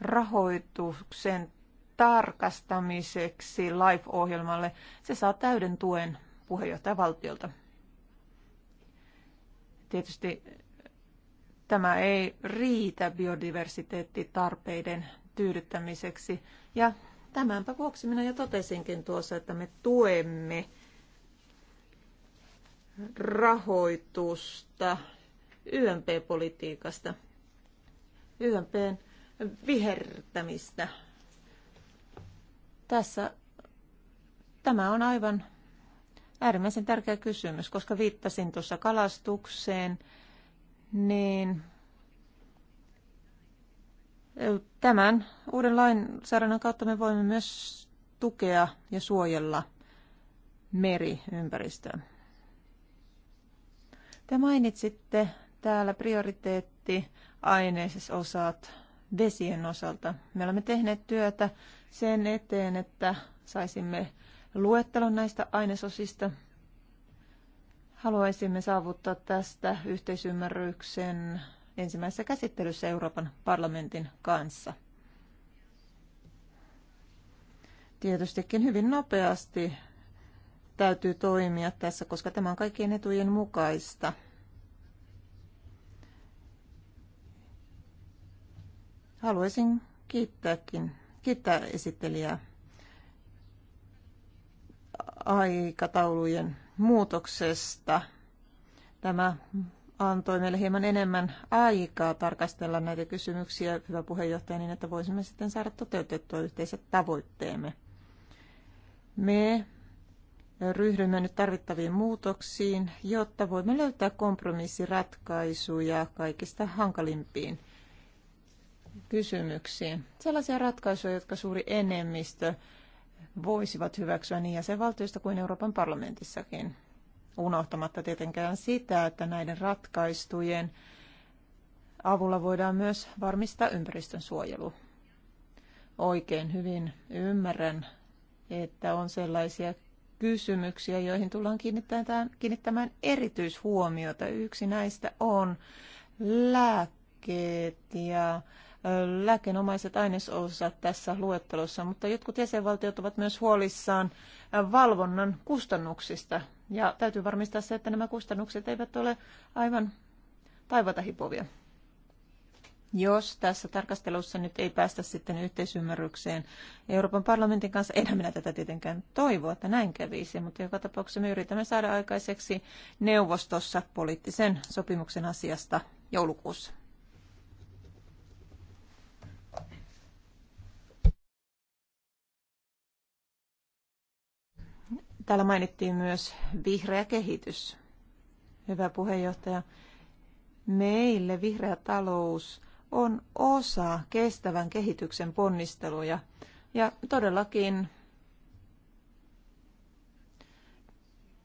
rahoituksen tarkastamiseksi LIFE-ohjelmalle, se saa täyden tuen puheenjohtajavaltiolta. Tietysti tämä ei riitä biodiversiteettitarpeiden tyydyttämiseksi ja tämänpä vuoksi minä jo totesinkin tuossa, että me tuemme rahoitusta YMP-politiikasta, YMPn vihertämistä. Tässä tämä on aivan äärimmäisen tärkeä kysymys, koska viittasin tuossa kalastukseen, niin tämän uuden lainsäädännön kautta me voimme myös tukea ja suojella meriympäristöä. Te mainitsitte täällä prioriteetti osat vesien osalta. Me olemme tehneet työtä sen eteen, että saisimme luettelon näistä ainesosista. Haluaisimme saavuttaa tästä yhteisymmärryksen ensimmäisessä käsittelyssä Euroopan parlamentin kanssa. Tietystikin hyvin nopeasti täytyy toimia tässä, koska tämä on kaikkien etujen mukaista. Haluaisin kiittääkin, kiittää esittelijää aikataulujen muutoksesta. Tämä antoi meille hieman enemmän aikaa tarkastella näitä kysymyksiä, hyvä puheenjohtaja, niin että voisimme sitten saada toteutettua yhteiset tavoitteemme. Me ryhdymme nyt tarvittaviin muutoksiin, jotta voimme löytää kompromissiratkaisuja kaikista hankalimpiin kysymyksiin. Sellaisia ratkaisuja, jotka suuri enemmistö voisivat hyväksyä niin jäsenvaltioista kuin Euroopan parlamentissakin. Unohtamatta tietenkään sitä, että näiden ratkaistujen avulla voidaan myös varmistaa ympäristön suojelu. Oikein hyvin ymmärrän, että on sellaisia kysymyksiä, joihin tullaan kiinnittämään, kiinnittämään erityishuomiota. Yksi näistä on lääkkeet ja lääkenomaiset ainesosat tässä luettelossa, mutta jotkut jäsenvaltiot ovat myös huolissaan valvonnan kustannuksista. Ja täytyy varmistaa se, että nämä kustannukset eivät ole aivan taivata hipovia. Jos tässä tarkastelussa nyt ei päästä sitten yhteisymmärrykseen Euroopan parlamentin kanssa, enhän minä tätä tietenkään toivoa, että näin kävisi, mutta joka tapauksessa me yritämme saada aikaiseksi neuvostossa poliittisen sopimuksen asiasta joulukuussa. Täällä mainittiin myös vihreä kehitys. Hyvä puheenjohtaja. Meille vihreä talous on osa kestävän kehityksen ponnisteluja. Ja todellakin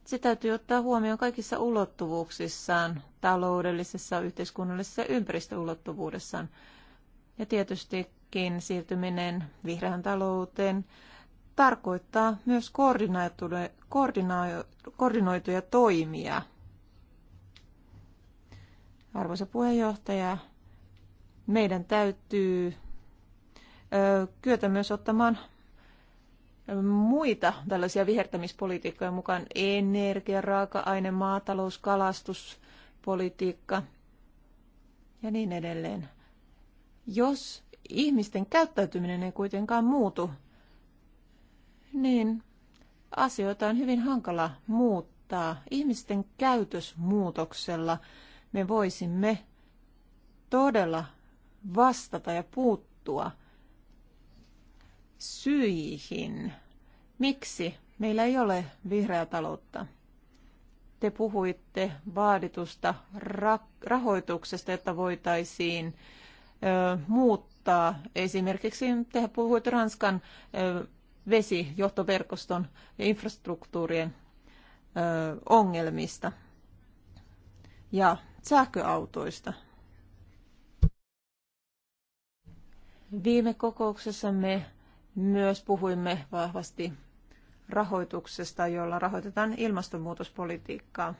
se täytyy ottaa huomioon kaikissa ulottuvuuksissaan, taloudellisessa, yhteiskunnallisessa ja ympäristöulottuvuudessaan. Ja tietystikin siirtyminen vihreään talouteen tarkoittaa myös koordinoituja toimia. Arvoisa puheenjohtaja, meidän täytyy kyetä myös ottamaan muita tällaisia vihertämispolitiikkoja mukaan, energia, raaka-aine, maatalous, kalastuspolitiikka ja niin edelleen. Jos ihmisten käyttäytyminen ei kuitenkaan muutu, niin asioita on hyvin hankala muuttaa. Ihmisten käytösmuutoksella me voisimme todella vastata ja puuttua syihin. Miksi meillä ei ole vihreää taloutta? Te puhuitte vaaditusta rahoituksesta, että voitaisiin ö, muuttaa. Esimerkiksi te puhuitte Ranskan ö, vesijohtoverkoston ja infrastruktuurien ö, ongelmista ja sähköautoista. Viime kokouksessa me myös puhuimme vahvasti rahoituksesta, jolla rahoitetaan ilmastonmuutospolitiikkaa.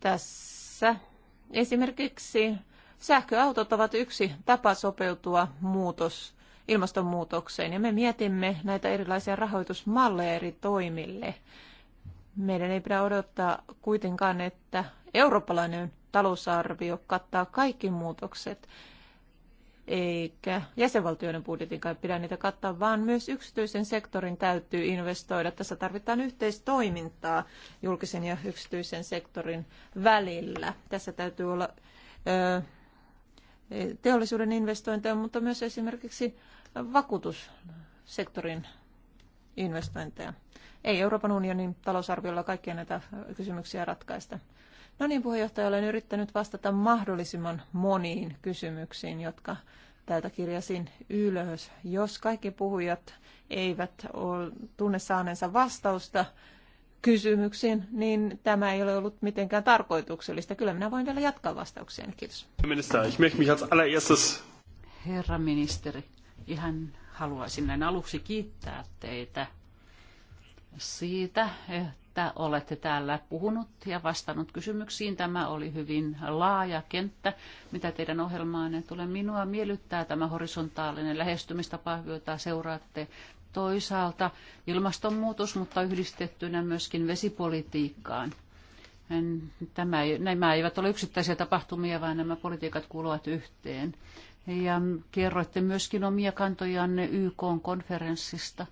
Tässä esimerkiksi sähköautot ovat yksi tapa sopeutua muutos, ilmastonmuutokseen ja me mietimme näitä erilaisia rahoitusmalleja eri toimille. Meidän ei pidä odottaa kuitenkaan, että eurooppalainen talousarvio kattaa kaikki muutokset, eikä jäsenvaltioiden kai pidä niitä kattaa, vaan myös yksityisen sektorin täytyy investoida. Tässä tarvitaan yhteistoimintaa julkisen ja yksityisen sektorin välillä. Tässä täytyy olla ö, teollisuuden investointeja, mutta myös esimerkiksi vakuutussektorin investointeja. Ei Euroopan unionin talousarviolla kaikkia näitä äh, kysymyksiä ratkaista. No niin, puheenjohtaja, olen yrittänyt vastata mahdollisimman moniin kysymyksiin, jotka täältä kirjasin ylös. Jos kaikki puhujat eivät ole tunne saaneensa vastausta kysymyksiin, niin tämä ei ole ollut mitenkään tarkoituksellista. Kyllä minä voin vielä jatkaa vastaukseen. Kiitos. Herra ministeri, ihan haluaisin näin aluksi kiittää teitä siitä, että olette täällä puhunut ja vastannut kysymyksiin. Tämä oli hyvin laaja kenttä, mitä teidän ohjelmaanne tulee. Minua miellyttää tämä horisontaalinen lähestymistapa, jota seuraatte toisaalta ilmastonmuutos, mutta yhdistettynä myöskin vesipolitiikkaan. Tämä, nämä eivät ole yksittäisiä tapahtumia, vaan nämä politiikat kuuluvat yhteen. Ja kerroitte myöskin omia kantojanne YK-konferenssista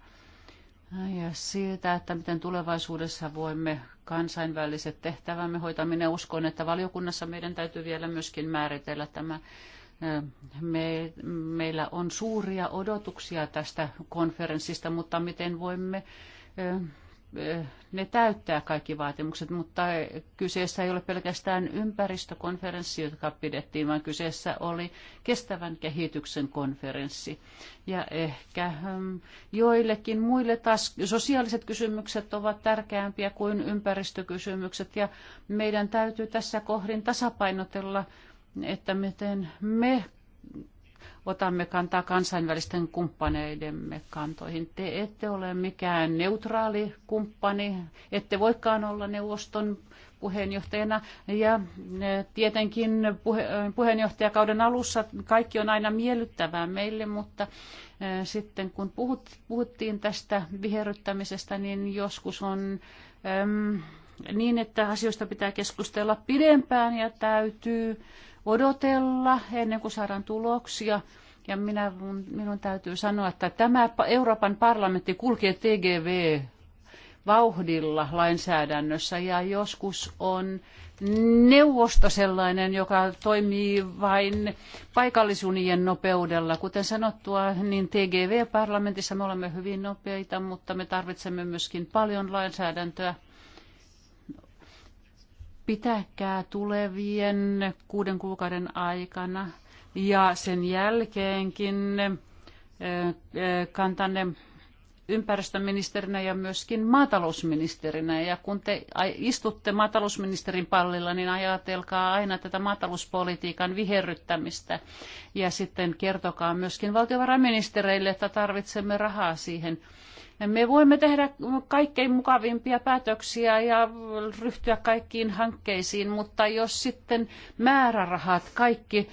ja siitä, että miten tulevaisuudessa voimme kansainväliset tehtävämme hoitaa. Minä uskon, että valiokunnassa meidän täytyy vielä myöskin määritellä tämä. Me, meillä on suuria odotuksia tästä konferenssista, mutta miten voimme ne täyttää kaikki vaatimukset, mutta kyseessä ei ole pelkästään ympäristökonferenssi, joka pidettiin, vaan kyseessä oli kestävän kehityksen konferenssi. Ja ehkä mm, joillekin muille taas sosiaaliset kysymykset ovat tärkeämpiä kuin ympäristökysymykset, ja meidän täytyy tässä kohdin tasapainotella, että miten me otamme kantaa kansainvälisten kumppaneidemme kantoihin. Te ette ole mikään neutraali kumppani, ette voikaan olla neuvoston puheenjohtajana. Ja e, tietenkin puhe, e, puheenjohtajakauden alussa kaikki on aina miellyttävää meille, mutta e, sitten kun puhut, puhuttiin tästä viherryttämisestä, niin joskus on äm, niin, että asioista pitää keskustella pidempään ja täytyy odotella ennen kuin saadaan tuloksia. Ja minä, minun täytyy sanoa, että tämä Euroopan parlamentti kulkee TGV vauhdilla lainsäädännössä ja joskus on neuvosto sellainen, joka toimii vain paikallisunien nopeudella. Kuten sanottua, niin TGV-parlamentissa me olemme hyvin nopeita, mutta me tarvitsemme myöskin paljon lainsäädäntöä pitäkää tulevien kuuden kuukauden aikana ja sen jälkeenkin kantanne ympäristöministerinä ja myöskin maatalousministerinä. Ja kun te istutte maatalousministerin pallilla, niin ajatelkaa aina tätä maatalouspolitiikan viherryttämistä. Ja sitten kertokaa myöskin valtiovarainministereille, että tarvitsemme rahaa siihen. Me voimme tehdä kaikkein mukavimpia päätöksiä ja ryhtyä kaikkiin hankkeisiin, mutta jos sitten määrärahat kaikki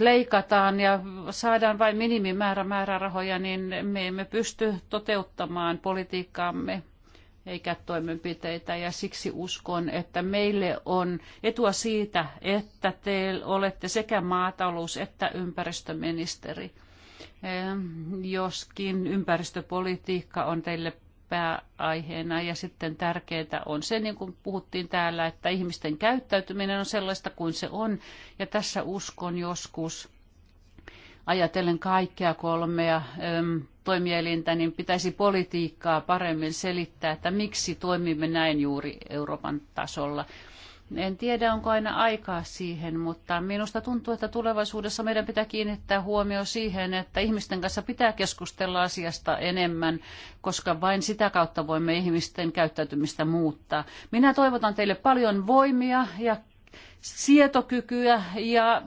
leikataan ja saadaan vain minimimäärä määrärahoja, niin me emme pysty toteuttamaan politiikkaamme eikä toimenpiteitä. Ja siksi uskon, että meille on etua siitä, että te olette sekä maatalous- että ympäristöministeri joskin ympäristöpolitiikka on teille pääaiheena. Ja sitten tärkeää on se, niin kuin puhuttiin täällä, että ihmisten käyttäytyminen on sellaista kuin se on. Ja tässä uskon joskus, ajatellen kaikkea kolmea toimielintä, niin pitäisi politiikkaa paremmin selittää, että miksi toimimme näin juuri Euroopan tasolla. En tiedä, onko aina aikaa siihen, mutta minusta tuntuu, että tulevaisuudessa meidän pitää kiinnittää huomio siihen, että ihmisten kanssa pitää keskustella asiasta enemmän, koska vain sitä kautta voimme ihmisten käyttäytymistä muuttaa. Minä toivotan teille paljon voimia ja sietokykyä ja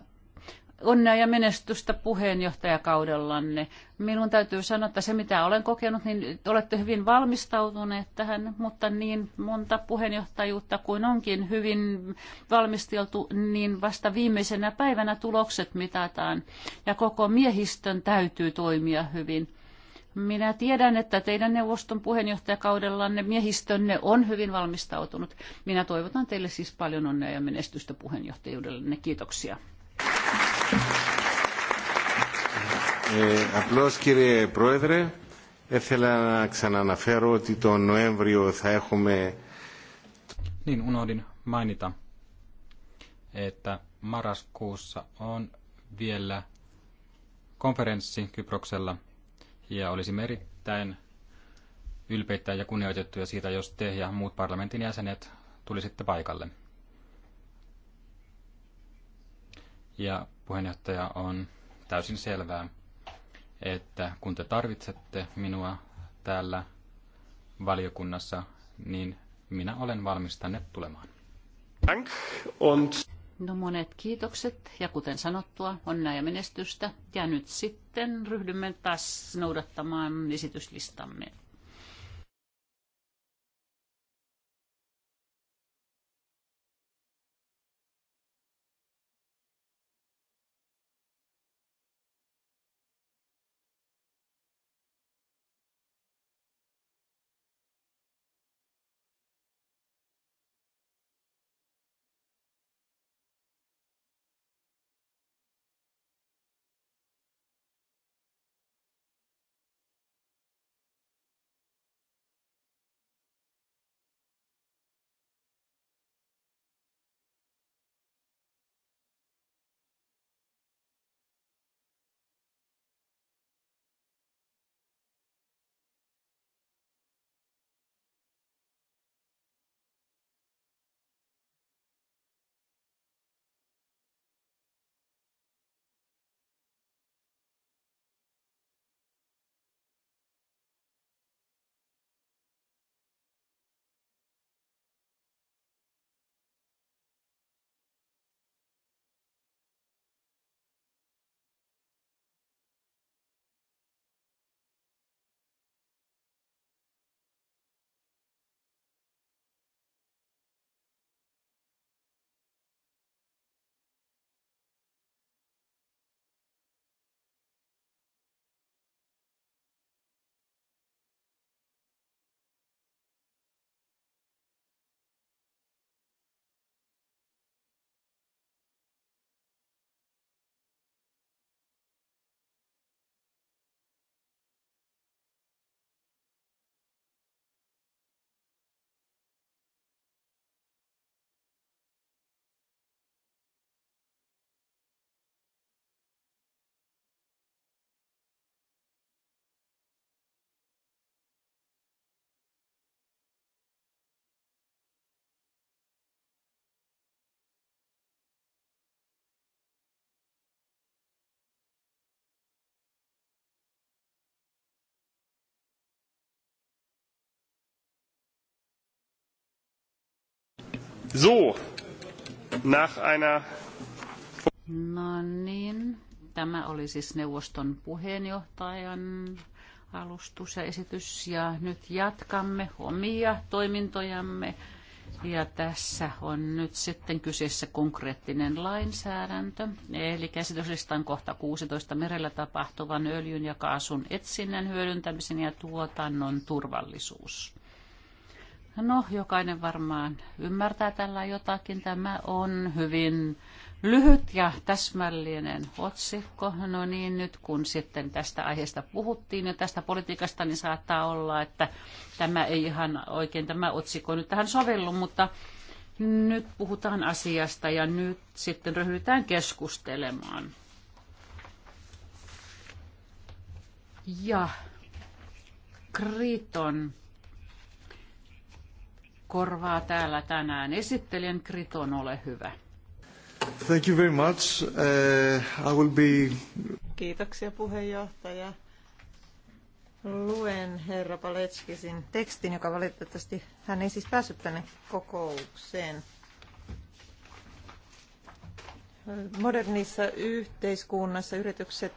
onnea ja menestystä puheenjohtajakaudellanne. Minun täytyy sanoa, että se mitä olen kokenut, niin olette hyvin valmistautuneet tähän, mutta niin monta puheenjohtajuutta kuin onkin hyvin valmisteltu, niin vasta viimeisenä päivänä tulokset mitataan ja koko miehistön täytyy toimia hyvin. Minä tiedän, että teidän neuvoston puheenjohtajakaudellanne miehistönne on hyvin valmistautunut. Minä toivotan teille siis paljon onnea ja menestystä puheenjohtajuudellenne. Kiitoksia. Thank you απλώς κύριε Πρόεδρε, ήθελα να ξαναναφέρω ότι τον Νοέμβριο θα έχουμε... Niin, unohdin mainita, että marraskuussa on vielä konferenssi Kyproksella ja olisimme erittäin ylpeitä ja kunnioitettuja siitä, jos te ja muut parlamentin jäsenet tulisitte paikalle. Ja puheenjohtaja on täysin selvää, että kun te tarvitsette minua täällä valiokunnassa, niin minä olen valmis tänne tulemaan. Dank und... No monet kiitokset ja kuten sanottua, onnea ja menestystä. Ja nyt sitten ryhdymme taas noudattamaan esityslistamme. So, nach einer... No niin, tämä oli siis neuvoston puheenjohtajan alustus ja esitys ja nyt jatkamme omia toimintojamme. Ja tässä on nyt sitten kyseessä konkreettinen lainsäädäntö, eli käsityslistan kohta 16 merellä tapahtuvan öljyn ja kaasun etsinnän, hyödyntämisen ja tuotannon turvallisuus. No, jokainen varmaan ymmärtää tällä jotakin. Tämä on hyvin lyhyt ja täsmällinen otsikko. No niin, nyt kun sitten tästä aiheesta puhuttiin ja tästä politiikasta, niin saattaa olla, että tämä ei ihan oikein tämä otsikko nyt tähän sovellu, mutta nyt puhutaan asiasta ja nyt sitten ryhdytään keskustelemaan. Ja Kriton korvaa täällä tänään. Esittelijän Kriton, ole hyvä. Thank you very much. Uh, I will be... Kiitoksia puheenjohtaja. Luen herra Paletskisin tekstin, joka valitettavasti hän ei siis päässyt tänne kokoukseen. Modernissa yhteiskunnassa yritykset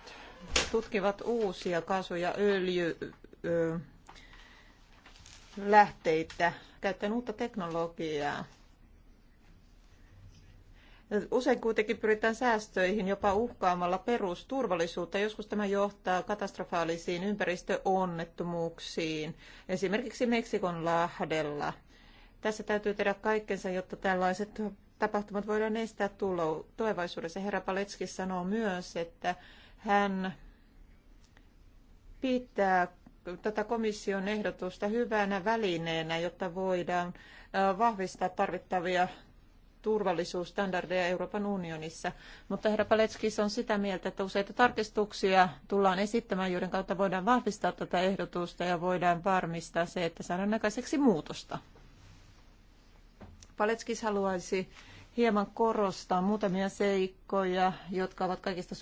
tutkivat uusia kaasu- ja öljylähteitä käyttäen uutta teknologiaa. Usein kuitenkin pyritään säästöihin jopa uhkaamalla perusturvallisuutta. Joskus tämä johtaa katastrofaalisiin ympäristöonnettomuuksiin, esimerkiksi Meksikon lahdella. Tässä täytyy tehdä kaikkensa, jotta tällaiset tapahtumat voidaan estää tulevaisuudessa. Herra Paletski sanoo myös, että hän pitää tätä komission ehdotusta hyvänä välineenä, jotta voidaan vahvistaa tarvittavia turvallisuusstandardeja Euroopan unionissa. Mutta herra Paletskis on sitä mieltä, että useita tarkistuksia tullaan esittämään, joiden kautta voidaan vahvistaa tätä ehdotusta ja voidaan varmistaa se, että saadaan aikaiseksi muutosta. Paletskis haluaisi hieman korostaa muutamia seikkoja, jotka ovat kaikista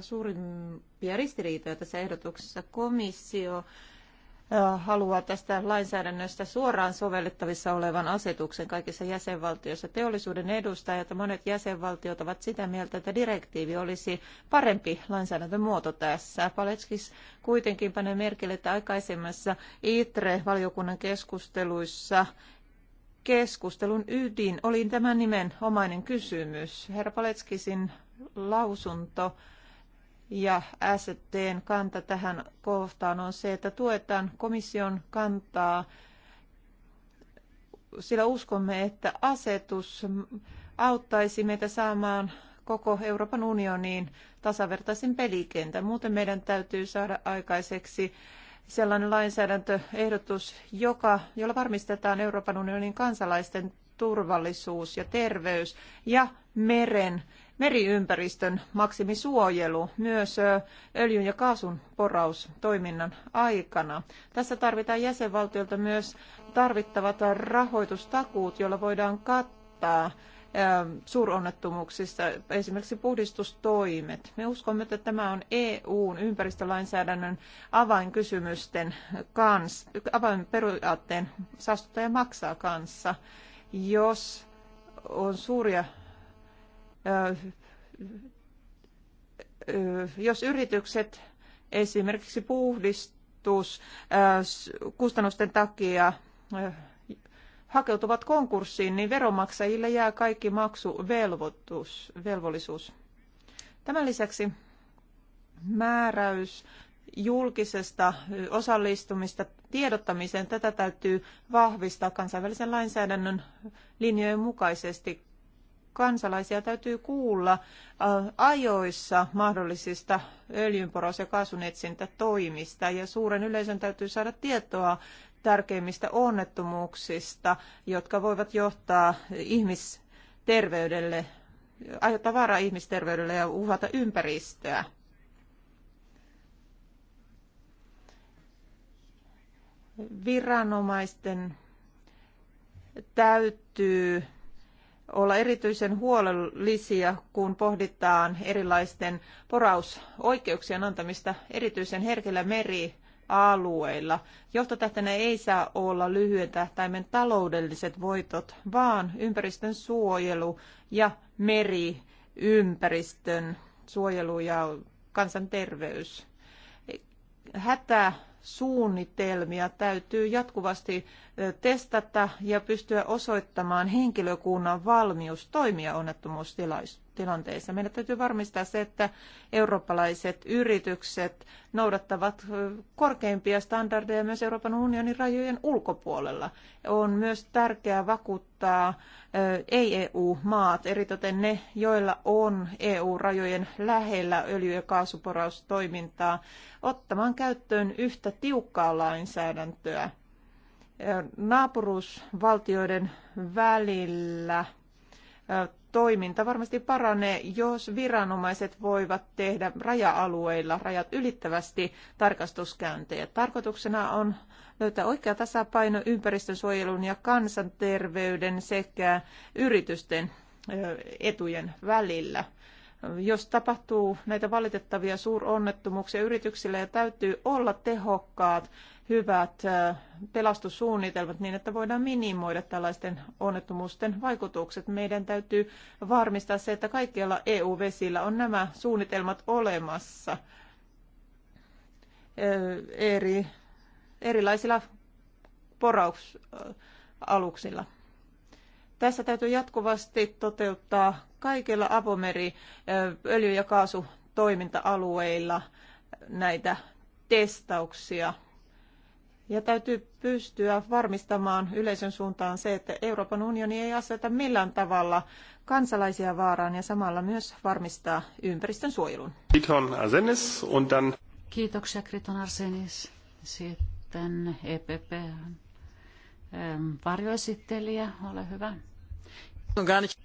suurimpia ristiriitoja tässä ehdotuksessa. Komissio haluaa tästä lainsäädännöstä suoraan sovellettavissa olevan asetuksen kaikissa jäsenvaltioissa. Teollisuuden edustajat ja monet jäsenvaltiot ovat sitä mieltä, että direktiivi olisi parempi lainsäädäntömuoto tässä. Paletskis kuitenkin panee merkille, että aikaisemmassa ITRE-valiokunnan keskusteluissa keskustelun ydin oli nimen nimenomainen kysymys. Herra Paletskisin lausunto ja STn kanta tähän kohtaan on se, että tuetaan komission kantaa, sillä uskomme, että asetus auttaisi meitä saamaan koko Euroopan unioniin tasavertaisen pelikentän. Muuten meidän täytyy saada aikaiseksi sellainen lainsäädäntöehdotus, joka, jolla varmistetaan Euroopan unionin kansalaisten turvallisuus ja terveys ja meren, meriympäristön maksimisuojelu myös öljyn ja kaasun poraustoiminnan aikana. Tässä tarvitaan jäsenvaltiolta myös tarvittavat rahoitustakuut, joilla voidaan kattaa Ähm, suuronnettomuuksista, esimerkiksi puhdistustoimet. Me uskomme, että tämä on EUn ympäristölainsäädännön avainkysymysten kanssa, avainperiaatteen saastuttaja maksaa kanssa, jos on suuria äh, äh, jos yritykset esimerkiksi puhdistuskustannusten äh, takia hakeutuvat konkurssiin, niin veronmaksajille jää kaikki maksuvelvollisuus. Tämän lisäksi määräys julkisesta osallistumista tiedottamiseen, tätä täytyy vahvistaa kansainvälisen lainsäädännön linjojen mukaisesti. Kansalaisia täytyy kuulla äh, ajoissa mahdollisista öljynporos- ja kaasunetsintätoimista ja suuren yleisön täytyy saada tietoa tärkeimmistä onnettomuuksista, jotka voivat johtaa ihmisterveydelle, aiheuttaa vaaraa ihmisterveydelle ja uhata ympäristöä. Viranomaisten täytyy olla erityisen huolellisia, kun pohditaan erilaisten porausoikeuksien antamista erityisen herkillä meri- alueilla. Johtotähtenä ei saa olla lyhyen tähtäimen taloudelliset voitot, vaan ympäristön suojelu ja meriympäristön suojelu ja kansanterveys. Hätäsuunnitelmia täytyy jatkuvasti testata ja pystyä osoittamaan henkilökunnan valmius toimia onnettomuustilanteissa. Meidän täytyy varmistaa se, että eurooppalaiset yritykset noudattavat korkeimpia standardeja myös Euroopan unionin rajojen ulkopuolella. On myös tärkeää vakuuttaa ei-EU-maat, eritoten ne, joilla on EU-rajojen lähellä öljy- ja kaasuporaustoimintaa, ottamaan käyttöön yhtä tiukkaa lainsäädäntöä naapuruusvaltioiden välillä toiminta varmasti paranee, jos viranomaiset voivat tehdä raja-alueilla rajat ylittävästi tarkastuskäyntejä. Tarkoituksena on löytää oikea tasapaino ympäristönsuojelun ja kansanterveyden sekä yritysten etujen välillä. Jos tapahtuu näitä valitettavia suuronnettomuuksia yrityksille ja täytyy olla tehokkaat, hyvät pelastussuunnitelmat niin, että voidaan minimoida tällaisten onnettomuusten vaikutukset. Meidän täytyy varmistaa se, että kaikkialla EU-vesillä on nämä suunnitelmat olemassa eri, erilaisilla porausaluksilla. Tässä täytyy jatkuvasti toteuttaa kaikilla apomeri öljy- ja kaasutoiminta-alueilla näitä testauksia. Ja täytyy pystyä varmistamaan yleisön suuntaan se, että Euroopan unioni ei aseta millään tavalla kansalaisia vaaraan ja samalla myös varmistaa ympäristön suojelun. Kiitoksia Kriton Arsenis. Sitten EPP ähm, varjoesittelijä, ole hyvä.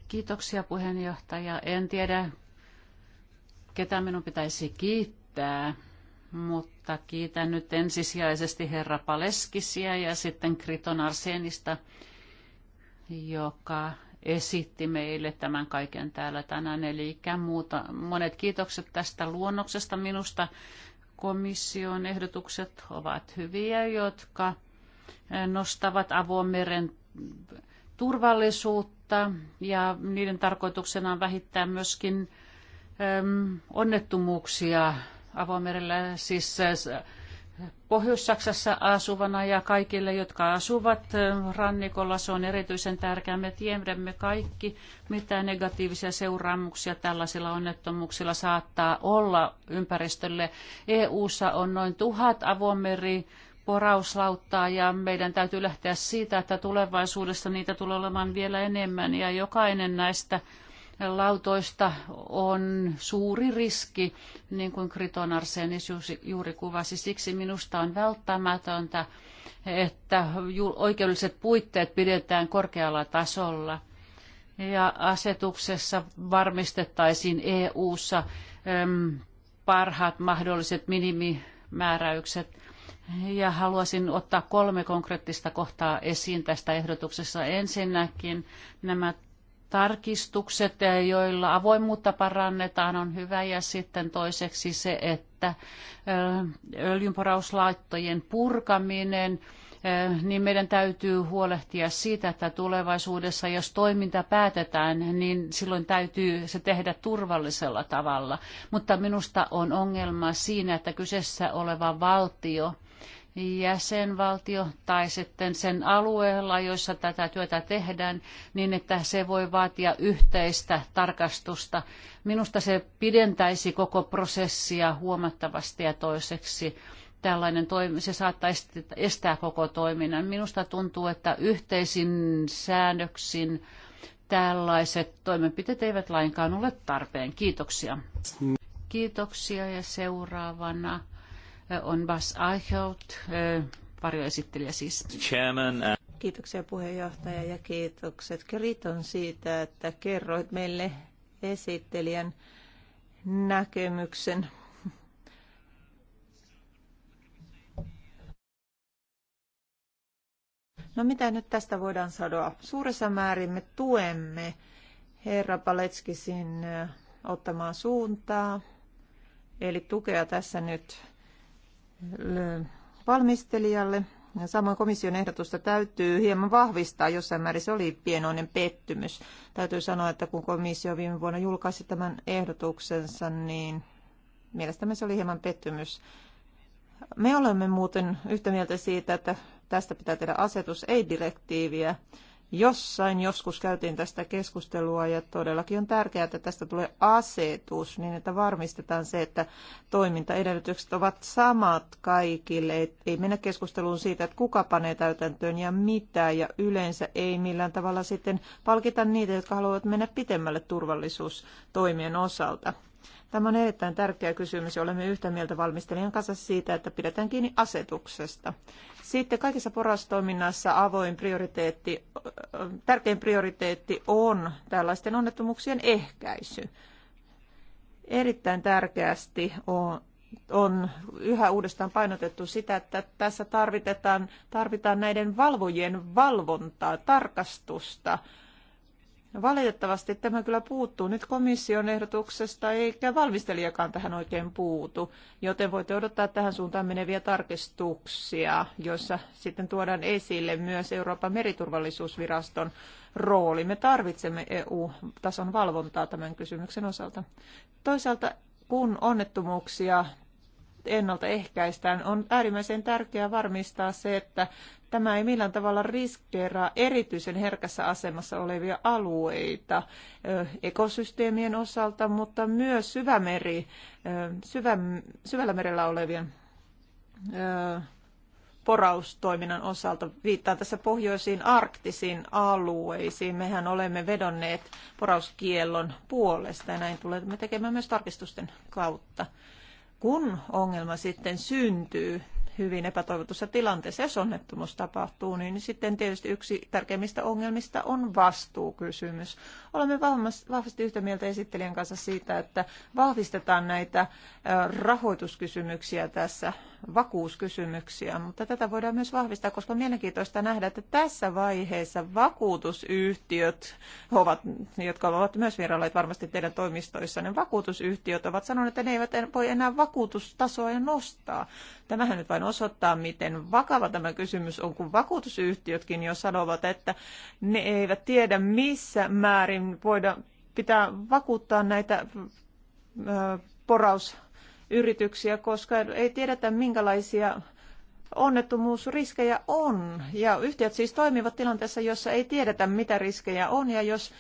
Kiitoksia puheenjohtaja. En tiedä, ketä minun pitäisi kiittää, mutta kiitän nyt ensisijaisesti herra Paleskisia ja sitten Kriton Arsenista, joka esitti meille tämän kaiken täällä tänään. Eli muuta, monet kiitokset tästä luonnoksesta minusta. Komission ehdotukset ovat hyviä, jotka nostavat avomeren turvallisuutta tilannetta ja niiden tarkoituksena on vähittää myöskin ähm, onnettomuuksia avomerellä, siis äh, Pohjois-Saksassa asuvana ja kaikille, jotka asuvat äh, rannikolla, se on erityisen tärkeää. Me tiedämme kaikki, mitä negatiivisia seuraamuksia tällaisilla onnettomuuksilla saattaa olla ympäristölle. EU:ssa on noin tuhat avomeri porauslauttaa ja meidän täytyy lähteä siitä, että tulevaisuudessa niitä tulee olemaan vielä enemmän ja jokainen näistä lautoista on suuri riski, niin kuin Kriton Arsenis juuri kuvasi. Siksi minusta on välttämätöntä, että oikeudelliset puitteet pidetään korkealla tasolla. Ja asetuksessa varmistettaisiin EU-ssa parhaat mahdolliset minimimääräykset ja haluaisin ottaa kolme konkreettista kohtaa esiin tästä ehdotuksessa. Ensinnäkin nämä tarkistukset, joilla avoimuutta parannetaan, on hyvä. Ja sitten toiseksi se, että öljynporauslaittojen purkaminen, niin meidän täytyy huolehtia siitä, että tulevaisuudessa, jos toiminta päätetään, niin silloin täytyy se tehdä turvallisella tavalla. Mutta minusta on ongelma siinä, että kyseessä oleva valtio – jäsenvaltio tai sitten sen alueella, jossa tätä työtä tehdään, niin että se voi vaatia yhteistä tarkastusta. Minusta se pidentäisi koko prosessia huomattavasti ja toiseksi tällainen toimi, se saattaisi estää koko toiminnan. Minusta tuntuu, että yhteisin säännöksin tällaiset toimenpiteet eivät lainkaan ole tarpeen. Kiitoksia. Mm. Kiitoksia ja seuraavana on Bas Eichholt, varjoesittelijä siis. Chairman, uh, Kiitoksia puheenjohtaja ja kiitokset Kriton siitä, että kerroit meille esittelijän näkemyksen. No mitä nyt tästä voidaan sanoa? Suuressa määrin me tuemme herra Paletskisin ottamaan suuntaa, eli tukea tässä nyt valmistelijalle. Samoin komission ehdotusta täytyy hieman vahvistaa, jossain määrin se oli pienoinen pettymys. Täytyy sanoa, että kun komissio viime vuonna julkaisi tämän ehdotuksensa, niin mielestämme se oli hieman pettymys. Me olemme muuten yhtä mieltä siitä, että tästä pitää tehdä asetus, ei direktiiviä. Jossain joskus käytiin tästä keskustelua ja todellakin on tärkeää, että tästä tulee asetus niin, että varmistetaan se, että toimintaedellytykset ovat samat kaikille. Ei mennä keskusteluun siitä, että kuka panee täytäntöön ja mitä ja yleensä ei millään tavalla sitten palkita niitä, jotka haluavat mennä pitemmälle turvallisuustoimien osalta. Tämä on erittäin tärkeä kysymys ja olemme yhtä mieltä valmistelijan kanssa siitä, että pidetään kiinni asetuksesta. Sitten kaikessa porastoiminnassa avoin prioriteetti, tärkein prioriteetti on tällaisten onnettomuuksien ehkäisy. Erittäin tärkeästi on, on yhä uudestaan painotettu sitä, että tässä tarvitaan, tarvitaan näiden valvojien valvontaa, tarkastusta, No, valitettavasti tämä kyllä puuttuu nyt komission ehdotuksesta, eikä valmistelijakaan tähän oikein puutu, joten voitte odottaa tähän suuntaan meneviä tarkistuksia, joissa sitten tuodaan esille myös Euroopan meriturvallisuusviraston rooli. Me tarvitsemme EU-tason valvontaa tämän kysymyksen osalta. Toisaalta kun onnettomuuksia ennaltaehkäistään, on äärimmäisen tärkeää varmistaa se, että tämä ei millään tavalla riskeeraa erityisen herkässä asemassa olevia alueita ekosysteemien osalta, mutta myös syvämeri, syvä, syvällä merellä olevien poraustoiminnan osalta. Viittaan tässä pohjoisiin arktisiin alueisiin. Mehän olemme vedonneet porauskiellon puolesta ja näin tulemme tekemään myös tarkistusten kautta kun ongelma sitten syntyy hyvin epätoivotussa tilanteessa, jos onnettomuus tapahtuu, niin sitten tietysti yksi tärkeimmistä ongelmista on vastuukysymys. Olemme vahvasti yhtä mieltä esittelijän kanssa siitä, että vahvistetaan näitä rahoituskysymyksiä tässä vakuuskysymyksiä, mutta tätä voidaan myös vahvistaa, koska on mielenkiintoista nähdä, että tässä vaiheessa vakuutusyhtiöt, ovat, jotka ovat myös vierailleet varmasti teidän niin vakuutusyhtiöt ovat sanoneet, että ne eivät voi enää vakuutustasoa nostaa. Tämähän nyt vain osoittaa, miten vakava tämä kysymys on, kun vakuutusyhtiötkin jo sanovat, että ne eivät tiedä missä määrin voidaan pitää vakuuttaa näitä poraus yrityksiä, koska ei tiedetä minkälaisia onnettomuusriskejä on. Ja yhtiöt siis toimivat tilanteessa, jossa ei tiedetä, mitä riskejä on. Ja jos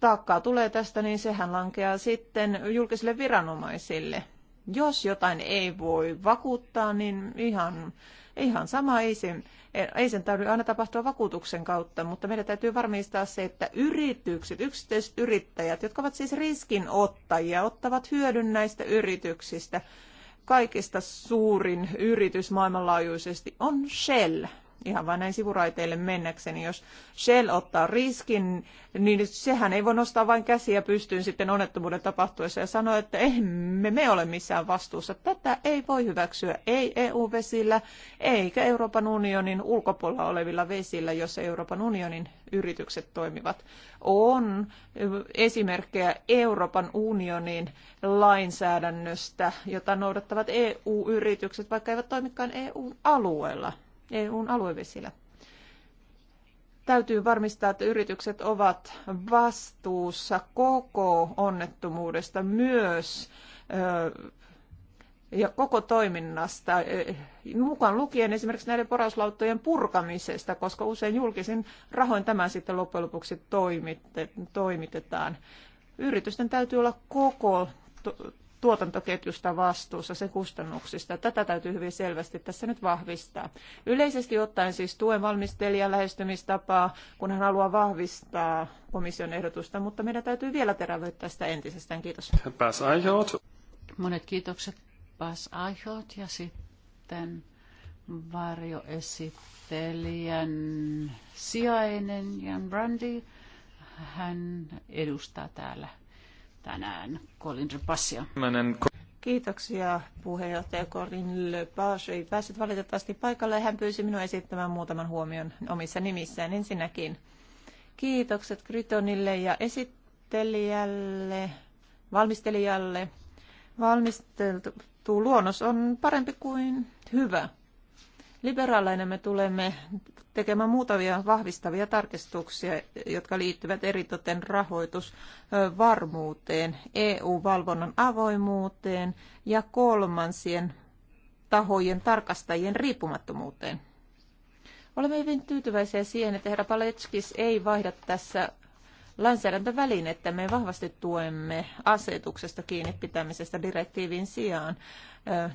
taakkaa tulee tästä, niin sehän lankeaa sitten julkisille viranomaisille. Jos jotain ei voi vakuuttaa, niin ihan Ihan sama ei sen, ei sen tarvitse aina tapahtua vakuutuksen kautta, mutta meidän täytyy varmistaa se, että yritykset, yksityiset yrittäjät, jotka ovat siis riskinottajia, ottavat hyödyn näistä yrityksistä. Kaikista suurin yritys maailmanlaajuisesti on Shell ihan vain näin sivuraiteille mennäkseni. Jos Shell ottaa riskin, niin sehän ei voi nostaa vain käsiä pystyyn sitten onnettomuuden tapahtuessa ja sanoa, että emme me ole missään vastuussa. Tätä ei voi hyväksyä, ei EU-vesillä eikä Euroopan unionin ulkopuolella olevilla vesillä, jos Euroopan unionin yritykset toimivat. On esimerkkejä Euroopan unionin lainsäädännöstä, jota noudattavat EU-yritykset, vaikka eivät toimikaan EU-alueella. EUn aluevesillä. Täytyy varmistaa, että yritykset ovat vastuussa koko onnettomuudesta myös ja koko toiminnasta, mukaan lukien esimerkiksi näiden porauslauttojen purkamisesta, koska usein julkisin rahoin tämä sitten loppujen lopuksi toimitetaan. Yritysten täytyy olla koko tuotantoketjusta vastuussa, sen kustannuksista. Tätä täytyy hyvin selvästi tässä nyt vahvistaa. Yleisesti ottaen siis tuen valmistelijan lähestymistapaa, kun hän haluaa vahvistaa komission ehdotusta, mutta meidän täytyy vielä terävöittää sitä entisestään. Kiitos. Monet kiitokset Bas Aihot ja sitten varjoesittelijän sijainen Jan Brandy, Hän edustaa täällä tänään Colin Repassia. Kiitoksia puheenjohtaja Corin Lepage. Ei päässyt valitettavasti paikalle. Hän pyysi minua esittämään muutaman huomion omissa nimissään ensinnäkin. Kiitokset Krytonille ja esittelijälle, valmistelijalle. Valmisteltu luonnos on parempi kuin hyvä. Liberaaleina me tulemme tekemään muutamia vahvistavia tarkistuksia, jotka liittyvät eritoten rahoitusvarmuuteen, EU-valvonnan avoimuuteen ja kolmansien tahojen tarkastajien riippumattomuuteen. Olemme hyvin tyytyväisiä siihen, että herra Paletskis ei vaihda tässä että Me vahvasti tuemme asetuksesta kiinni pitämisestä direktiivin sijaan,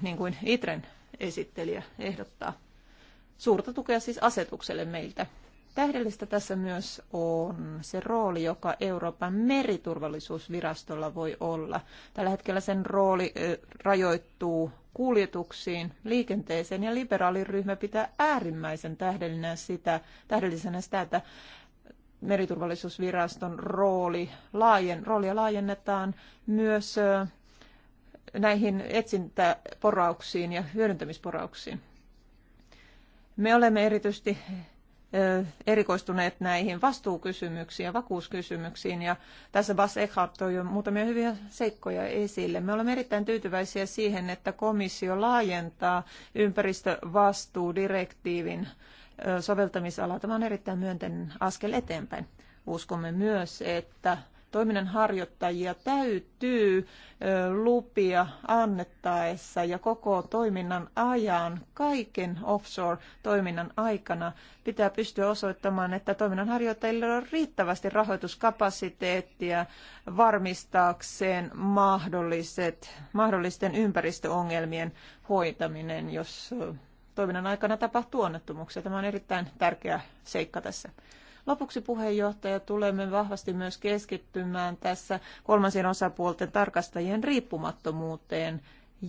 niin kuin ITREN esittelijä ehdottaa suurta tukea siis asetukselle meiltä. Tähdellistä tässä myös on se rooli, joka Euroopan meriturvallisuusvirastolla voi olla. Tällä hetkellä sen rooli rajoittuu kuljetuksiin, liikenteeseen ja liberaaliryhmä pitää äärimmäisen tähdellisenä sitä, tähdellisenä sitä että meriturvallisuusviraston rooli, laajen, roolia laajennetaan myös näihin etsintäporauksiin ja hyödyntämisporauksiin. Me olemme erityisesti erikoistuneet näihin vastuukysymyksiin ja vakuuskysymyksiin. Ja tässä Bas Eckhart toi jo muutamia hyviä seikkoja esille. Me olemme erittäin tyytyväisiä siihen, että komissio laajentaa ympäristövastuudirektiivin soveltamisalaa. Tämä on erittäin myönteinen askel eteenpäin. Uskomme myös, että toiminnanharjoittajia täytyy lupia annettaessa ja koko toiminnan ajan, kaiken offshore-toiminnan aikana pitää pystyä osoittamaan, että toiminnanharjoittajilla on riittävästi rahoituskapasiteettia varmistaakseen mahdolliset, mahdollisten ympäristöongelmien hoitaminen, jos toiminnan aikana tapahtuu onnettomuuksia. Tämä on erittäin tärkeä seikka tässä. Lopuksi puheenjohtaja tulemme vahvasti myös keskittymään tässä kolmansien osapuolten tarkastajien riippumattomuuteen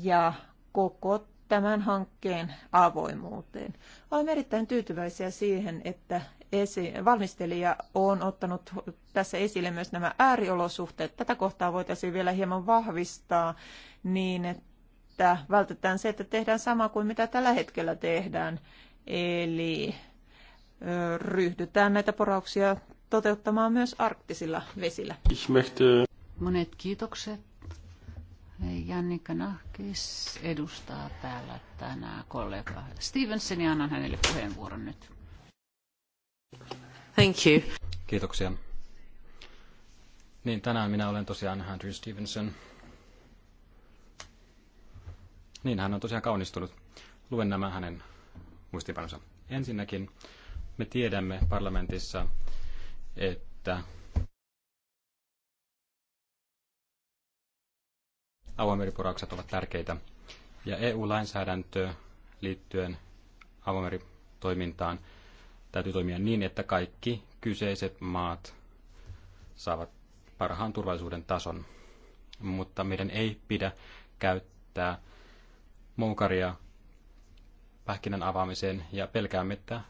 ja koko tämän hankkeen avoimuuteen. Olemme erittäin tyytyväisiä siihen, että esi- valmistelija on ottanut tässä esille myös nämä ääriolosuhteet. Tätä kohtaa voitaisiin vielä hieman vahvistaa niin, että vältetään se, että tehdään sama kuin mitä tällä hetkellä tehdään. Eli ryhdytään näitä porauksia toteuttamaan myös arktisilla vesillä. Monet kiitokset. Jannika Nahkis edustaa täällä tänään kollega Stevenson ja annan hänelle puheenvuoron nyt. Thank you. Kiitoksia. Niin, tänään minä olen tosiaan Andrew Stevenson. Niin, hän on tosiaan kaunistunut. Luen nämä hänen muistipanonsa. Ensinnäkin me tiedämme parlamentissa, että avomeripuraukset ovat tärkeitä. Ja EU-lainsäädäntö liittyen avomeritoimintaan täytyy toimia niin, että kaikki kyseiset maat saavat parhaan turvallisuuden tason. Mutta meidän ei pidä käyttää moukaria pähkinän avaamiseen ja pelkäämme, että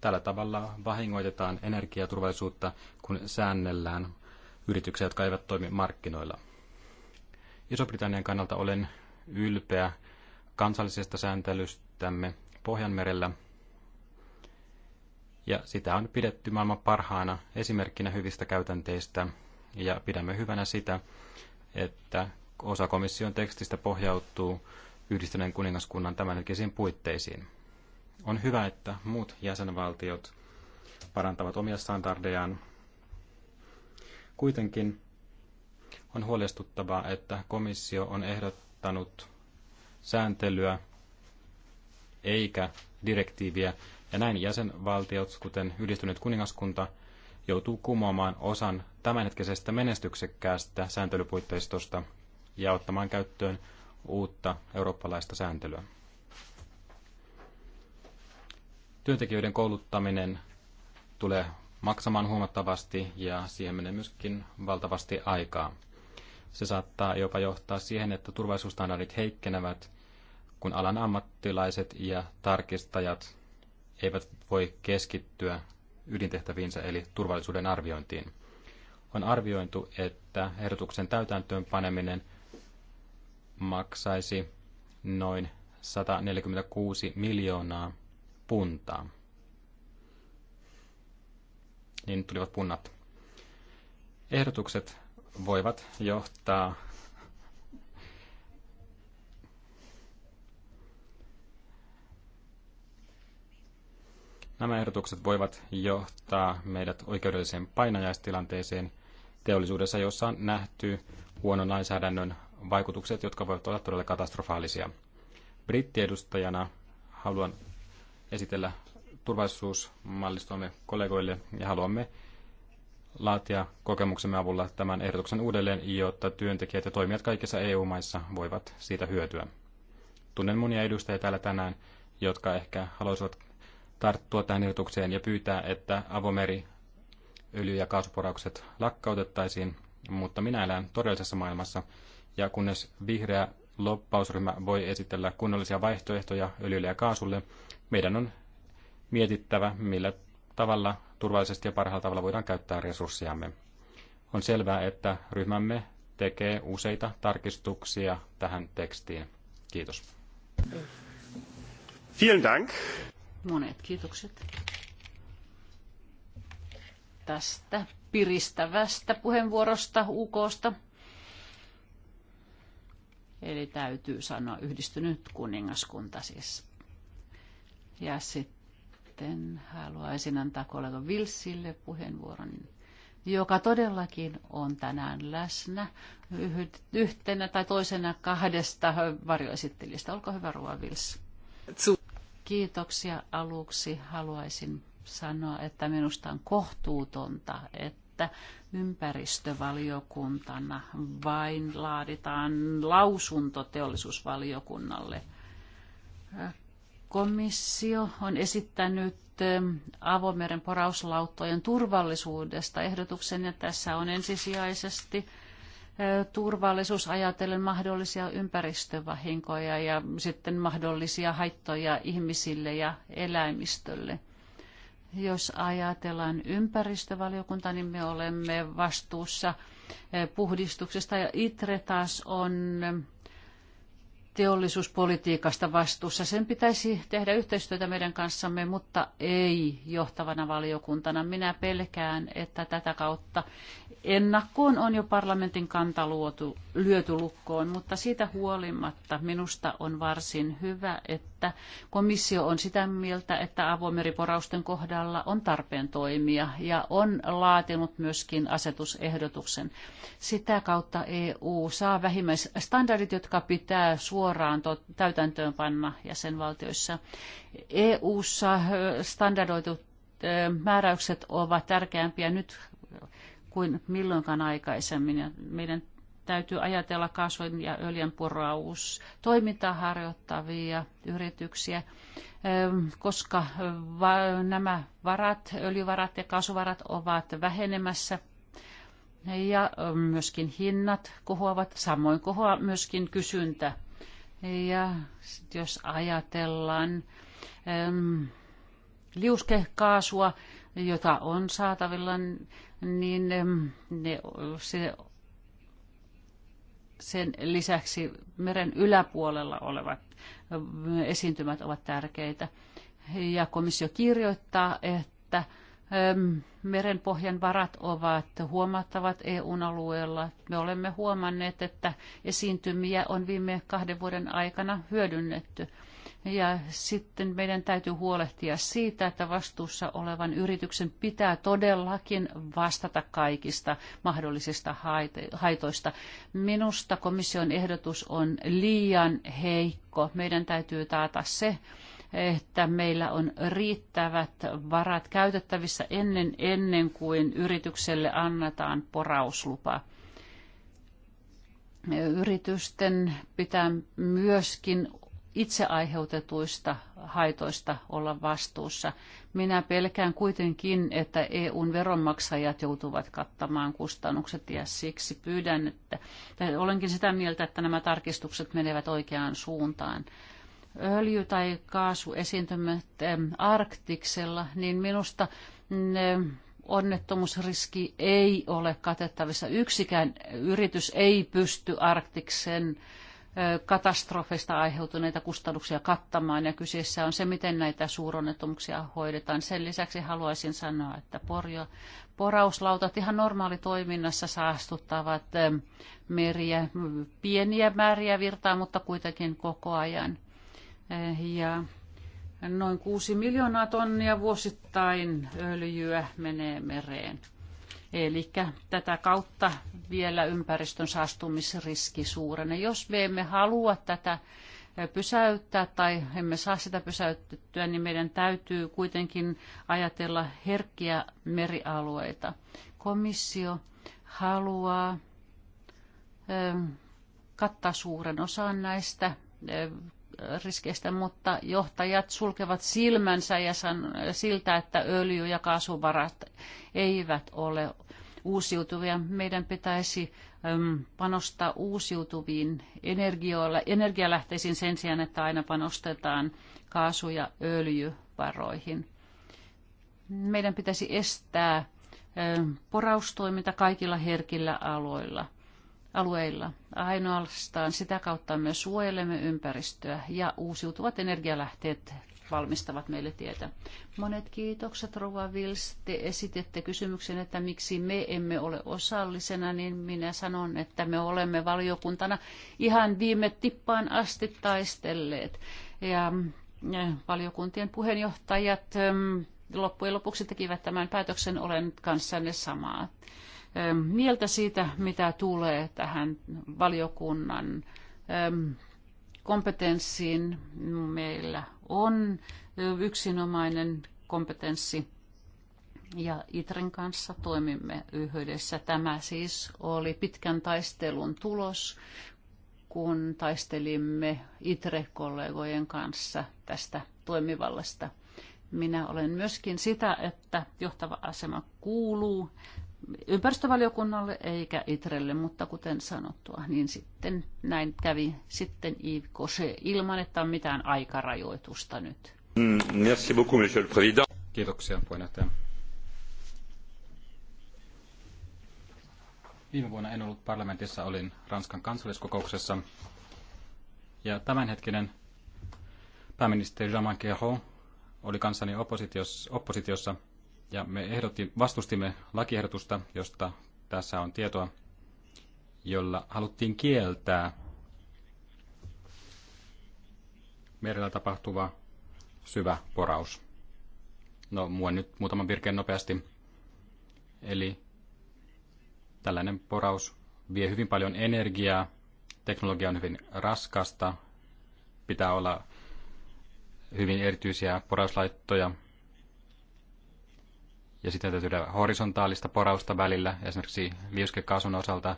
Tällä tavalla vahingoitetaan energiaturvallisuutta, kun säännellään yrityksiä, jotka eivät toimi markkinoilla. Iso-Britannian kannalta olen ylpeä kansallisesta sääntelystämme Pohjanmerellä, ja sitä on pidetty maailman parhaana esimerkkinä hyvistä käytänteistä, ja pidämme hyvänä sitä, että osa komission tekstistä pohjautuu yhdistyneen kuningaskunnan tämänhetkisiin puitteisiin. On hyvä, että muut jäsenvaltiot parantavat omia standardejaan. Kuitenkin on huolestuttavaa, että komissio on ehdottanut sääntelyä eikä direktiiviä, ja näin jäsenvaltiot, kuten yhdistynyt kuningaskunta, joutuu kumoamaan osan tämänhetkisestä menestyksekkäästä sääntelypuitteistosta ja ottamaan käyttöön uutta eurooppalaista sääntelyä. Työntekijöiden kouluttaminen tulee maksamaan huomattavasti ja siihen menee myöskin valtavasti aikaa. Se saattaa jopa johtaa siihen, että turvallisuusstandardit heikkenevät, kun alan ammattilaiset ja tarkistajat eivät voi keskittyä ydintehtäviinsä eli turvallisuuden arviointiin. On arviointu, että ehdotuksen täytäntöön paneminen maksaisi noin 146 miljoonaa puntaa. Niin tulivat punnat. Ehdotukset voivat johtaa Nämä ehdotukset voivat johtaa meidät oikeudelliseen painajaistilanteeseen teollisuudessa, jossa on nähty huonon lainsäädännön vaikutukset, jotka voivat olla todella katastrofaalisia. Brittiedustajana haluan esitellä turvallisuusmallistomme kollegoille ja haluamme laatia kokemuksemme avulla tämän ehdotuksen uudelleen, jotta työntekijät ja toimijat kaikissa EU-maissa voivat siitä hyötyä. Tunnen monia edustajia täällä tänään, jotka ehkä haluaisivat tarttua tähän ehdotukseen ja pyytää, että avomeri öljy- ja kaasuporaukset lakkautettaisiin, mutta minä elän todellisessa maailmassa, ja kunnes vihreä loppausryhmä voi esitellä kunnollisia vaihtoehtoja öljylle ja kaasulle, meidän on mietittävä, millä tavalla turvallisesti ja parhaalla tavalla voidaan käyttää resurssiamme. On selvää, että ryhmämme tekee useita tarkistuksia tähän tekstiin. Kiitos. Vielen Dank. Monet kiitokset tästä piristävästä puheenvuorosta UKsta. Eli täytyy sanoa yhdistynyt kuningaskunta siis. Ja sitten haluaisin antaa kollega Vilsille puheenvuoron, joka todellakin on tänään läsnä yhtenä tai toisena kahdesta varjoesittelijästä. Olkaa hyvä, Ruoa Vils. Kiitoksia aluksi. Haluaisin sanoa, että minusta on kohtuutonta, että että ympäristövaliokuntana vain laaditaan lausunto teollisuusvaliokunnalle. Komissio on esittänyt ähm, avomeren porauslauttojen turvallisuudesta ehdotuksen, ja tässä on ensisijaisesti äh, turvallisuus ajatellen mahdollisia ympäristövahinkoja ja sitten mahdollisia haittoja ihmisille ja eläimistölle. Jos ajatellaan ympäristövaliokunta, niin me olemme vastuussa eh, puhdistuksesta ja ITRE taas on eh, teollisuuspolitiikasta vastuussa. Sen pitäisi tehdä yhteistyötä meidän kanssamme, mutta ei johtavana valiokuntana. Minä pelkään, että tätä kautta Ennakkoon on jo parlamentin kanta luotu, lyöty lukkoon, mutta siitä huolimatta minusta on varsin hyvä, että komissio on sitä mieltä, että avomeriporausten kohdalla on tarpeen toimia ja on laatinut myöskin asetusehdotuksen. Sitä kautta EU saa vähimmäisstandardit, jotka pitää suoraan täytäntöön panna jäsenvaltioissa. EU-ssa standardoitu määräykset ovat tärkeämpiä nyt kuin milloinkaan aikaisemmin. Ja meidän täytyy ajatella kasvojen ja öljyn poraus toimintaa harjoittavia yrityksiä, ähm, koska nämä varat, öljyvarat ja kasvuvarat ovat vähenemässä ja ähm, myöskin hinnat kohoavat, samoin kohoaa myöskin kysyntä. Ja jos ajatellaan ähm, liuskekaasua, jota on saatavilla, niin ne, se, sen lisäksi meren yläpuolella olevat esiintymät ovat tärkeitä. Ja komissio kirjoittaa, että merenpohjan varat ovat huomattavat eu alueella. Me olemme huomanneet, että esiintymiä on viime kahden vuoden aikana hyödynnetty. Ja sitten meidän täytyy huolehtia siitä, että vastuussa olevan yrityksen pitää todellakin vastata kaikista mahdollisista haitoista. Minusta komission ehdotus on liian heikko. Meidän täytyy taata se, että meillä on riittävät varat käytettävissä ennen, ennen kuin yritykselle annetaan porauslupa. Yritysten pitää myöskin itse aiheutetuista haitoista olla vastuussa. Minä pelkään kuitenkin, että EUn veronmaksajat joutuvat kattamaan kustannukset ja siksi pyydän, että olenkin sitä mieltä, että nämä tarkistukset menevät oikeaan suuntaan öljy- tai kaasuesiintymät Arktiksella, niin minusta ne onnettomuusriski ei ole katettavissa. Yksikään yritys ei pysty Arktiksen katastrofeista aiheutuneita kustannuksia kattamaan ja kyseessä on se, miten näitä suuronnettomuuksia hoidetaan. Sen lisäksi haluaisin sanoa, että porjo, porauslautat ihan normaali toiminnassa saastuttavat meriä, pieniä määriä virtaa, mutta kuitenkin koko ajan. Ja noin 6 miljoonaa tonnia vuosittain öljyä menee mereen. Eli tätä kautta vielä ympäristön saastumisriski suurenee. Jos me emme halua tätä pysäyttää tai emme saa sitä pysäytettyä, niin meidän täytyy kuitenkin ajatella herkkiä merialueita. Komissio haluaa kattaa suuren osan näistä riskeistä, mutta johtajat sulkevat silmänsä ja san, siltä, että öljy- ja kaasuvarat eivät ole uusiutuvia. Meidän pitäisi panostaa uusiutuviin energioilla, energialähteisiin sen sijaan, että aina panostetaan kaasu- ja öljyvaroihin. Meidän pitäisi estää poraustoiminta kaikilla herkillä aloilla – alueilla. Ainoastaan sitä kautta me suojelemme ympäristöä ja uusiutuvat energialähteet valmistavat meille tietä. Monet kiitokset, Rova Vils. Te esitette kysymyksen, että miksi me emme ole osallisena, niin minä sanon, että me olemme valiokuntana ihan viime tippaan asti taistelleet. Ja eh, valiokuntien puheenjohtajat mm, loppujen lopuksi tekivät tämän päätöksen, olen kanssanne samaa mieltä siitä, mitä tulee tähän valiokunnan kompetenssiin. Meillä on yksinomainen kompetenssi ja Itren kanssa toimimme yhdessä. Tämä siis oli pitkän taistelun tulos, kun taistelimme Itre-kollegojen kanssa tästä toimivallasta. Minä olen myöskin sitä, että johtava asema kuuluu ympäristövaliokunnalle eikä ITRElle, mutta kuten sanottua, niin sitten näin kävi sitten Yves se ilman, että on mitään aikarajoitusta nyt. Mm, merci beaucoup, monsieur le président. Kiitoksia, puheenjohtaja. Viime vuonna en ollut parlamentissa, olin Ranskan kansalliskokouksessa. Ja tämänhetkinen pääministeri Jean marc oli kanssani oppositiossa, oppositiossa ja me ehdotti, vastustimme lakiehdotusta, josta tässä on tietoa, jolla haluttiin kieltää merellä tapahtuva syvä poraus. No, mua nyt muutaman virkeen nopeasti. Eli tällainen poraus vie hyvin paljon energiaa, teknologia on hyvin raskasta, pitää olla hyvin erityisiä porauslaittoja, ja sitä täytyy tehdä horisontaalista porausta välillä, esimerkiksi liuskekaasun osalta.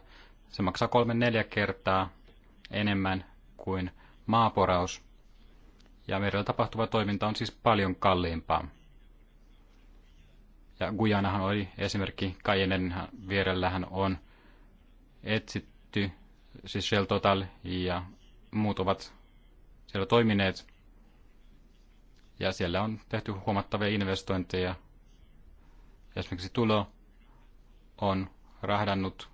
Se maksaa kolme neljä kertaa enemmän kuin maaporaus, ja merellä tapahtuva toiminta on siis paljon kalliimpaa. Ja Gujanahan oli esimerkki, Kajenen vierellähän on etsitty, siis Shell Total ja muut ovat siellä toimineet, ja siellä on tehty huomattavia investointeja esimerkiksi tulo on rahdannut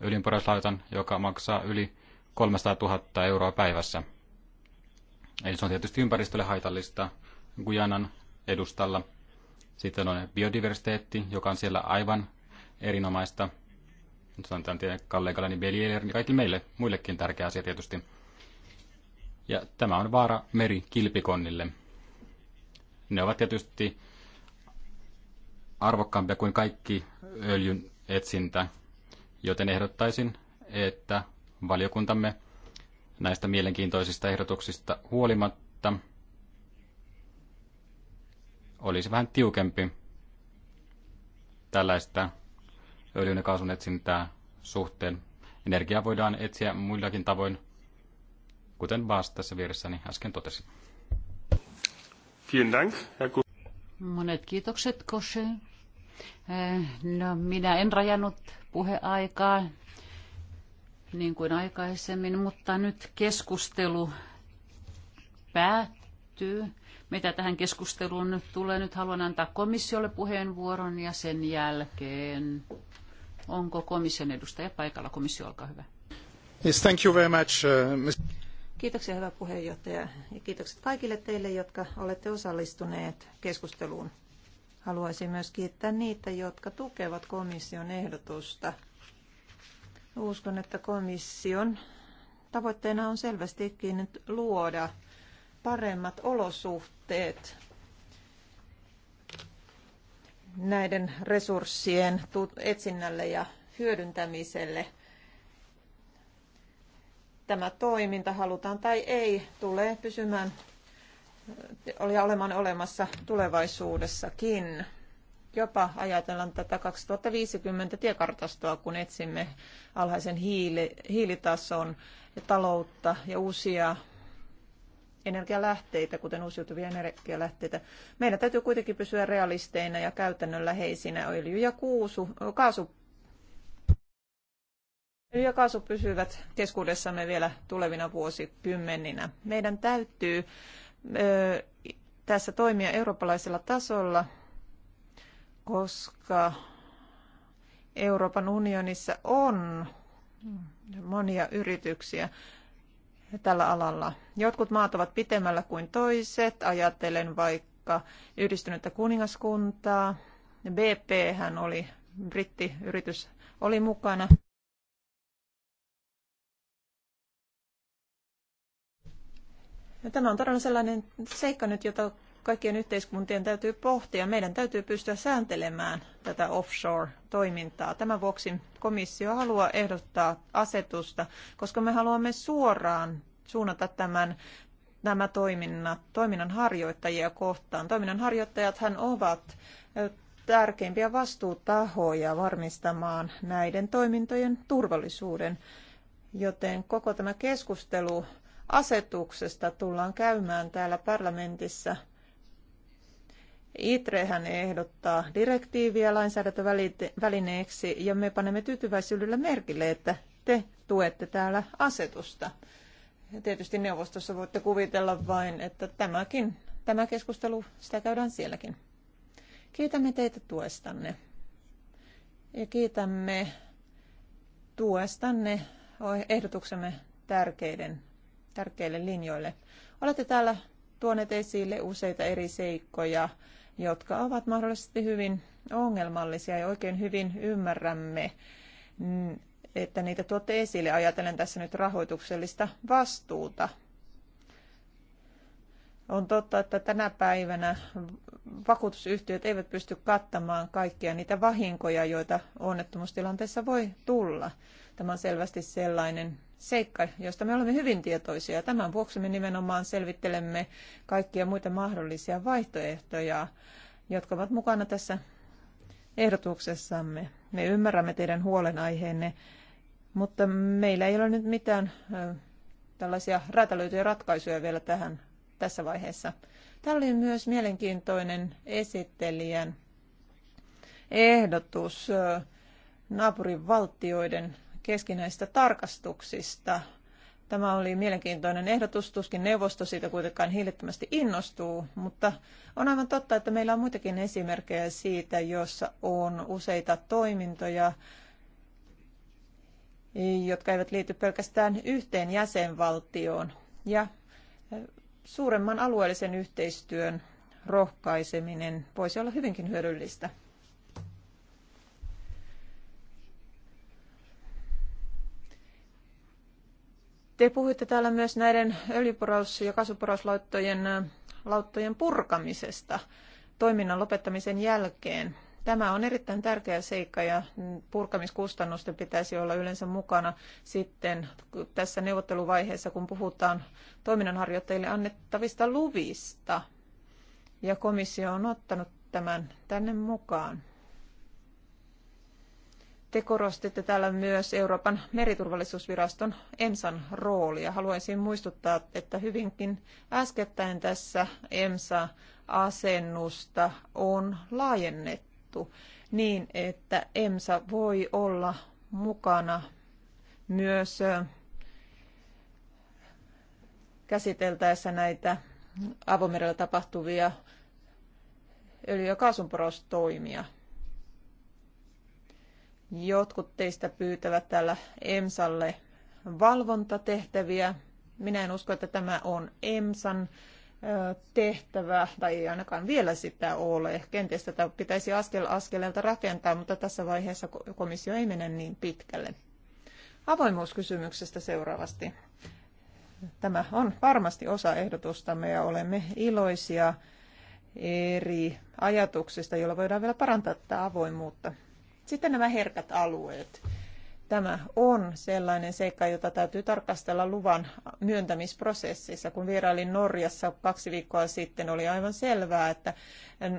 ylinporauslautan, joka maksaa yli 300 000 euroa päivässä. Eli se on tietysti ympäristölle haitallista Gujanan edustalla. Sitten on biodiversiteetti, joka on siellä aivan erinomaista. Se on tämän kollegallani niin kaikille meille, muillekin tärkeä asia tietysti. Ja tämä on vaara meri kilpikonnille. Ne ovat tietysti arvokkaampia kuin kaikki öljyn etsintä, joten ehdottaisin, että valiokuntamme näistä mielenkiintoisista ehdotuksista huolimatta olisi vähän tiukempi tällaista öljyn ja kaasun etsintää suhteen. Energiaa voidaan etsiä muillakin tavoin, kuten Baas tässä vieressäni äsken totesin. Monet kiitokset, Koshe. No, minä en rajannut puheaikaa niin kuin aikaisemmin, mutta nyt keskustelu päättyy. Mitä tähän keskusteluun nyt tulee? Nyt haluan antaa komissiolle puheenvuoron ja sen jälkeen onko komission edustaja paikalla? Komissio, olkaa hyvä. Yes, thank you very much, uh, Kiitoksia hyvä puheenjohtaja ja kiitokset kaikille teille, jotka olette osallistuneet keskusteluun Haluaisin myös kiittää niitä, jotka tukevat komission ehdotusta. Uskon, että komission tavoitteena on selvästikin nyt luoda paremmat olosuhteet näiden resurssien etsinnälle ja hyödyntämiselle. Tämä toiminta, halutaan tai ei, tulee pysymään oli olemaan olemassa tulevaisuudessakin. Jopa ajatellaan tätä 2050 tiekartastoa, kun etsimme alhaisen hiili, hiilitason ja taloutta ja uusia energialähteitä, kuten uusiutuvia energialähteitä. Meidän täytyy kuitenkin pysyä realisteina ja käytännönläheisinä. Öljy ja kuusu, kaasu, öljy ja kaasu pysyvät keskuudessamme vielä tulevina vuosikymmeninä. Meidän täytyy tässä toimia eurooppalaisella tasolla, koska Euroopan unionissa on monia yrityksiä tällä alalla. Jotkut maat ovat pitemmällä kuin toiset, ajatellen vaikka yhdistynyttä kuningaskuntaa. BP hän oli, brittiyritys oli mukana. Ja tämä on todella sellainen seikka nyt, jota kaikkien yhteiskuntien täytyy pohtia. Meidän täytyy pystyä sääntelemään tätä offshore-toimintaa. Tämän vuoksi komissio haluaa ehdottaa asetusta, koska me haluamme suoraan suunnata tämän nämä toiminnat, toiminnan harjoittajia kohtaan. Toiminnan harjoittajathan ovat tärkeimpiä vastuutahoja varmistamaan näiden toimintojen turvallisuuden. Joten koko tämä keskustelu asetuksesta tullaan käymään täällä parlamentissa. ITREhän ehdottaa direktiiviä lainsäädäntövälineeksi ja me panemme tyytyväisyydellä merkille, että te tuette täällä asetusta. Ja tietysti neuvostossa voitte kuvitella vain, että tämäkin, tämä keskustelu, sitä käydään sielläkin. Kiitämme teitä tuestanne. Ja kiitämme tuestanne ehdotuksemme tärkeiden tärkeille linjoille. Olette täällä tuoneet esille useita eri seikkoja, jotka ovat mahdollisesti hyvin ongelmallisia ja oikein hyvin ymmärrämme, mm, että niitä tuotte esille. Ajatellen tässä nyt rahoituksellista vastuuta. On totta, että tänä päivänä vakuutusyhtiöt eivät pysty kattamaan kaikkia niitä vahinkoja, joita onnettomuustilanteessa voi tulla. Tämä on selvästi sellainen seikka, josta me olemme hyvin tietoisia. Tämän vuoksi me nimenomaan selvittelemme kaikkia muita mahdollisia vaihtoehtoja, jotka ovat mukana tässä ehdotuksessamme. Me ymmärrämme teidän huolenaiheenne, mutta meillä ei ole nyt mitään tällaisia räätälöityjä ratkaisuja vielä tähän tässä vaiheessa. Tämä oli myös mielenkiintoinen esittelijän ehdotus naapurivaltioiden keskinäisistä tarkastuksista. Tämä oli mielenkiintoinen ehdotus, tuskin neuvosto siitä kuitenkaan hiilettömästi innostuu, mutta on aivan totta, että meillä on muitakin esimerkkejä siitä, jossa on useita toimintoja, jotka eivät liity pelkästään yhteen jäsenvaltioon. Ja eh, suuremman alueellisen yhteistyön rohkaiseminen voisi olla hyvinkin hyödyllistä. Te puhuitte täällä myös näiden öljyporaus- ja kasvuporauslauttojen lauttojen purkamisesta toiminnan lopettamisen jälkeen. Tämä on erittäin tärkeä seikka ja purkamiskustannusten pitäisi olla yleensä mukana sitten tässä neuvotteluvaiheessa, kun puhutaan toiminnanharjoittajille annettavista luvista. Ja komissio on ottanut tämän tänne mukaan. Te korostitte täällä myös Euroopan meriturvallisuusviraston EMSAn roolia. Haluaisin muistuttaa, että hyvinkin äskettäin tässä EMSA-asennusta on laajennettu niin, että EMSA voi olla mukana myös käsiteltäessä näitä avomerellä tapahtuvia öljy- ja kaasunporostoimia. Jotkut teistä pyytävät täällä EMSalle valvontatehtäviä. Minä en usko, että tämä on EMSan tehtävä, tai ei ainakaan vielä sitä ole. Kenties tätä pitäisi askel askeleelta rakentaa, mutta tässä vaiheessa komissio ei mene niin pitkälle. Avoimuuskysymyksestä seuraavasti. Tämä on varmasti osa ehdotustamme ja olemme iloisia eri ajatuksista, joilla voidaan vielä parantaa tätä avoimuutta. Sitten nämä herkät alueet. Tämä on sellainen seikka, jota täytyy tarkastella luvan myöntämisprosessissa. Kun vierailin Norjassa kaksi viikkoa sitten, oli aivan selvää, että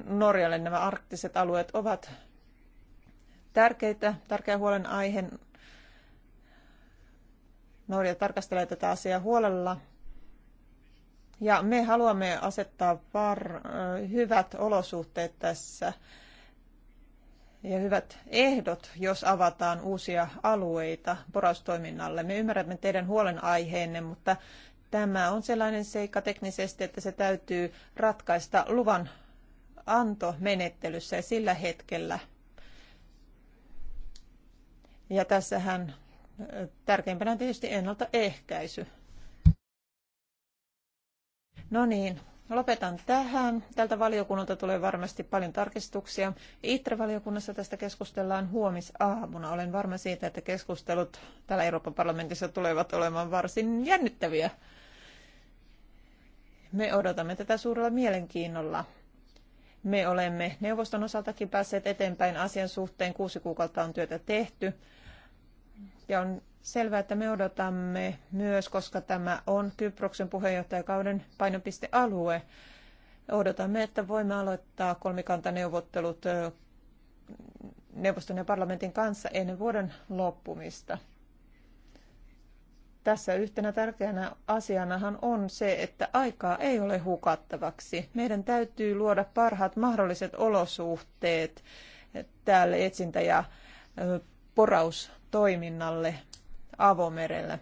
Norjalle nämä arktiset alueet ovat tärkeitä, tärkeä huolenaihe. Norja tarkastelee tätä asiaa huolella. Ja me haluamme asettaa var, hyvät olosuhteet tässä ja hyvät ehdot, jos avataan uusia alueita porastoiminnalle. Me ymmärrämme teidän huolenaiheenne, mutta tämä on sellainen seikka teknisesti, että se täytyy ratkaista luvan antomenettelyssä ja sillä hetkellä. Ja tässähän tärkeimpänä on tietysti ennaltaehkäisy. No niin, No, lopetan tähän. Tältä valiokunnalta tulee varmasti paljon tarkistuksia. ITRE-valiokunnassa tästä keskustellaan huomisaamuna. Olen varma siitä, että keskustelut täällä Euroopan parlamentissa tulevat olemaan varsin jännittäviä. Me odotamme tätä suurella mielenkiinnolla. Me olemme neuvoston osaltakin päässeet eteenpäin asian suhteen. Kuusi kuukautta on työtä tehty. Ja on Selvä, että me odotamme myös, koska tämä on Kyproksen puheenjohtajakauden painopistealue. Odotamme, että voimme aloittaa kolmikantaneuvottelut neuvoston ja parlamentin kanssa ennen vuoden loppumista. Tässä yhtenä tärkeänä asianahan on se, että aikaa ei ole hukattavaksi. Meidän täytyy luoda parhaat mahdolliset olosuhteet tälle etsintä- ja poraustoiminnalle avomerellä.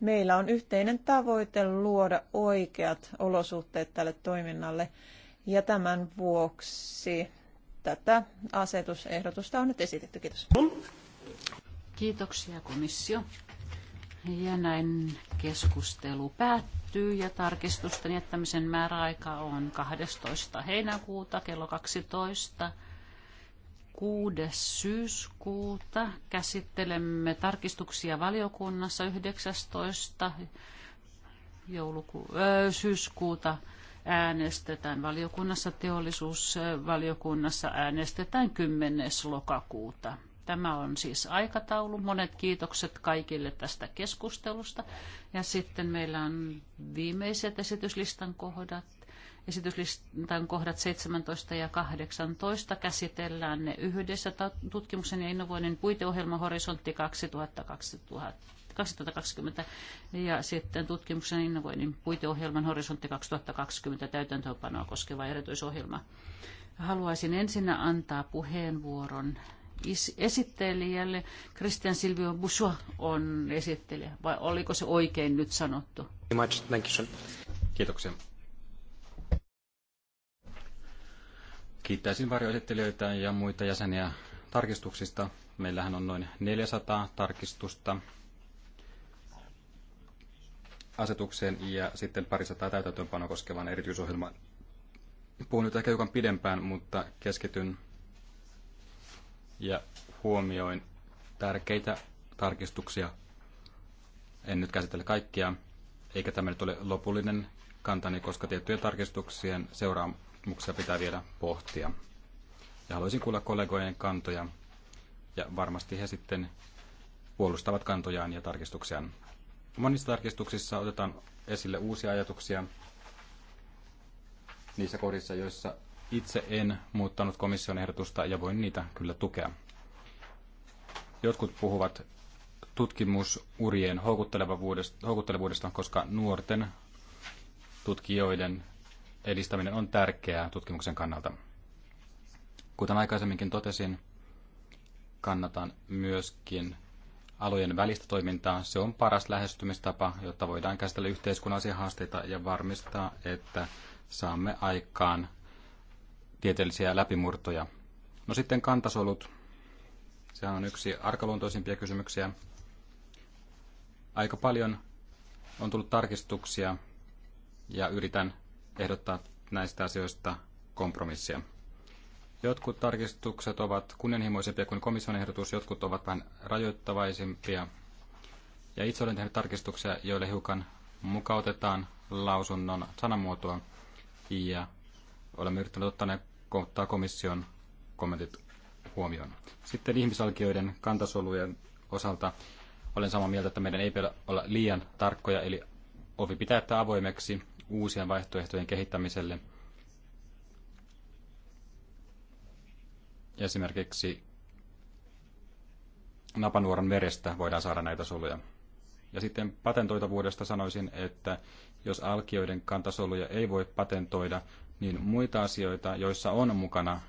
Meillä on yhteinen tavoite luoda oikeat olosuhteet tälle toiminnalle ja tämän vuoksi tätä asetusehdotusta on nyt esitetty. Kiitos. Kiitoksia komissio. Ja näin keskustelu päättyy ja tarkistusten jättämisen määräaika on 12. heinäkuuta kello 12. 6. syyskuuta. Käsittelemme tarkistuksia valiokunnassa 19. Jouluku- ö, äänestetään valiokunnassa, teollisuusvaliokunnassa äänestetään 10. lokakuuta. Tämä on siis aikataulu. Monet kiitokset kaikille tästä keskustelusta. Ja sitten meillä on viimeiset esityslistan kohdat. Esityslistan kohdat 17 ja 18 käsitellään ne yhdessä tutkimuksen ja innovoinnin puiteohjelma Horisontti 2020. ja sitten tutkimuksen innovoinnin puiteohjelman Horisontti 2020 täytäntöönpanoa koskeva erityisohjelma. Haluaisin ensin antaa puheenvuoron esittelijälle. Christian Silvio Busua on esittelijä, vai oliko se oikein nyt sanottu? Kiitoksia. Kiittäisin varjoesittelijöitä ja muita jäseniä tarkistuksista. Meillähän on noin 400 tarkistusta asetukseen ja sitten parisataa täytäntöönpanoa koskevan erityisohjelman. Puhun nyt ehkä hiukan pidempään, mutta keskityn ja huomioin tärkeitä tarkistuksia. En nyt käsitellä kaikkia, eikä tämä nyt ole lopullinen kantani, koska tiettyjen tarkistuksien seuraamme tutkimuksia pitää vielä pohtia. Ja haluaisin kuulla kollegojen kantoja, ja varmasti he sitten puolustavat kantojaan ja tarkistuksiaan. Monissa tarkistuksissa otetaan esille uusia ajatuksia niissä kohdissa, joissa itse en muuttanut komission ehdotusta ja voin niitä kyllä tukea. Jotkut puhuvat tutkimusurien houkuttelevuudesta, houkuttelevuudesta koska nuorten tutkijoiden edistäminen on tärkeää tutkimuksen kannalta. Kuten aikaisemminkin totesin, kannatan myöskin alojen välistä toimintaa. Se on paras lähestymistapa, jotta voidaan käsitellä yhteiskunnallisia haasteita ja varmistaa, että saamme aikaan tieteellisiä läpimurtoja. No sitten kantasolut. Se on yksi arkaluontoisimpia kysymyksiä. Aika paljon on tullut tarkistuksia ja yritän ehdottaa näistä asioista kompromissia. Jotkut tarkistukset ovat kunnianhimoisempia kuin komission ehdotus, jotkut ovat vähän rajoittavaisempia. Ja itse olen tehnyt tarkistuksia, joille hiukan mukautetaan lausunnon sanamuotoa ja olemme yrittäneet ottaa ne kohtaa komission kommentit huomioon. Sitten ihmisalkioiden kantasolujen osalta olen samaa mieltä, että meidän ei pidä olla liian tarkkoja, eli ovi pitää jättää avoimeksi uusien vaihtoehtojen kehittämiselle. Esimerkiksi napanuoran verestä voidaan saada näitä soluja. Ja sitten patentoitavuudesta sanoisin, että jos alkioiden kantasoluja ei voi patentoida, niin muita asioita, joissa on mukana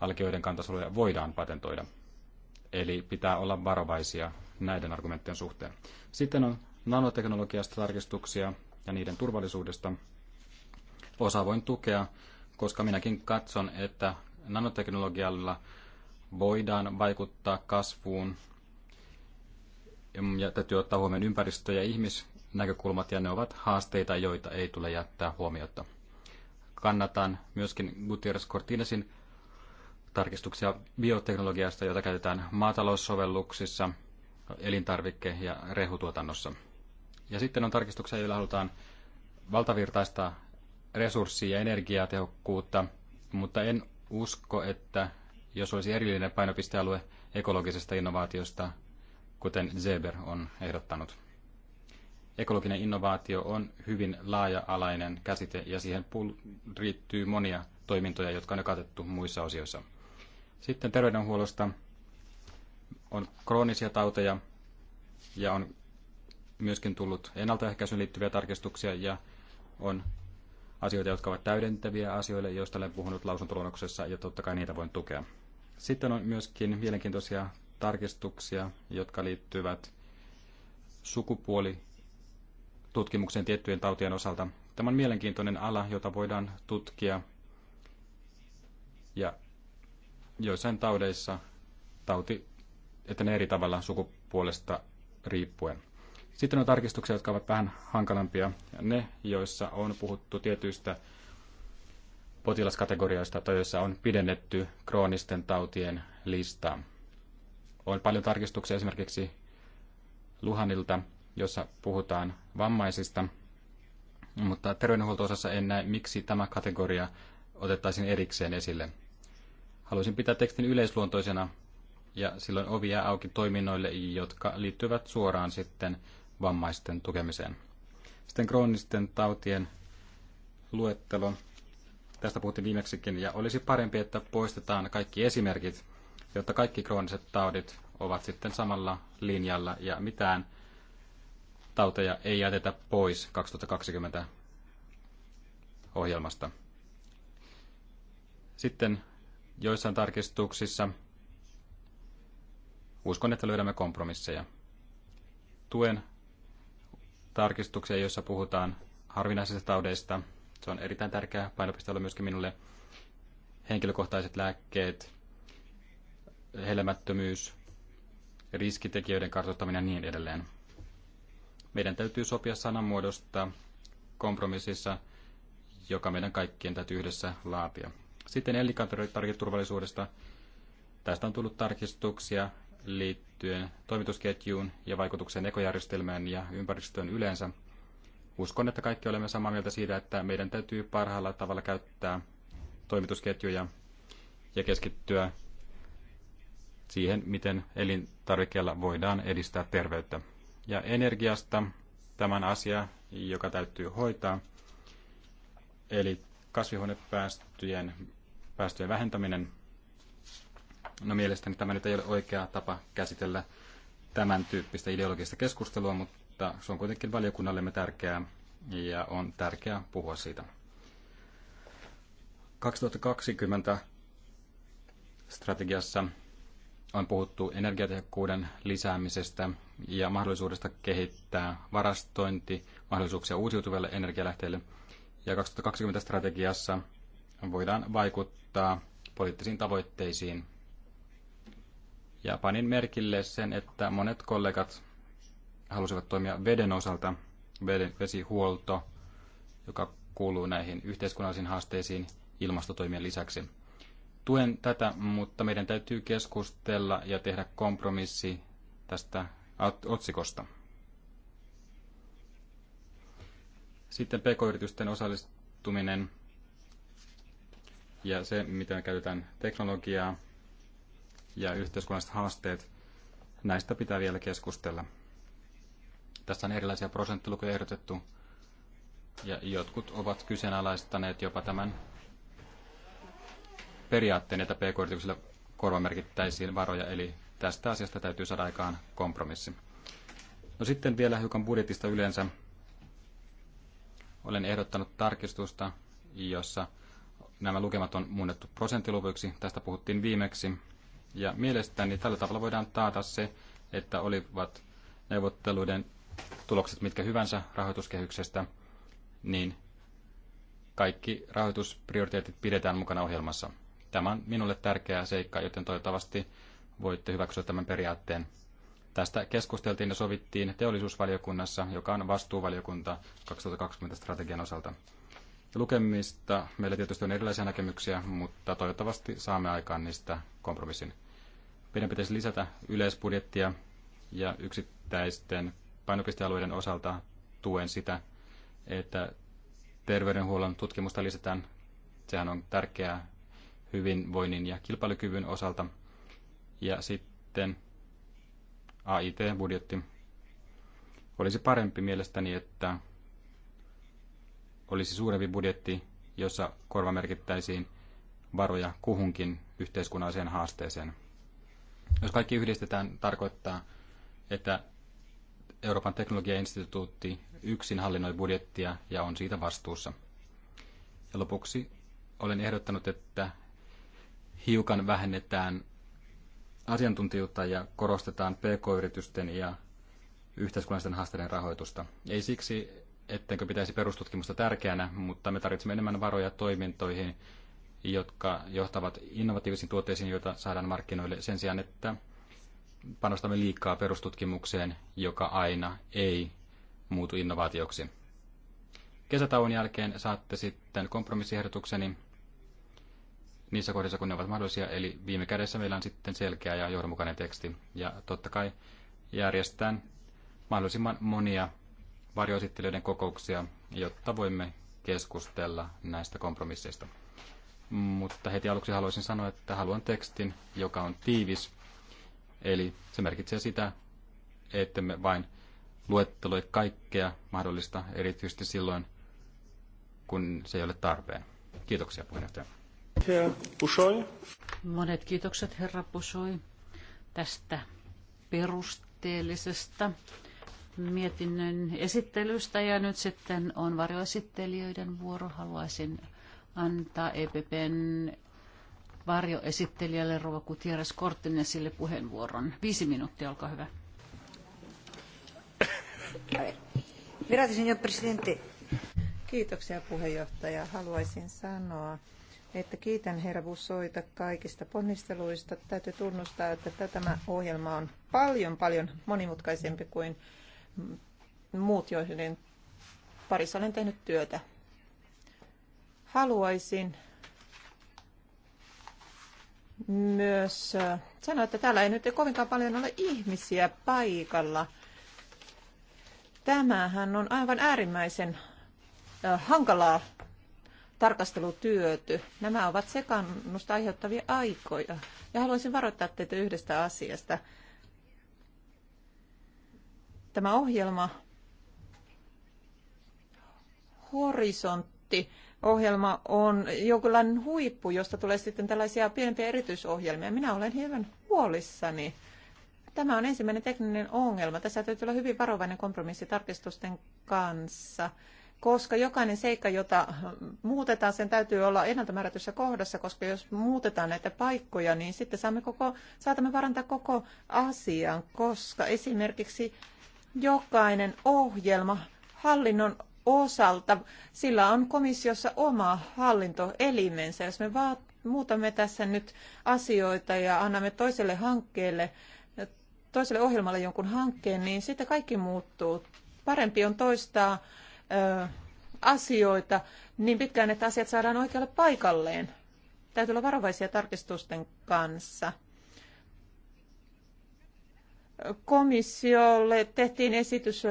alkioiden kantasoluja, voidaan patentoida. Eli pitää olla varovaisia näiden argumenttien suhteen. Sitten on nanoteknologiasta tarkistuksia, ja niiden turvallisuudesta. Osa voin tukea, koska minäkin katson, että nanoteknologialla voidaan vaikuttaa kasvuun ja täytyy ottaa huomioon ympäristö- ja ihmisnäkökulmat, ja ne ovat haasteita, joita ei tule jättää huomiota. Kannatan myöskin Gutierrez Cortinesin tarkistuksia bioteknologiasta, jota käytetään maataloussovelluksissa, elintarvikke- ja rehutuotannossa. Ja sitten on tarkistuksia, joilla halutaan valtavirtaista resurssia ja energiatehokkuutta, mutta en usko, että jos olisi erillinen painopistealue ekologisesta innovaatiosta, kuten Zeber on ehdottanut. Ekologinen innovaatio on hyvin laaja-alainen käsite ja siihen riittyy monia toimintoja, jotka on jo katettu muissa osioissa. Sitten terveydenhuollosta on kroonisia tauteja ja on myöskin tullut ennaltaehkäisyyn liittyviä tarkistuksia ja on asioita, jotka ovat täydentäviä asioille, joista olen puhunut lausuntoluonnoksessa ja totta kai niitä voin tukea. Sitten on myöskin mielenkiintoisia tarkistuksia, jotka liittyvät sukupuolitutkimukseen tiettyjen tautien osalta. Tämä on mielenkiintoinen ala, jota voidaan tutkia ja joissain taudeissa tauti etenee eri tavalla sukupuolesta riippuen. Sitten on tarkistuksia, jotka ovat vähän hankalampia. Ne, joissa on puhuttu tietyistä potilaskategorioista tai joissa on pidennetty kroonisten tautien listaa. On paljon tarkistuksia esimerkiksi Luhanilta, jossa puhutaan vammaisista, mutta terveydenhuoltoosassa en näe, miksi tämä kategoria otettaisiin erikseen esille. Haluaisin pitää tekstin yleisluontoisena ja silloin ovi jää auki toiminnoille, jotka liittyvät suoraan sitten vammaisten tukemiseen. Sitten kroonisten tautien luettelo. Tästä puhuttiin viimeksikin ja olisi parempi, että poistetaan kaikki esimerkit, jotta kaikki krooniset taudit ovat sitten samalla linjalla ja mitään tauteja ei jätetä pois 2020 ohjelmasta. Sitten joissain tarkistuksissa uskon, että löydämme kompromisseja. Tuen tarkistuksia, joissa puhutaan harvinaisista taudeista. Se on erittäin tärkeä painopiste olla myöskin minulle. Henkilökohtaiset lääkkeet, helemättömyys, riskitekijöiden kartoittaminen ja niin edelleen. Meidän täytyy sopia sanamuodosta kompromississa, joka meidän kaikkien täytyy yhdessä laatia. Sitten turvallisuudesta Tästä on tullut tarkistuksia liittyen liittyen toimitusketjuun ja vaikutukseen ekojärjestelmään ja ympäristöön yleensä. Uskon, että kaikki olemme samaa mieltä siitä, että meidän täytyy parhaalla tavalla käyttää toimitusketjuja ja keskittyä siihen, miten elintarvikkeella voidaan edistää terveyttä. Ja energiasta tämän asia, joka täytyy hoitaa, eli kasvihuonepäästöjen päästöjen vähentäminen – No mielestäni tämä nyt ei ole oikea tapa käsitellä tämän tyyppistä ideologista keskustelua, mutta se on kuitenkin valiokunnallemme tärkeää ja on tärkeää puhua siitä. 2020 strategiassa on puhuttu energiatehokkuuden lisäämisestä ja mahdollisuudesta kehittää varastointi mahdollisuuksia uusiutuville energialähteille. Ja 2020 strategiassa voidaan vaikuttaa poliittisiin tavoitteisiin ja panin merkille sen, että monet kollegat halusivat toimia veden osalta, veden, vesihuolto, joka kuuluu näihin yhteiskunnallisiin haasteisiin ilmastotoimien lisäksi. Tuen tätä, mutta meidän täytyy keskustella ja tehdä kompromissi tästä otsikosta. Sitten pk-yritysten osallistuminen ja se, miten käytetään teknologiaa ja yhteiskunnalliset haasteet, näistä pitää vielä keskustella. Tässä on erilaisia prosenttilukuja ehdotettu, ja jotkut ovat kyseenalaistaneet jopa tämän periaatteen, että pk-yrityksille korvamerkittäisiin varoja, eli tästä asiasta täytyy saada aikaan kompromissi. No sitten vielä hiukan budjetista yleensä. Olen ehdottanut tarkistusta, jossa nämä lukemat on muunnettu prosenttiluvuiksi. Tästä puhuttiin viimeksi ja mielestäni tällä tavalla voidaan taata se, että olivat neuvotteluiden tulokset mitkä hyvänsä rahoituskehyksestä, niin kaikki rahoitusprioriteetit pidetään mukana ohjelmassa. Tämä on minulle tärkeä seikka, joten toivottavasti voitte hyväksyä tämän periaatteen. Tästä keskusteltiin ja sovittiin teollisuusvaliokunnassa, joka on vastuuvaliokunta 2020 strategian osalta. Lukemista meillä tietysti on erilaisia näkemyksiä, mutta toivottavasti saamme aikaan niistä kompromissin. Meidän pitäisi lisätä yleisbudjettia ja yksittäisten painopistealueiden osalta tuen sitä, että terveydenhuollon tutkimusta lisätään. Sehän on tärkeää hyvinvoinnin ja kilpailukyvyn osalta. Ja sitten AIT-budjetti. Olisi parempi mielestäni, että olisi suurempi budjetti, jossa korva merkittäisiin varoja kuhunkin yhteiskunnalliseen haasteeseen. Jos kaikki yhdistetään, tarkoittaa, että Euroopan teknologiainstituutti yksin hallinnoi budjettia ja on siitä vastuussa. Ja lopuksi olen ehdottanut, että hiukan vähennetään asiantuntijuutta ja korostetaan pk-yritysten ja yhteiskunnallisten haasteiden rahoitusta. Ei siksi, ettenkö pitäisi perustutkimusta tärkeänä, mutta me tarvitsemme enemmän varoja toimintoihin, jotka johtavat innovatiivisiin tuotteisiin, joita saadaan markkinoille sen sijaan, että panostamme liikaa perustutkimukseen, joka aina ei muutu innovaatioksi. Kesätauon jälkeen saatte sitten kompromissiehdotukseni niissä kohdissa, kun ne ovat mahdollisia. Eli viime kädessä meillä on sitten selkeä ja johdonmukainen teksti. Ja totta kai järjestään mahdollisimman monia varjoesittelijöiden kokouksia, jotta voimme keskustella näistä kompromisseista mutta heti aluksi haluaisin sanoa, että haluan tekstin, joka on tiivis. Eli se merkitsee sitä, että me vain luetteloi kaikkea mahdollista, erityisesti silloin, kun se ei ole tarpeen. Kiitoksia puheenjohtaja. Pusoi. Monet kiitokset herra Pusoi tästä perusteellisesta mietinnön esittelystä ja nyt sitten on varjoesittelijöiden vuoro. Haluaisin antaa EPPn varjoesittelijälle Rova Gutierrez Korttinesille puheenvuoron. Viisi minuuttia, olkaa hyvä. Kiitoksia puheenjohtaja. Haluaisin sanoa, että kiitän herra Bussoita kaikista ponnisteluista. Täytyy tunnustaa, että tämä ohjelma on paljon paljon monimutkaisempi kuin muut, joiden parissa olen tehnyt työtä haluaisin myös äh, sanoa, että täällä ei nyt kovinkaan paljon ole ihmisiä paikalla. Tämähän on aivan äärimmäisen äh, hankalaa tarkastelutyöty. Nämä ovat sekannusta aiheuttavia aikoja. Ja haluaisin varoittaa teitä yhdestä asiasta. Tämä ohjelma Horisontti ohjelma on jonkinlainen huippu, josta tulee sitten tällaisia pienempiä erityisohjelmia. Minä olen hieman huolissani. Tämä on ensimmäinen tekninen ongelma. Tässä täytyy olla hyvin varovainen kompromissi tarkistusten kanssa, koska jokainen seikka, jota muutetaan, sen täytyy olla ennaltamäärätyssä kohdassa, koska jos muutetaan näitä paikkoja, niin sitten saamme koko, saatamme varantaa koko asian, koska esimerkiksi jokainen ohjelma hallinnon osalta. Sillä on komissiossa oma hallintoelimensä. Jos me vaan muutamme tässä nyt asioita ja annamme toiselle hankkeelle, toiselle ohjelmalle jonkun hankkeen, niin sitten kaikki muuttuu. Parempi on toistaa ö, asioita niin pitkään, että asiat saadaan oikealle paikalleen. Täytyy olla varovaisia tarkistusten kanssa komissiolle tehtiin esitys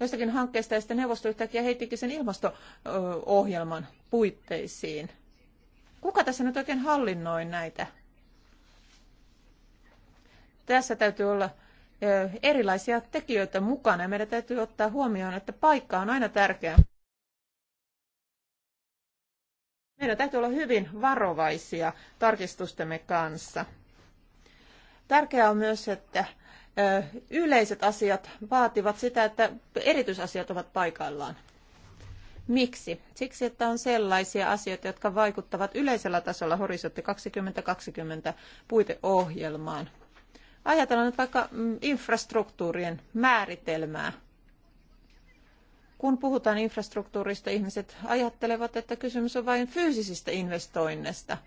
jostakin hankkeesta ja sitten neuvosto yhtäkkiä heittikin sen ilmasto-ohjelman puitteisiin. Kuka tässä nyt oikein hallinnoi näitä? Tässä täytyy olla erilaisia tekijöitä mukana ja meidän täytyy ottaa huomioon, että paikka on aina tärkeä. Meidän täytyy olla hyvin varovaisia tarkistustemme kanssa. Tärkeää on myös, että yleiset asiat vaativat sitä, että erityisasiat ovat paikallaan. Miksi? Siksi, että on sellaisia asioita, jotka vaikuttavat yleisellä tasolla Horisontti 2020 puiteohjelmaan. Ajatellaan nyt vaikka mm, infrastruktuurien määritelmää. Kun puhutaan infrastruktuurista, ihmiset ajattelevat, että kysymys on vain fyysisistä investoinneista –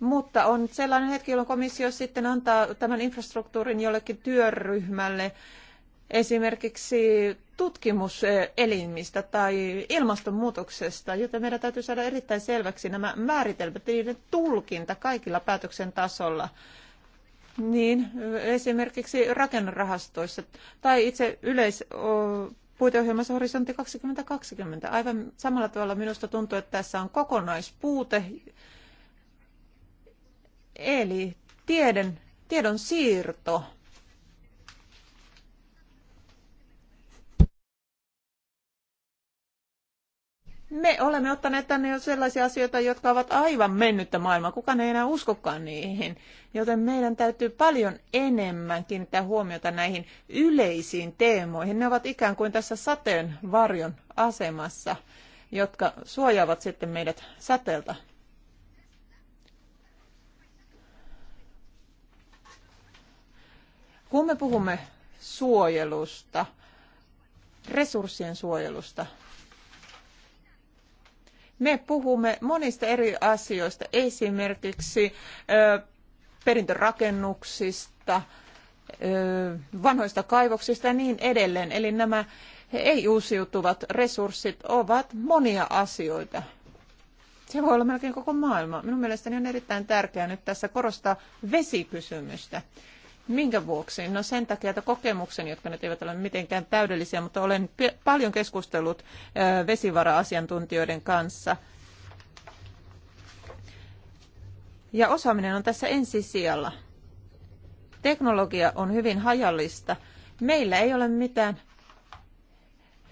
mutta on sellainen hetki, jolloin komissio sitten antaa tämän infrastruktuurin jollekin työryhmälle, esimerkiksi tutkimuselimistä tai ilmastonmuutoksesta, joten meidän täytyy saada erittäin selväksi nämä määritelmät, niiden tulkinta kaikilla päätöksen tasolla. Niin, esimerkiksi rakennerahastoissa tai itse yleis puiteohjelmassa Horisontti 2020. Aivan samalla tavalla minusta tuntuu, että tässä on kokonaispuute, Eli tiedon, tiedon siirto. Me olemme ottaneet tänne jo sellaisia asioita, jotka ovat aivan mennyttä maailmaa. Kukaan ei enää uskokaan niihin. Joten meidän täytyy paljon enemmän kiinnittää huomiota näihin yleisiin teemoihin. Ne ovat ikään kuin tässä sateen varjon asemassa, jotka suojaavat sitten meidät sateelta. Kun me puhumme suojelusta, resurssien suojelusta, me puhumme monista eri asioista, esimerkiksi ö, perintörakennuksista, ö, vanhoista kaivoksista ja niin edelleen. Eli nämä ei-uusiutuvat resurssit ovat monia asioita. Se voi olla melkein koko maailma. Minun mielestäni on erittäin tärkeää nyt tässä korostaa vesikysymystä. Minkä vuoksi? No sen takia, että kokemukseni, jotka nyt eivät ole mitenkään täydellisiä, mutta olen paljon keskustellut vesivara-asiantuntijoiden kanssa. Ja osaaminen on tässä ensisijalla. Teknologia on hyvin hajallista. Meillä ei ole mitään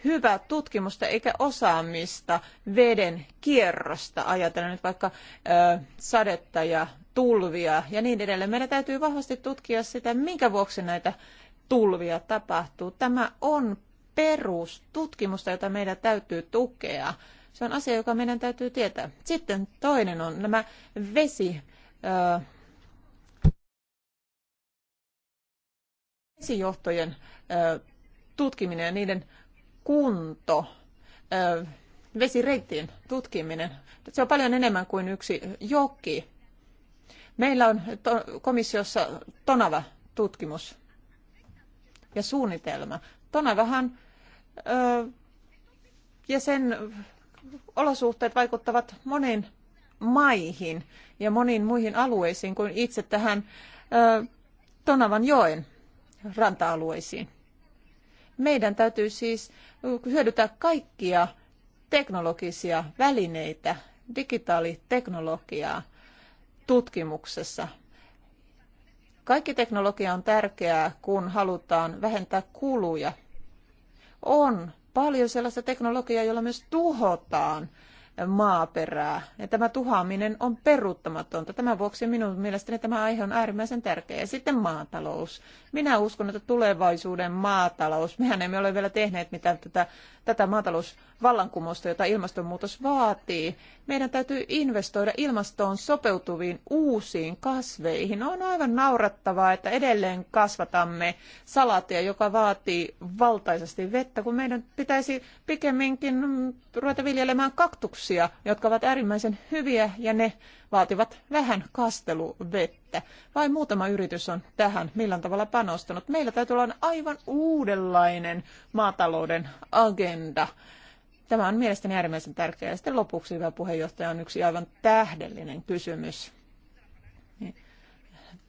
hyvää tutkimusta eikä osaamista veden kierrosta. Ajatellaan nyt vaikka ö, sadetta ja tulvia ja niin edelleen. Meidän täytyy vahvasti tutkia sitä, minkä vuoksi näitä tulvia tapahtuu. Tämä on perustutkimusta, jota meidän täytyy tukea. Se on asia, joka meidän täytyy tietää. Sitten toinen on nämä vesi, ö, vesijohtojen ö, tutkiminen ja niiden kunto, ö, vesireittien tutkiminen. Se on paljon enemmän kuin yksi joki. Meillä on komissiossa Tonava-tutkimus ja suunnitelma. Tonavahan ja sen olosuhteet vaikuttavat moniin maihin ja moniin muihin alueisiin kuin itse tähän Tonavan joen ranta-alueisiin. Meidän täytyy siis hyödyntää kaikkia teknologisia välineitä, digitaaliteknologiaa, tutkimuksessa. Kaikki teknologia on tärkeää, kun halutaan vähentää kuluja. On paljon sellaista teknologiaa, jolla myös tuhotaan maaperää. Ja tämä tuhaaminen on peruuttamatonta. Tämän vuoksi minun mielestäni tämä aihe on äärimmäisen tärkeä. Ja sitten maatalous. Minä uskon, että tulevaisuuden maatalous, mehän emme ole vielä tehneet mitään tätä tätä maatalousvallankumousta, jota ilmastonmuutos vaatii. Meidän täytyy investoida ilmastoon sopeutuviin uusiin kasveihin. On aivan naurattavaa, että edelleen kasvatamme salatia, joka vaatii valtaisesti vettä, kun meidän pitäisi pikemminkin ruveta viljelemään kaktuksia, jotka ovat äärimmäisen hyviä ja ne vaativat vähän kasteluvettä. Vain muutama yritys on tähän millään tavalla panostanut. Meillä täytyy olla aivan uudenlainen maatalouden agenda. Tämä on mielestäni äärimmäisen tärkeää. sitten lopuksi, hyvä puheenjohtaja, on yksi aivan tähdellinen kysymys. Niin.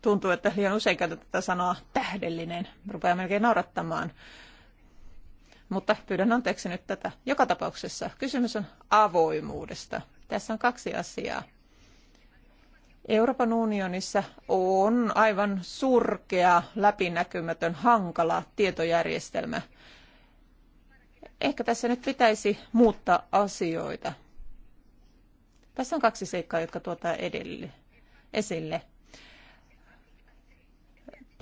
Tuntuu, että liian usein käytetään tätä sanaa tähdellinen. Rupeaa melkein naurattamaan mutta pyydän anteeksi nyt tätä. Joka tapauksessa kysymys on avoimuudesta. Tässä on kaksi asiaa. Euroopan unionissa on aivan surkea, läpinäkymätön, hankala tietojärjestelmä. Ehkä tässä nyt pitäisi muuttaa asioita. Tässä on kaksi seikkaa, jotka tuotaan edelle, esille.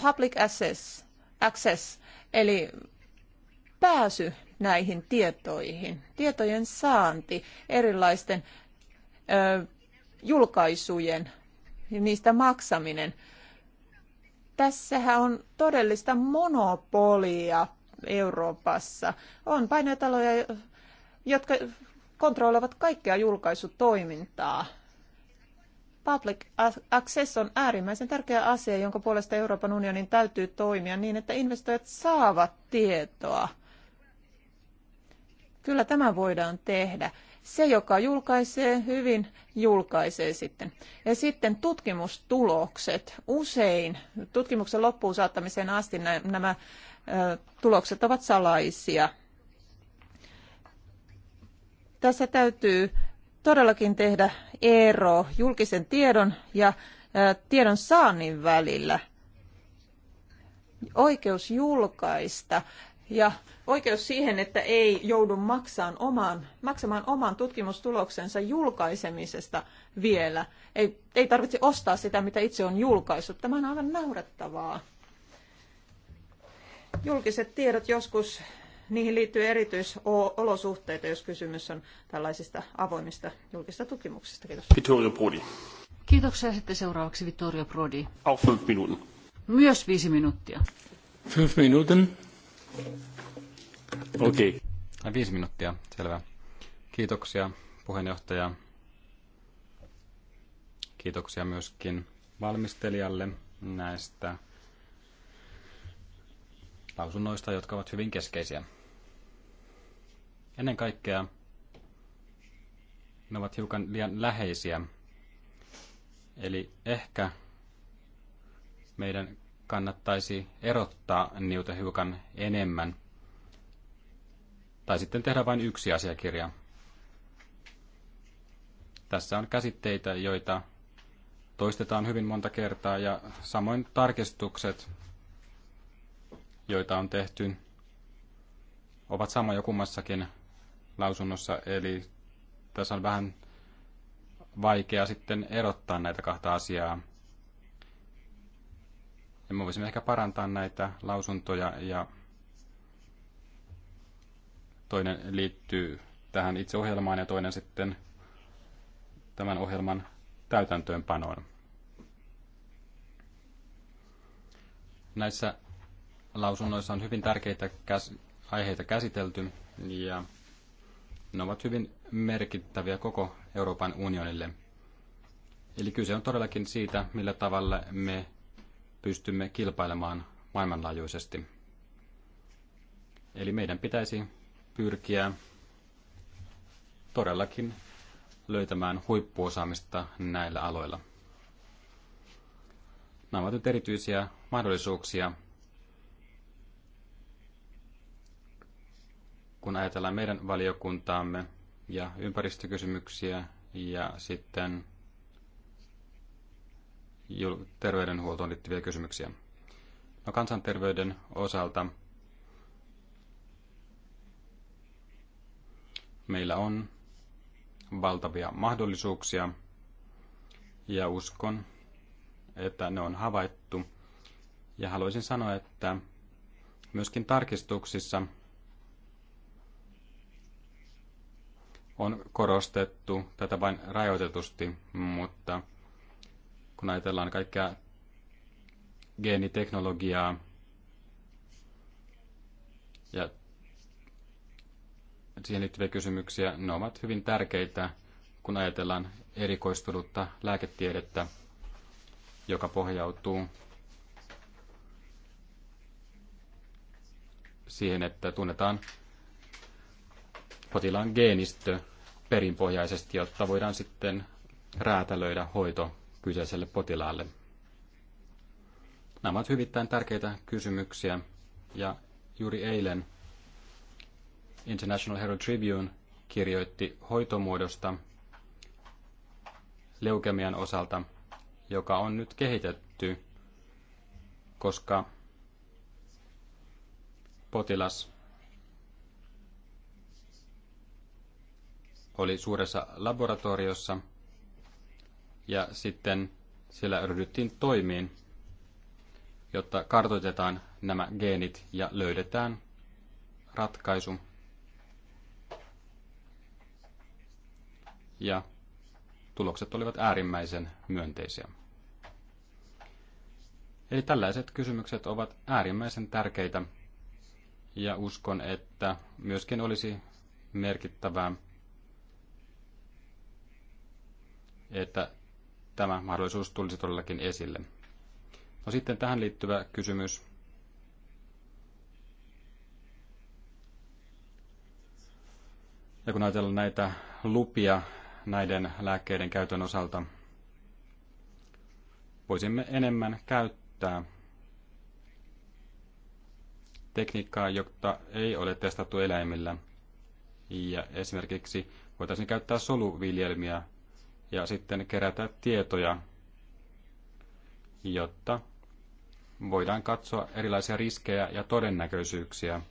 Public access, access, eli pääsy näihin tietoihin, tietojen saanti erilaisten ö, julkaisujen ja niistä maksaminen. Tässähän on todellista monopolia Euroopassa. On painotaloja, jotka kontrolloivat kaikkea julkaisutoimintaa. Public access on äärimmäisen tärkeä asia, jonka puolesta Euroopan unionin täytyy toimia niin, että investoijat saavat tietoa. Kyllä tämä voidaan tehdä. Se, joka julkaisee hyvin, julkaisee sitten. Ja sitten tutkimustulokset. Usein tutkimuksen loppuun saattamiseen asti nämä tulokset ovat salaisia. Tässä täytyy todellakin tehdä ero julkisen tiedon ja tiedon saannin välillä. Oikeus julkaista ja oikeus siihen, että ei joudu maksaan oman, maksamaan oman tutkimustuloksensa julkaisemisesta vielä. Ei, ei tarvitse ostaa sitä, mitä itse on julkaissut. Tämä on aivan naurettavaa. Julkiset tiedot joskus, niihin liittyy erityisolosuhteita, jos kysymys on tällaisista avoimista julkisista tutkimuksista. Kiitos. Vittorio Prodi. Kiitoksia. Sitten seuraavaksi Vittorio Prodi. Auf fünf Minuten. Myös viisi minuuttia. Fünf Minuten. Okei. Okay. Viisi minuuttia, selvä. Kiitoksia puheenjohtaja. Kiitoksia myöskin valmistelijalle näistä lausunnoista, jotka ovat hyvin keskeisiä. Ennen kaikkea ne ovat hiukan liian läheisiä. Eli ehkä meidän kannattaisi erottaa niitä hiukan enemmän tai sitten tehdä vain yksi asiakirja. Tässä on käsitteitä, joita toistetaan hyvin monta kertaa ja samoin tarkistukset, joita on tehty, ovat sama jo kummassakin lausunnossa, eli tässä on vähän vaikea sitten erottaa näitä kahta asiaa. Ja me voisimme ehkä parantaa näitä lausuntoja ja Toinen liittyy tähän itse ohjelmaan ja toinen sitten tämän ohjelman täytäntöönpanoon. Näissä lausunnoissa on hyvin tärkeitä käs- aiheita käsitelty ja ne ovat hyvin merkittäviä koko Euroopan unionille. Eli kyse on todellakin siitä, millä tavalla me pystymme kilpailemaan maailmanlaajuisesti. Eli meidän pitäisi pyrkiä todellakin löytämään huippuosaamista näillä aloilla. Nämä ovat nyt erityisiä mahdollisuuksia, kun ajatellaan meidän valiokuntaamme ja ympäristökysymyksiä ja sitten terveydenhuoltoon liittyviä kysymyksiä. No, kansanterveyden osalta – Meillä on valtavia mahdollisuuksia ja uskon, että ne on havaittu. Ja haluaisin sanoa, että myöskin tarkistuksissa on korostettu tätä vain rajoitetusti, mutta kun ajatellaan kaikkea geeniteknologiaa ja siihen liittyviä kysymyksiä. Ne ovat hyvin tärkeitä, kun ajatellaan erikoistunutta lääketiedettä, joka pohjautuu siihen, että tunnetaan potilaan geenistö perinpohjaisesti, jotta voidaan sitten räätälöidä hoito kyseiselle potilaalle. Nämä ovat hyvittäin tärkeitä kysymyksiä ja juuri eilen International Herald Tribune kirjoitti hoitomuodosta leukemian osalta, joka on nyt kehitetty, koska potilas oli suuressa laboratoriossa ja sitten siellä ryhdyttiin toimiin, jotta kartoitetaan nämä geenit ja löydetään ratkaisu ja tulokset olivat äärimmäisen myönteisiä. Eli tällaiset kysymykset ovat äärimmäisen tärkeitä ja uskon, että myöskin olisi merkittävää, että tämä mahdollisuus tulisi todellakin esille. No sitten tähän liittyvä kysymys. Ja kun ajatellaan näitä lupia, näiden lääkkeiden käytön osalta. Voisimme enemmän käyttää tekniikkaa, jota ei ole testattu eläimillä. Ja esimerkiksi voitaisiin käyttää soluviljelmiä ja sitten kerätä tietoja, jotta voidaan katsoa erilaisia riskejä ja todennäköisyyksiä,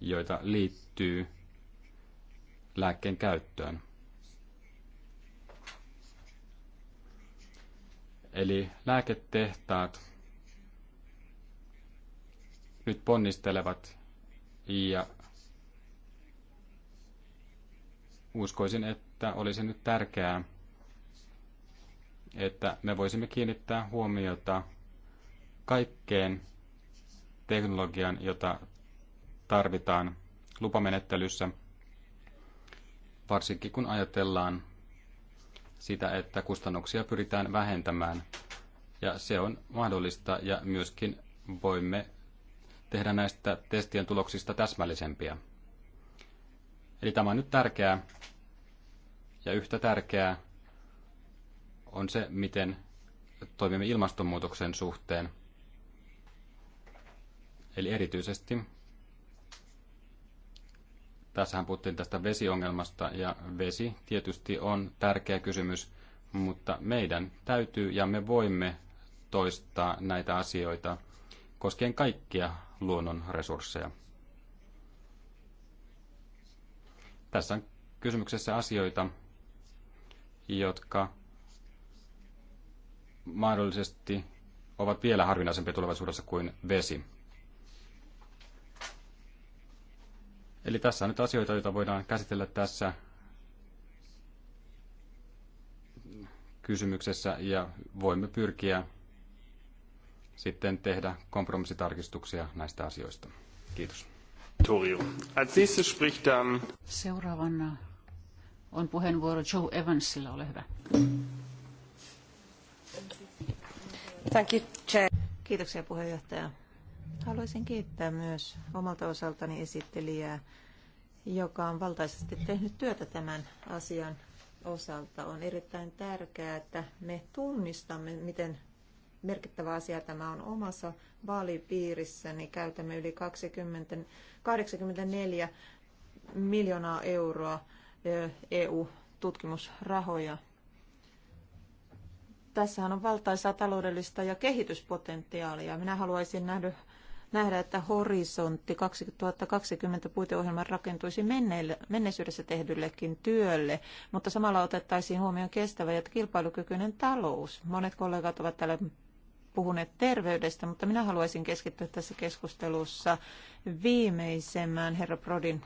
joita liittyy lääkkeen käyttöön. Eli lääketehtaat nyt ponnistelevat ja uskoisin, että olisi nyt tärkeää, että me voisimme kiinnittää huomiota kaikkeen teknologian, jota tarvitaan lupamenettelyssä – varsinkin kun ajatellaan sitä, että kustannuksia pyritään vähentämään. Ja se on mahdollista ja myöskin voimme tehdä näistä testien tuloksista täsmällisempiä. Eli tämä on nyt tärkeää ja yhtä tärkeää on se, miten toimimme ilmastonmuutoksen suhteen. Eli erityisesti Tässähän puhuttiin tästä vesiongelmasta ja vesi tietysti on tärkeä kysymys, mutta meidän täytyy ja me voimme toistaa näitä asioita koskien kaikkia luonnon resursseja. Tässä on kysymyksessä asioita, jotka mahdollisesti ovat vielä harvinaisempia tulevaisuudessa kuin vesi. Eli tässä on nyt asioita, joita voidaan käsitellä tässä kysymyksessä ja voimme pyrkiä sitten tehdä kompromissitarkistuksia näistä asioista. Kiitos. Um, Seuraavana uh, on puheenvuoro Joe Evansilla, ole hyvä. Thank you, Chair. Kiitoksia puheenjohtaja. Haluaisin kiittää myös omalta osaltani esittelijää, joka on valtaisesti tehnyt työtä tämän asian osalta. On erittäin tärkeää, että me tunnistamme, miten merkittävä asia tämä on omassa vaalipiirissäni. Niin käytämme yli 20, 84 miljoonaa euroa EU-tutkimusrahoja. Tässähän on valtaisaa taloudellista ja kehityspotentiaalia. Minä haluaisin nähdä nähdä, että horisontti 2020 puiteohjelma rakentuisi menneisyydessä tehdyllekin työlle, mutta samalla otettaisiin huomioon kestävä ja kilpailukykyinen talous. Monet kollegat ovat täällä puhuneet terveydestä, mutta minä haluaisin keskittyä tässä keskustelussa viimeisemmän herra Prodin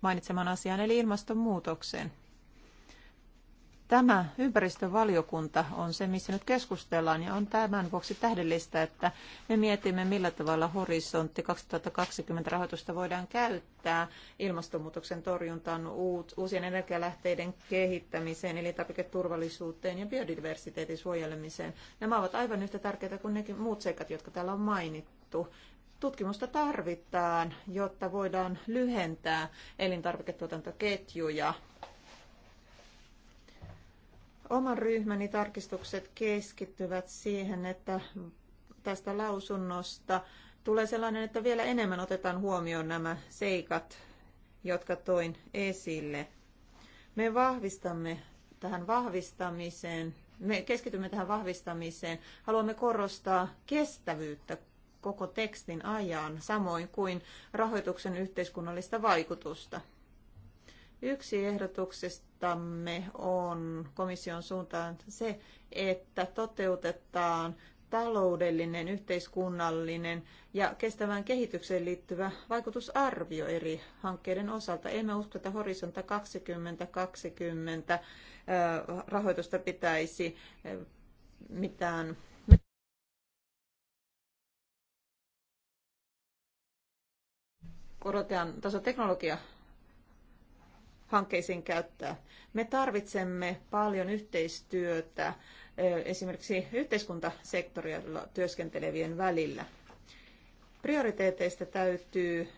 mainitseman asiaan eli ilmastonmuutokseen. Tämä ympäristövaliokunta on se, missä nyt keskustellaan, ja on tämän vuoksi tähdellistä, että me mietimme, millä tavalla horisontti 2020 rahoitusta voidaan käyttää ilmastonmuutoksen torjuntaan, uusien energialähteiden kehittämiseen, elintarviketurvallisuuteen ja biodiversiteetin suojelemiseen. Nämä ovat aivan yhtä tärkeitä kuin nekin muut seikat, jotka täällä on mainittu. Tutkimusta tarvitaan, jotta voidaan lyhentää elintarviketuotantoketjuja Oman ryhmäni tarkistukset keskittyvät siihen, että tästä lausunnosta tulee sellainen, että vielä enemmän otetaan huomioon nämä seikat, jotka toin esille. Me vahvistamme tähän vahvistamiseen, me keskitymme tähän vahvistamiseen. Haluamme korostaa kestävyyttä koko tekstin ajan, samoin kuin rahoituksen yhteiskunnallista vaikutusta. Yksi ehdotuksista huomiotamme on komission suuntaan se, että toteutetaan taloudellinen, yhteiskunnallinen ja kestävään kehitykseen liittyvä vaikutusarvio eri hankkeiden osalta. Emme usko, että Horisonta 2020 rahoitusta pitäisi mitään korotean teknologia hankkeisiin käyttää. Me tarvitsemme paljon yhteistyötä esimerkiksi yhteiskuntasektorilla työskentelevien välillä. Prioriteeteista täytyy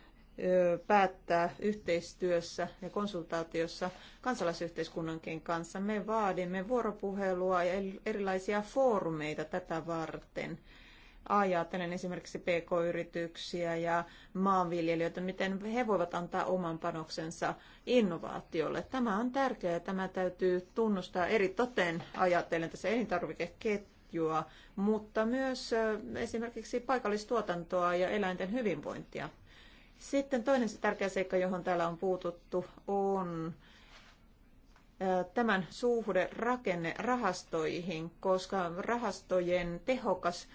päättää yhteistyössä ja konsultaatiossa kansalaisyhteiskunnankin kanssa. Me vaadimme vuoropuhelua ja erilaisia foorumeita tätä varten ajatellen esimerkiksi pk-yrityksiä ja maanviljelijöitä, miten he voivat antaa oman panoksensa innovaatiolle. Tämä on tärkeää ja tämä täytyy tunnustaa eri toteen ajatellen tässä elintarvikeketjua, mutta myös esimerkiksi paikallistuotantoa ja eläinten hyvinvointia. Sitten toinen se tärkeä seikka, johon täällä on puututtu, on tämän suhde rakenne rahastoihin, koska rahastojen tehokas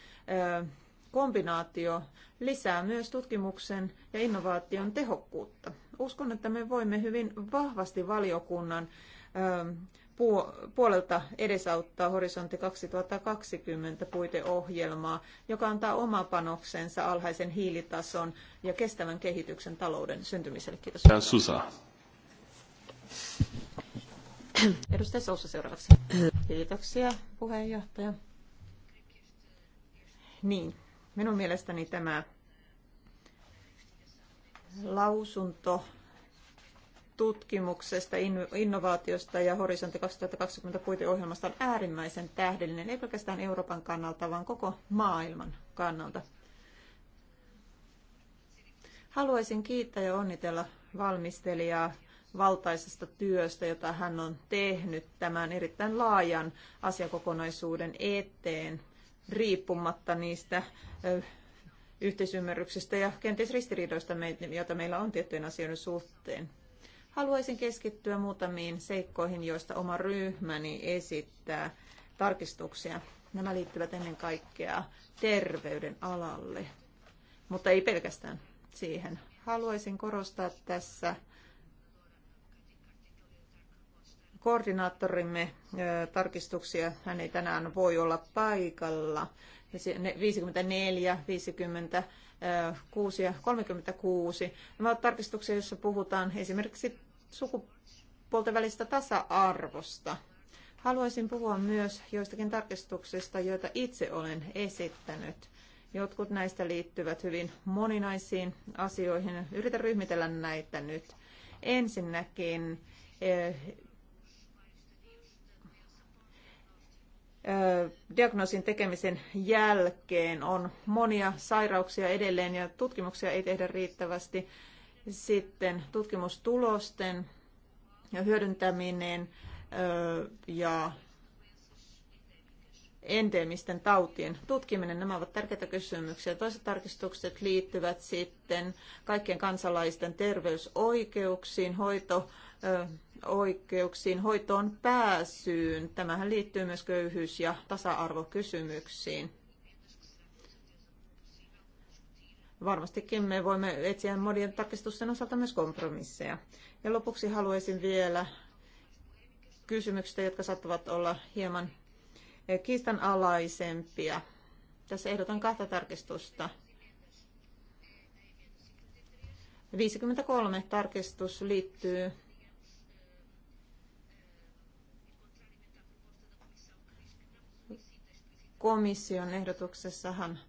kombinaatio lisää myös tutkimuksen ja innovaation tehokkuutta. Uskon, että me voimme hyvin vahvasti valiokunnan puolelta edesauttaa Horisontti 2020 puiteohjelmaa, joka antaa oma panoksensa alhaisen hiilitason ja kestävän kehityksen talouden syntymiselle. Kiitos. Susa. (clears throat) Edustaja Sousa seuraavaksi. Kiitoksia puheenjohtaja. Niin, minun mielestäni tämä lausunto tutkimuksesta, innovaatiosta ja Horisontti 2020 puiteohjelmasta on äärimmäisen tähdellinen, ei pelkästään Euroopan kannalta, vaan koko maailman kannalta. Haluaisin kiittää ja onnitella valmistelijaa valtaisesta työstä, jota hän on tehnyt tämän erittäin laajan asiakokonaisuuden eteen, riippumatta niistä yhteisymmärryksistä ja kenties ristiriidoista, joita meillä on tiettyjen asioiden suhteen. Haluaisin keskittyä muutamiin seikkoihin, joista oma ryhmäni esittää tarkistuksia. Nämä liittyvät ennen kaikkea terveyden alalle, mutta ei pelkästään siihen. Haluaisin korostaa tässä koordinaattorimme tarkistuksia. Hän ei tänään voi olla paikalla. 54, 50, 6 ja 36. Nämä ovat tarkistuksia, joissa puhutaan esimerkiksi sukupuolten välistä tasa-arvosta. Haluaisin puhua myös joistakin tarkistuksista, joita itse olen esittänyt. Jotkut näistä liittyvät hyvin moninaisiin asioihin. Yritän ryhmitellä näitä nyt. Ensinnäkin diagnoosin tekemisen jälkeen on monia sairauksia edelleen ja tutkimuksia ei tehdä riittävästi. Sitten tutkimustulosten ja hyödyntäminen ja endemisten tautien tutkiminen, nämä ovat tärkeitä kysymyksiä. Toiset tarkistukset liittyvät sitten kaikkien kansalaisten terveysoikeuksiin, hoito, oikeuksiin, hoitoon pääsyyn. Tämähän liittyy myös köyhyys- ja tasa-arvokysymyksiin. Varmastikin me voimme etsiä monien tarkistusten osalta myös kompromisseja. Ja lopuksi haluaisin vielä kysymyksistä, jotka saattavat olla hieman kiistanalaisempia. Tässä ehdotan kahta tarkistusta. 53 tarkistus liittyy komission ehdotuksessahan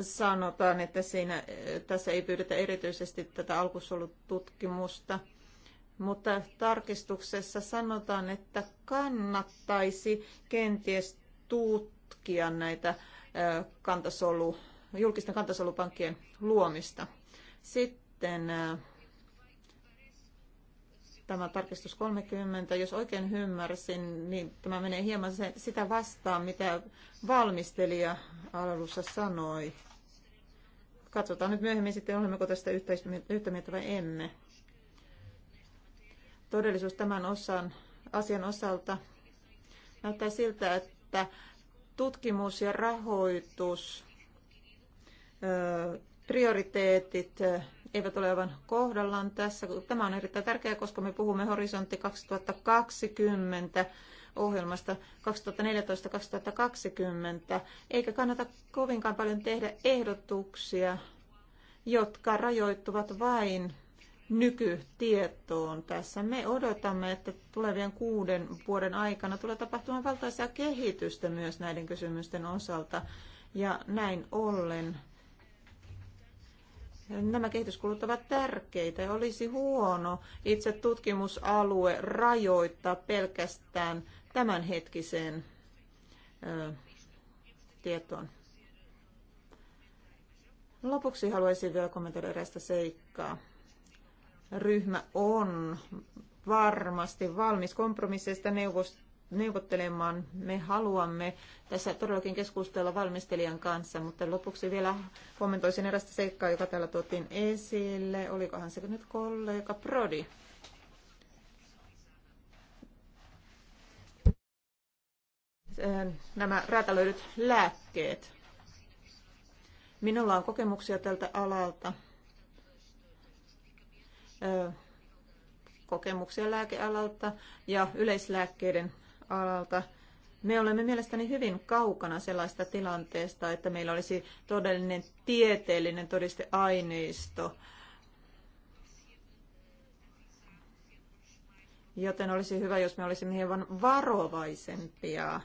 sanotaan, että siinä, tässä ei pyydetä erityisesti tätä alkusolututkimusta, mutta tarkistuksessa sanotaan, että kannattaisi kenties tutkia näitä kantasolu, julkisten kantasolupankkien luomista. Sitten tämä tarkistus 30, jos oikein ymmärsin, niin tämä menee hieman se, sitä vastaan, mitä valmistelija alussa sanoi. Katsotaan nyt myöhemmin sitten, olemmeko tästä yhtä mieltä vai emme. Todellisuus tämän osan, asian osalta näyttää siltä, että tutkimus ja rahoitus öö, prioriteetit eh, eivät ole aivan kohdallaan tässä. Tämä on erittäin tärkeää, koska me puhumme Horisontti 2020 ohjelmasta 2014-2020, eikä kannata kovinkaan paljon tehdä ehdotuksia, jotka rajoittuvat vain nykytietoon tässä. Me odotamme, että tulevien kuuden vuoden aikana tulee tapahtumaan valtaisia kehitystä myös näiden kysymysten osalta. Ja näin ollen Nämä kehityskulut ovat tärkeitä ja olisi huono itse tutkimusalue rajoittaa pelkästään tämänhetkiseen ö, tietoon. Lopuksi haluaisin vielä kommentoida erästä seikkaa. Ryhmä on varmasti valmis kompromisseista neuvostoon neuvottelemaan. Me haluamme tässä todellakin keskustella valmistelijan kanssa, mutta lopuksi vielä kommentoisin erästä seikkaa, joka täällä tuotiin esille. Olikohan se nyt kollega Prodi? Äh, nämä räätälöidyt lääkkeet. Minulla on kokemuksia tältä alalta äh, kokemuksia lääkealalta ja yleislääkkeiden alalta. Me olemme mielestäni hyvin kaukana sellaista tilanteesta, että meillä olisi todellinen tieteellinen todisteaineisto, joten olisi hyvä, jos me olisimme hieman varovaisempia,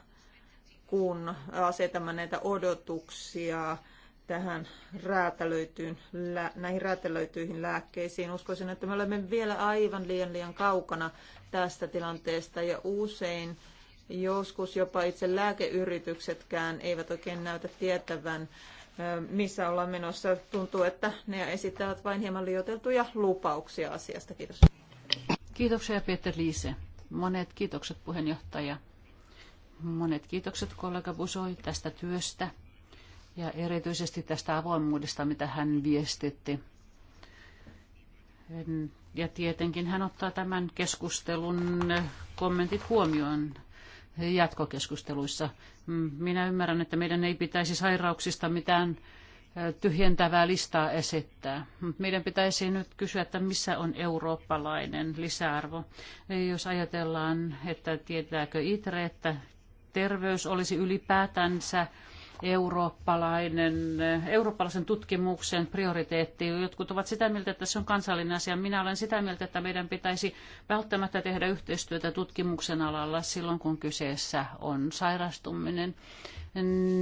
kun asetamme näitä odotuksia tähän räätälöityyn, näihin räätälöityihin lääkkeisiin. Uskoisin, että me olemme vielä aivan liian liian kaukana tästä tilanteesta ja usein joskus jopa itse lääkeyrityksetkään eivät oikein näytä tietävän, missä ollaan menossa. Tuntuu, että ne esittävät vain hieman liioiteltuja lupauksia asiasta. Kiitos. Kiitoksia Peter Liise. Monet kiitokset puheenjohtaja. Monet kiitokset kollega Busoi tästä työstä ja erityisesti tästä avoimuudesta, mitä hän viestitti. En ja tietenkin hän ottaa tämän keskustelun kommentit huomioon jatkokeskusteluissa. Mm, minä ymmärrän, että meidän ei pitäisi sairauksista mitään tyhjentävää listaa esittää. Meidän pitäisi nyt kysyä, että missä on eurooppalainen lisäarvo. Jos ajatellaan, että tietääkö ITRE, että terveys olisi ylipäätänsä eurooppalainen, eurooppalaisen tutkimuksen prioriteetti. Jotkut ovat sitä mieltä, että se on kansallinen asia. Minä olen sitä mieltä, että meidän pitäisi välttämättä tehdä yhteistyötä tutkimuksen alalla silloin, kun kyseessä on sairastuminen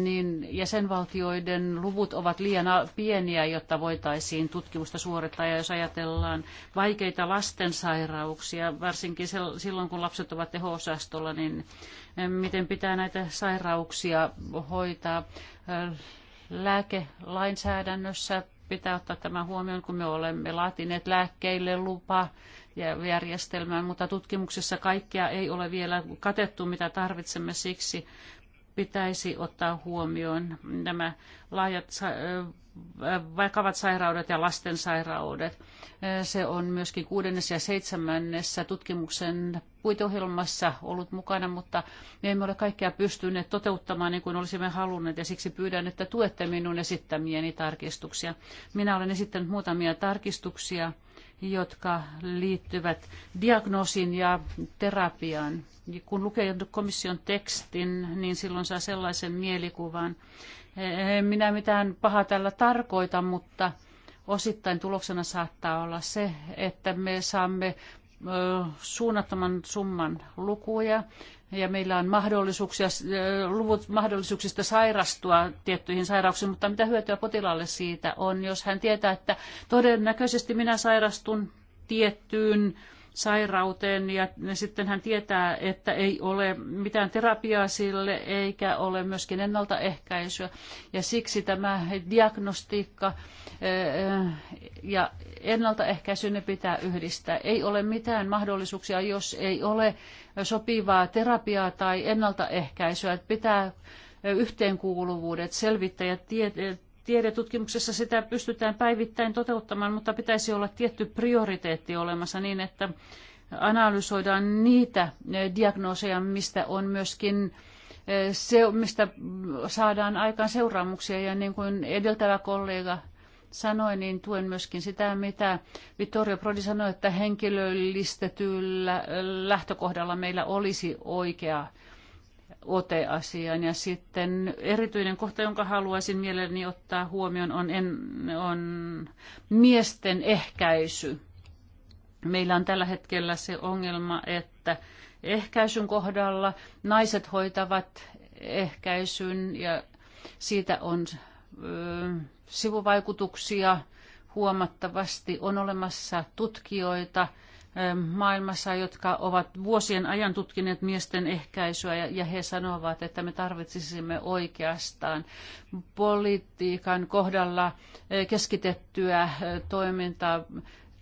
niin jäsenvaltioiden luvut ovat liian pieniä, jotta voitaisiin tutkimusta suorittaa. Ja jos ajatellaan vaikeita lastensairauksia, varsinkin silloin kun lapset ovat teho-osastolla, niin eh, miten pitää näitä sairauksia hoitaa eh, lääkelainsäädännössä? Pitää ottaa tämä huomioon, kun me olemme laatineet lääkkeille lupa ja järjestelmään, mutta tutkimuksessa kaikkea ei ole vielä katettu, mitä tarvitsemme siksi pitäisi ottaa huomioon nämä laajat vakavat sairaudet ja lasten sairaudet. Se on myöskin kuudennessa ja seitsemännessä tutkimuksen puiteohjelmassa ollut mukana, mutta me emme ole kaikkea pystyneet toteuttamaan niin kuin olisimme halunneet ja siksi pyydän, että tuette minun esittämieni tarkistuksia. Minä olen esittänyt muutamia tarkistuksia jotka liittyvät diagnoosiin ja terapiaan. Kun lukee komission tekstin, niin silloin saa sellaisen mielikuvan. En eh, minä mitään pahaa tällä tarkoita, mutta osittain tuloksena saattaa olla se, että me saamme suunnattoman summan lukuja, ja meillä on mahdollisuuksia, luvut mahdollisuuksista sairastua tiettyihin sairauksiin, mutta mitä hyötyä potilaalle siitä on, jos hän tietää, että todennäköisesti minä sairastun tiettyyn sairauteen ja sitten hän tietää, että ei ole mitään terapiaa sille eikä ole myöskin ennaltaehkäisyä. Ja siksi tämä diagnostiikka ja ennaltaehkäisy ne pitää yhdistää. Ei ole mitään mahdollisuuksia, jos ei ole sopivaa terapiaa tai ennaltaehkäisyä. Että pitää yhteenkuuluvuudet selvittää ja tiedetutkimuksessa sitä pystytään päivittäin toteuttamaan, mutta pitäisi olla tietty prioriteetti olemassa niin, että analysoidaan niitä eh, diagnooseja, mistä on myöskin eh, se, mistä saadaan aikaan seuraamuksia. Ja niin kuin edeltävä kollega sanoi, niin tuen myöskin sitä, mitä Vittorio Prodi sanoi, että henkilöllistetyllä lähtökohdalla meillä olisi oikea ote-asiaan. Ja sitten erityinen kohta, jonka haluaisin mielelläni ottaa huomioon, on, en, on miesten ehkäisy. Meillä on tällä hetkellä se ongelma, että ehkäisyn kohdalla naiset hoitavat ehkäisyn ja siitä on sivuvaikutuksia huomattavasti. On olemassa tutkijoita maailmassa, jotka ovat vuosien ajan tutkineet miesten ehkäisyä ja he sanovat, että me tarvitsisimme oikeastaan politiikan kohdalla keskitettyä toimintaa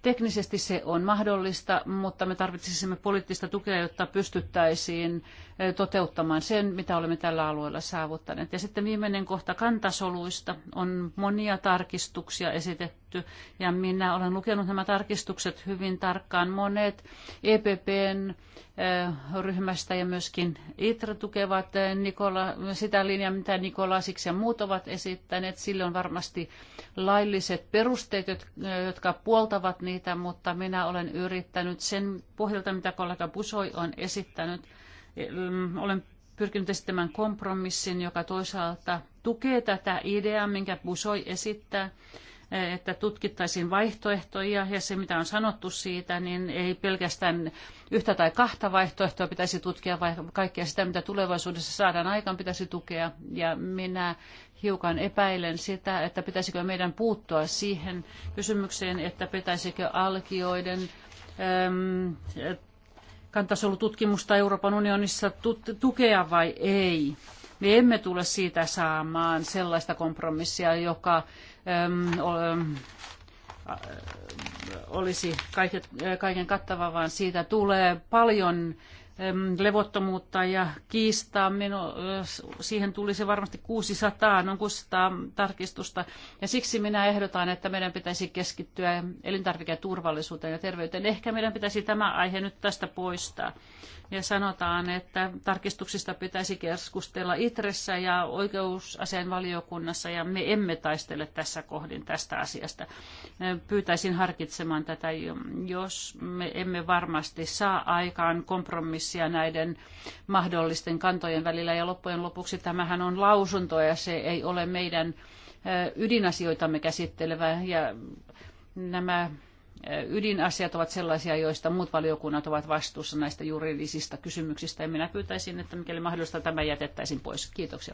Teknisesti se on mahdollista, mutta me tarvitsisimme poliittista tukea, jotta pystyttäisiin eh, toteuttamaan sen, mitä olemme tällä alueella saavuttaneet. Ja sitten viimeinen kohta kantasoluista. On monia tarkistuksia esitetty tehty. Ja minä olen lukenut nämä tarkistukset hyvin tarkkaan. Monet EPPn eh, ryhmästä ja myöskin ITRA tukevat eh, Nikola, sitä linjaa, mitä Nikolaisiksi ja muut ovat esittäneet. Sille on varmasti lailliset perusteet, jotka puoltavat niitä, mutta minä olen yrittänyt sen pohjalta, mitä kollega Busoi on esittänyt. Eh, olen pyrkinyt esittämään kompromissin, joka toisaalta tukee tätä ideaa, minkä Busoi esittää, että tutkittaisiin vaihtoehtoja ja se, mitä on sanottu siitä, niin ei pelkästään yhtä tai kahta vaihtoehtoa pitäisi tutkia, vaan kaikkea sitä, mitä tulevaisuudessa saadaan aikaan, pitäisi tukea. Ja minä hiukan epäilen sitä, että pitäisikö meidän puuttua siihen kysymykseen, että pitäisikö alkioiden äm, kantasolututkimusta Euroopan unionissa tukea vai ei. Me emme tule siitä saamaan sellaista kompromissia, joka olisi kaiken kattava, vaan siitä tulee paljon levottomuutta ja kiistaa. Minu, siihen tulisi varmasti 600, noin 600 tarkistusta. Ja siksi minä ehdotan, että meidän pitäisi keskittyä elintarviketurvallisuuteen ja terveyteen. Ehkä meidän pitäisi tämä aihe nyt tästä poistaa ja sanotaan, että tarkistuksista pitäisi keskustella ITRessä ja valiokunnassa ja me emme taistele tässä kohdin tästä asiasta. Pyytäisin harkitsemaan tätä, jos me emme varmasti saa aikaan kompromissia näiden mahdollisten kantojen välillä ja loppujen lopuksi tämähän on lausunto ja se ei ole meidän ydinasioitamme käsittelevä ja nämä ydinasiat ovat sellaisia, joista muut valiokunnat ovat vastuussa näistä juridisista kysymyksistä. Ja minä pyytäisin, että mikäli mahdollista tämä jätettäisiin pois. Kiitoksia.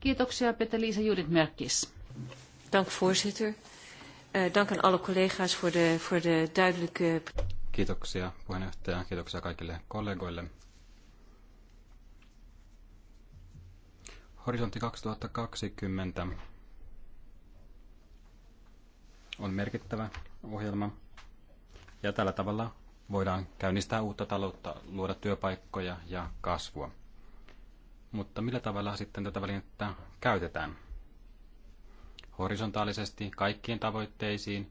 Kiitoksia Peter-Liisa Judith Merkis. Dank voorzitter. Eh, dank aan alle collega's voor de, voor de duidelijke... Kiitoksia puheenjohtaja, kiitoksia kaikille kollegoille. Horisontti 2020 on merkittävä ohjelma ja tällä tavalla voidaan käynnistää uutta taloutta, luoda työpaikkoja ja kasvua. Mutta millä tavalla sitten tätä välinettä käytetään? Horisontaalisesti kaikkiin tavoitteisiin,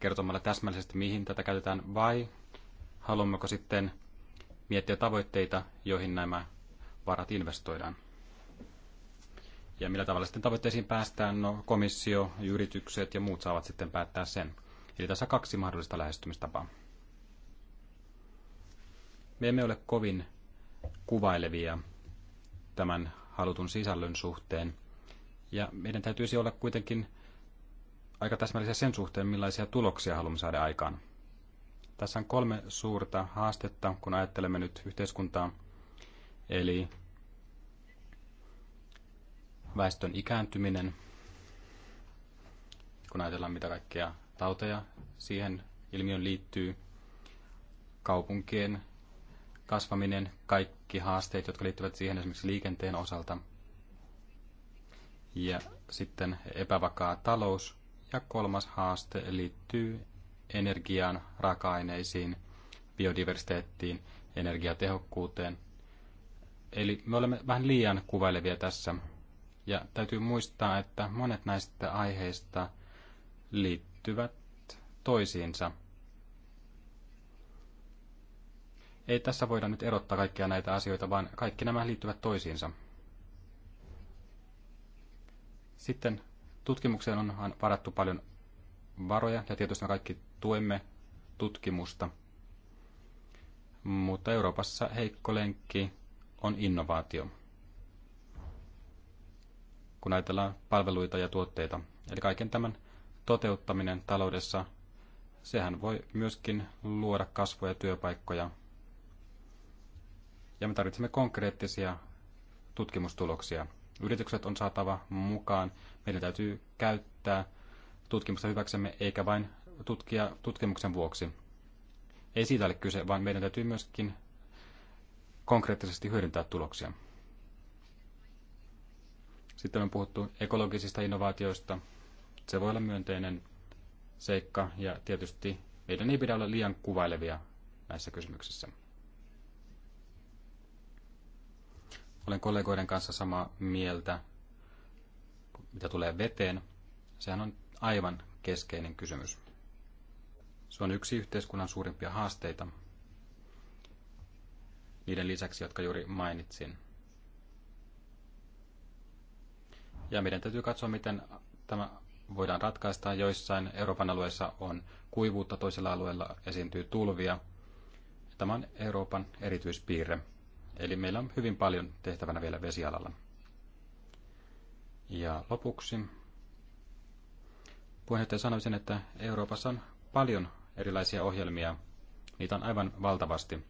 kertomalla täsmällisesti mihin tätä käytetään, vai haluammeko sitten miettiä tavoitteita, joihin nämä varat investoidaan? Ja millä tavalla sitten tavoitteisiin päästään? No komissio, yritykset ja muut saavat sitten päättää sen. Eli tässä on kaksi mahdollista lähestymistapaa. Me emme ole kovin kuvailevia tämän halutun sisällön suhteen, ja meidän täytyisi olla kuitenkin aika täsmällisiä sen suhteen, millaisia tuloksia haluamme saada aikaan. Tässä on kolme suurta haastetta, kun ajattelemme nyt yhteiskuntaa. Eli väestön ikääntyminen, kun ajatellaan mitä kaikkea tauteja. Siihen ilmiön liittyy kaupunkien kasvaminen, kaikki haasteet, jotka liittyvät siihen esimerkiksi liikenteen osalta. Ja sitten epävakaa talous. Ja kolmas haaste liittyy energiaan, raaka-aineisiin, biodiversiteettiin, energiatehokkuuteen. Eli me olemme vähän liian kuvailevia tässä. Ja täytyy muistaa, että monet näistä aiheista liittyvät liittyvät toisiinsa. Ei tässä voida nyt erottaa kaikkia näitä asioita, vaan kaikki nämä liittyvät toisiinsa. Sitten tutkimukseen on varattu paljon varoja ja tietysti me kaikki tuemme tutkimusta. Mutta Euroopassa heikko lenkki on innovaatio. Kun ajatellaan palveluita ja tuotteita. Eli kaiken tämän toteuttaminen taloudessa, sehän voi myöskin luoda kasvua ja työpaikkoja. Ja me tarvitsemme konkreettisia tutkimustuloksia. Yritykset on saatava mukaan. Meidän täytyy käyttää tutkimusta hyväksemme, eikä vain tutkia tutkimuksen vuoksi. Ei siitä ole kyse, vaan meidän täytyy myöskin konkreettisesti hyödyntää tuloksia. Sitten on puhuttu ekologisista innovaatioista, se voi olla myönteinen seikka ja tietysti meidän ei pidä olla liian kuvailevia näissä kysymyksissä. Olen kollegoiden kanssa samaa mieltä, mitä tulee veteen. Sehän on aivan keskeinen kysymys. Se on yksi yhteiskunnan suurimpia haasteita, niiden lisäksi, jotka juuri mainitsin. Ja meidän täytyy katsoa, miten tämä voidaan ratkaista. Joissain Euroopan alueissa on kuivuutta, toisella alueella esiintyy tulvia. Tämä on Euroopan erityispiirre. Eli meillä on hyvin paljon tehtävänä vielä vesialalla. Ja lopuksi puheenjohtaja sanoisin, että Euroopassa on paljon erilaisia ohjelmia. Niitä on aivan valtavasti.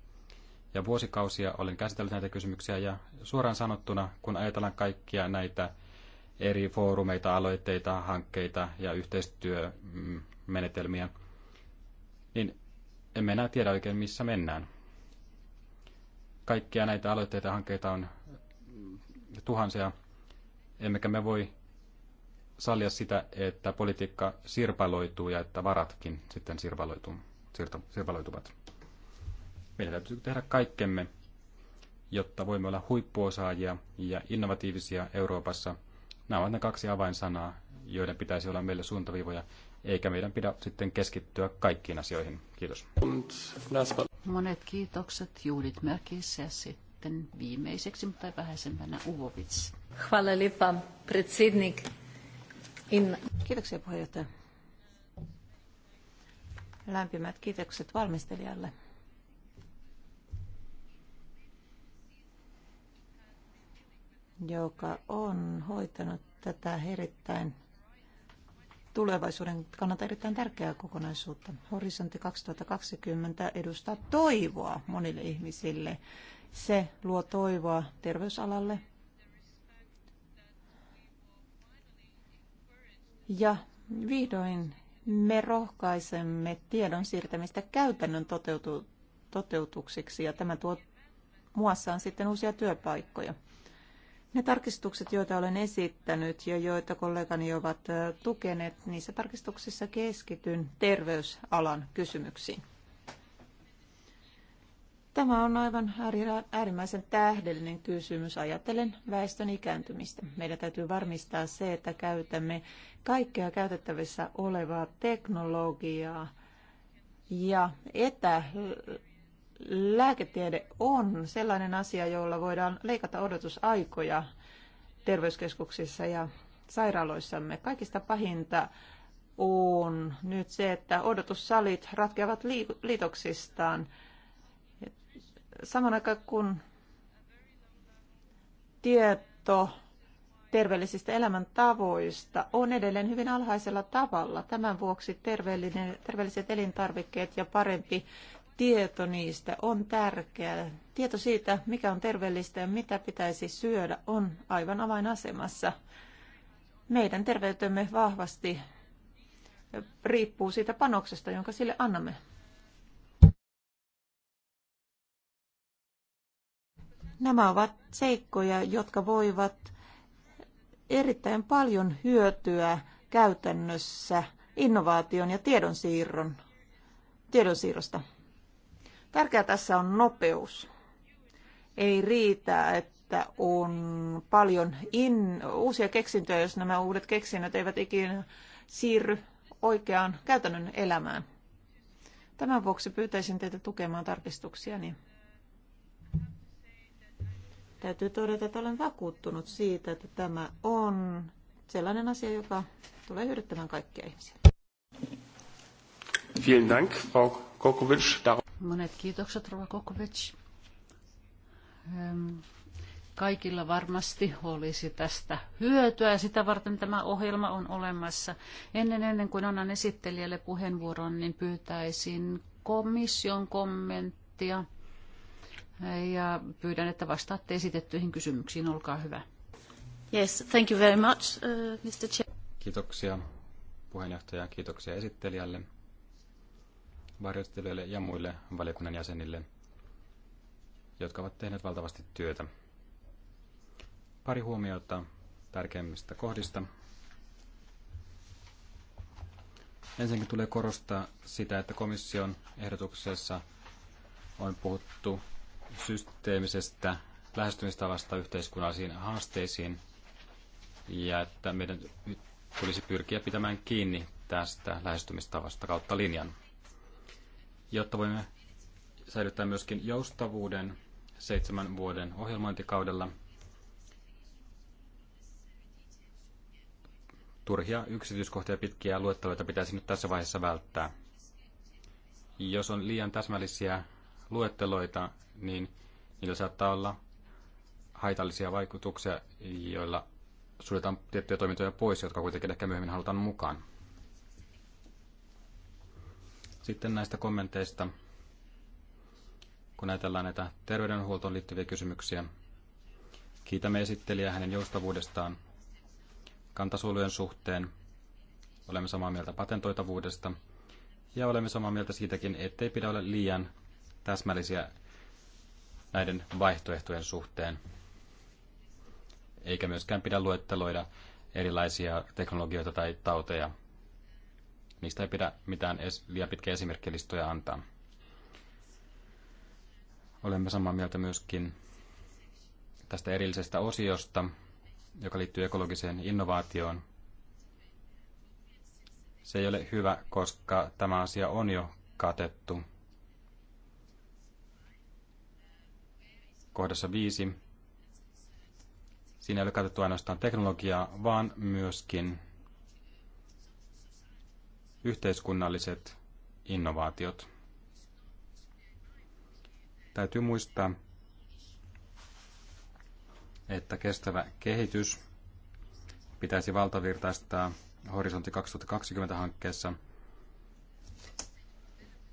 Ja vuosikausia olen käsitellyt näitä kysymyksiä ja suoraan sanottuna, kun ajatellaan kaikkia näitä eri foorumeita, aloitteita, hankkeita ja yhteistyömenetelmiä, niin emme enää tiedä oikein, missä mennään. Kaikkia näitä aloitteita ja hankkeita on tuhansia, emmekä me voi sallia sitä, että politiikka sirpaloituu ja että varatkin sitten sirpaloituu, sirto, sirpaloituvat. Meidän täytyy tehdä kaikkemme, jotta voimme olla huippuosaajia ja innovatiivisia Euroopassa – Nämä ovat ne kaksi avainsanaa, joiden pitäisi olla meille suuntaviivoja, eikä meidän pidä sitten keskittyä kaikkiin asioihin. Kiitos. Monet kiitokset Juudit Merkissä ja sitten viimeiseksi, mutta ei vähäisempänä Uvovits. Hvala lipa, predsednik. In... Kiitoksia puheenjohtaja. Lämpimät kiitokset valmistelijalle. joka on hoitanut tätä erittäin tulevaisuuden kannalta erittäin tärkeää kokonaisuutta. Horisontti 2020 edustaa toivoa monille ihmisille. Se luo toivoa terveysalalle ja vihdoin me rohkaisemme tiedon siirtämistä käytännön toteutu- toteutuksiksi ja tämä tuo muassaan sitten uusia työpaikkoja. Ne tarkistukset, joita olen esittänyt ja joita kollegani ovat tukeneet, niissä tarkistuksissa keskityn terveysalan kysymyksiin. Tämä on aivan äärimmäisen tähdellinen kysymys. Ajattelen väestön ikääntymistä. Meidän täytyy varmistaa se, että käytämme kaikkea käytettävissä olevaa teknologiaa ja etä, lääketiede on sellainen asia, jolla voidaan leikata odotusaikoja terveyskeskuksissa ja sairaaloissamme. Kaikista pahinta on nyt se, että odotussalit ratkeavat liitoksistaan. Saman aikaan kun tieto terveellisistä elämäntavoista on edelleen hyvin alhaisella tavalla. Tämän vuoksi terveelliset elintarvikkeet ja parempi tieto niistä on tärkeää. Tieto siitä, mikä on terveellistä ja mitä pitäisi syödä, on aivan avainasemassa. Meidän terveytemme vahvasti riippuu siitä panoksesta, jonka sille annamme. Nämä ovat seikkoja, jotka voivat erittäin paljon hyötyä käytännössä innovaation ja tiedonsiirron, tiedonsiirrosta. Tärkeää tässä on nopeus. Ei riitä, että on paljon in, uusia keksintöjä, jos nämä uudet keksinnöt eivät ikinä siirry oikeaan käytännön elämään. Tämän vuoksi pyytäisin teitä tukemaan tarkistuksia. Niin täytyy todeta, että olen vakuuttunut siitä, että tämä on sellainen asia, joka tulee hyödyttämään kaikkia ihmisiä. Vielen Dank, Frau Kokovic. Monet kiitokset, Rova Kokovic. Ehm, kaikilla varmasti olisi tästä hyötyä ja sitä varten tämä ohjelma on olemassa. Ennen, ennen kuin annan esittelijälle puheenvuoron, niin pyytäisin komission kommenttia ja pyydän, että vastaatte esitettyihin kysymyksiin. Olkaa hyvä. Yes, thank you very much, uh, Mr. Chair. Kiitoksia puheenjohtaja, kiitoksia esittelijälle varjostelijoille ja muille valiokunnan jäsenille, jotka ovat tehneet valtavasti työtä. Pari huomiota tärkeimmistä kohdista. Ensinnäkin tulee korostaa sitä, että komission ehdotuksessa on puhuttu systeemisestä lähestymistavasta yhteiskunnallisiin haasteisiin ja että meidän tulisi pyrkiä pitämään kiinni tästä lähestymistavasta kautta linjan jotta voimme säilyttää myöskin joustavuuden seitsemän vuoden ohjelmointikaudella. Turhia yksityiskohtia pitkiä luetteloita pitäisi nyt tässä vaiheessa välttää. Jos on liian täsmällisiä luetteloita, niin niillä saattaa olla haitallisia vaikutuksia, joilla suljetaan tiettyjä toimintoja pois, jotka kuitenkin ehkä myöhemmin halutaan mukaan. Sitten näistä kommenteista, kun ajatellaan näitä terveydenhuoltoon liittyviä kysymyksiä. Kiitämme esittelijää hänen joustavuudestaan kantasolujen suhteen. Olemme samaa mieltä patentoitavuudesta ja olemme samaa mieltä siitäkin, ettei pidä olla liian täsmällisiä näiden vaihtoehtojen suhteen. Eikä myöskään pidä luetteloida erilaisia teknologioita tai tauteja Niistä ei pidä mitään es- liian pitkiä esimerkkilistoja antaa. Olemme samaa mieltä myöskin tästä erillisestä osiosta, joka liittyy ekologiseen innovaatioon. Se ei ole hyvä, koska tämä asia on jo katettu. Kohdassa viisi, Siinä ei ole katettu ainoastaan teknologiaa, vaan myöskin yhteiskunnalliset innovaatiot. Täytyy muistaa, että kestävä kehitys pitäisi valtavirtaistaa Horisontti 2020-hankkeessa.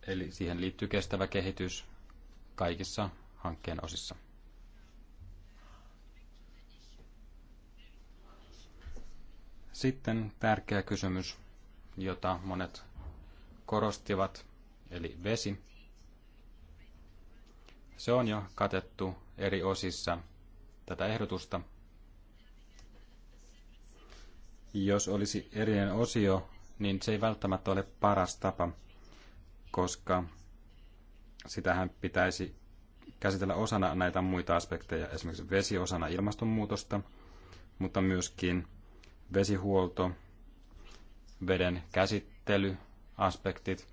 Eli siihen liittyy kestävä kehitys kaikissa hankkeen osissa. Sitten tärkeä kysymys jota monet korostivat, eli vesi. Se on jo katettu eri osissa tätä ehdotusta. Jos olisi erillinen osio, niin se ei välttämättä ole paras tapa, koska sitähän pitäisi käsitellä osana näitä muita aspekteja, esimerkiksi vesi osana ilmastonmuutosta, mutta myöskin vesihuolto veden käsittelyaspektit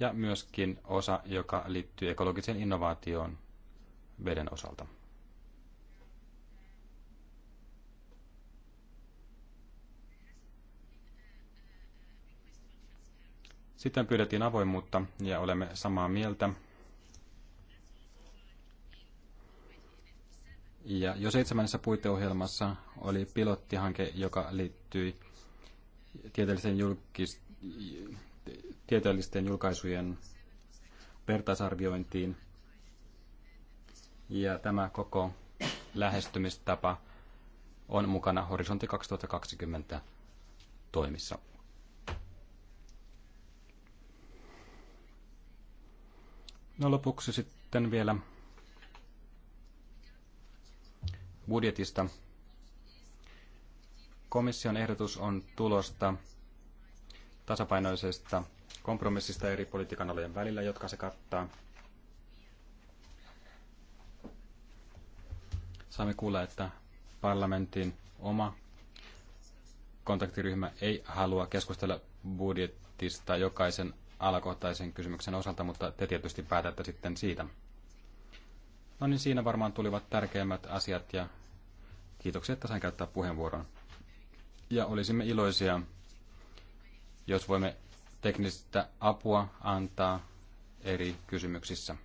ja myöskin osa, joka liittyy ekologiseen innovaatioon veden osalta. Sitten pyydettiin avoimuutta ja olemme samaa mieltä. Ja jo seitsemännessä puiteohjelmassa oli pilottihanke, joka liittyi tieteellisten, julkis, tieteellisten julkaisujen vertaisarviointiin. Ja tämä koko lähestymistapa on mukana Horisontti 2020 toimissa. No lopuksi sitten vielä budjetista. Komission ehdotus on tulosta tasapainoisesta kompromissista eri politiikan alojen välillä, jotka se kattaa. Saamme kuulla, että parlamentin oma kontaktiryhmä ei halua keskustella budjettista jokaisen alakohtaisen kysymyksen osalta, mutta te tietysti päätätte sitten siitä. No niin, siinä varmaan tulivat tärkeimmät asiat ja kiitoksia, että sain käyttää puheenvuoron. Ja olisimme iloisia, jos voimme teknistä apua antaa eri kysymyksissä.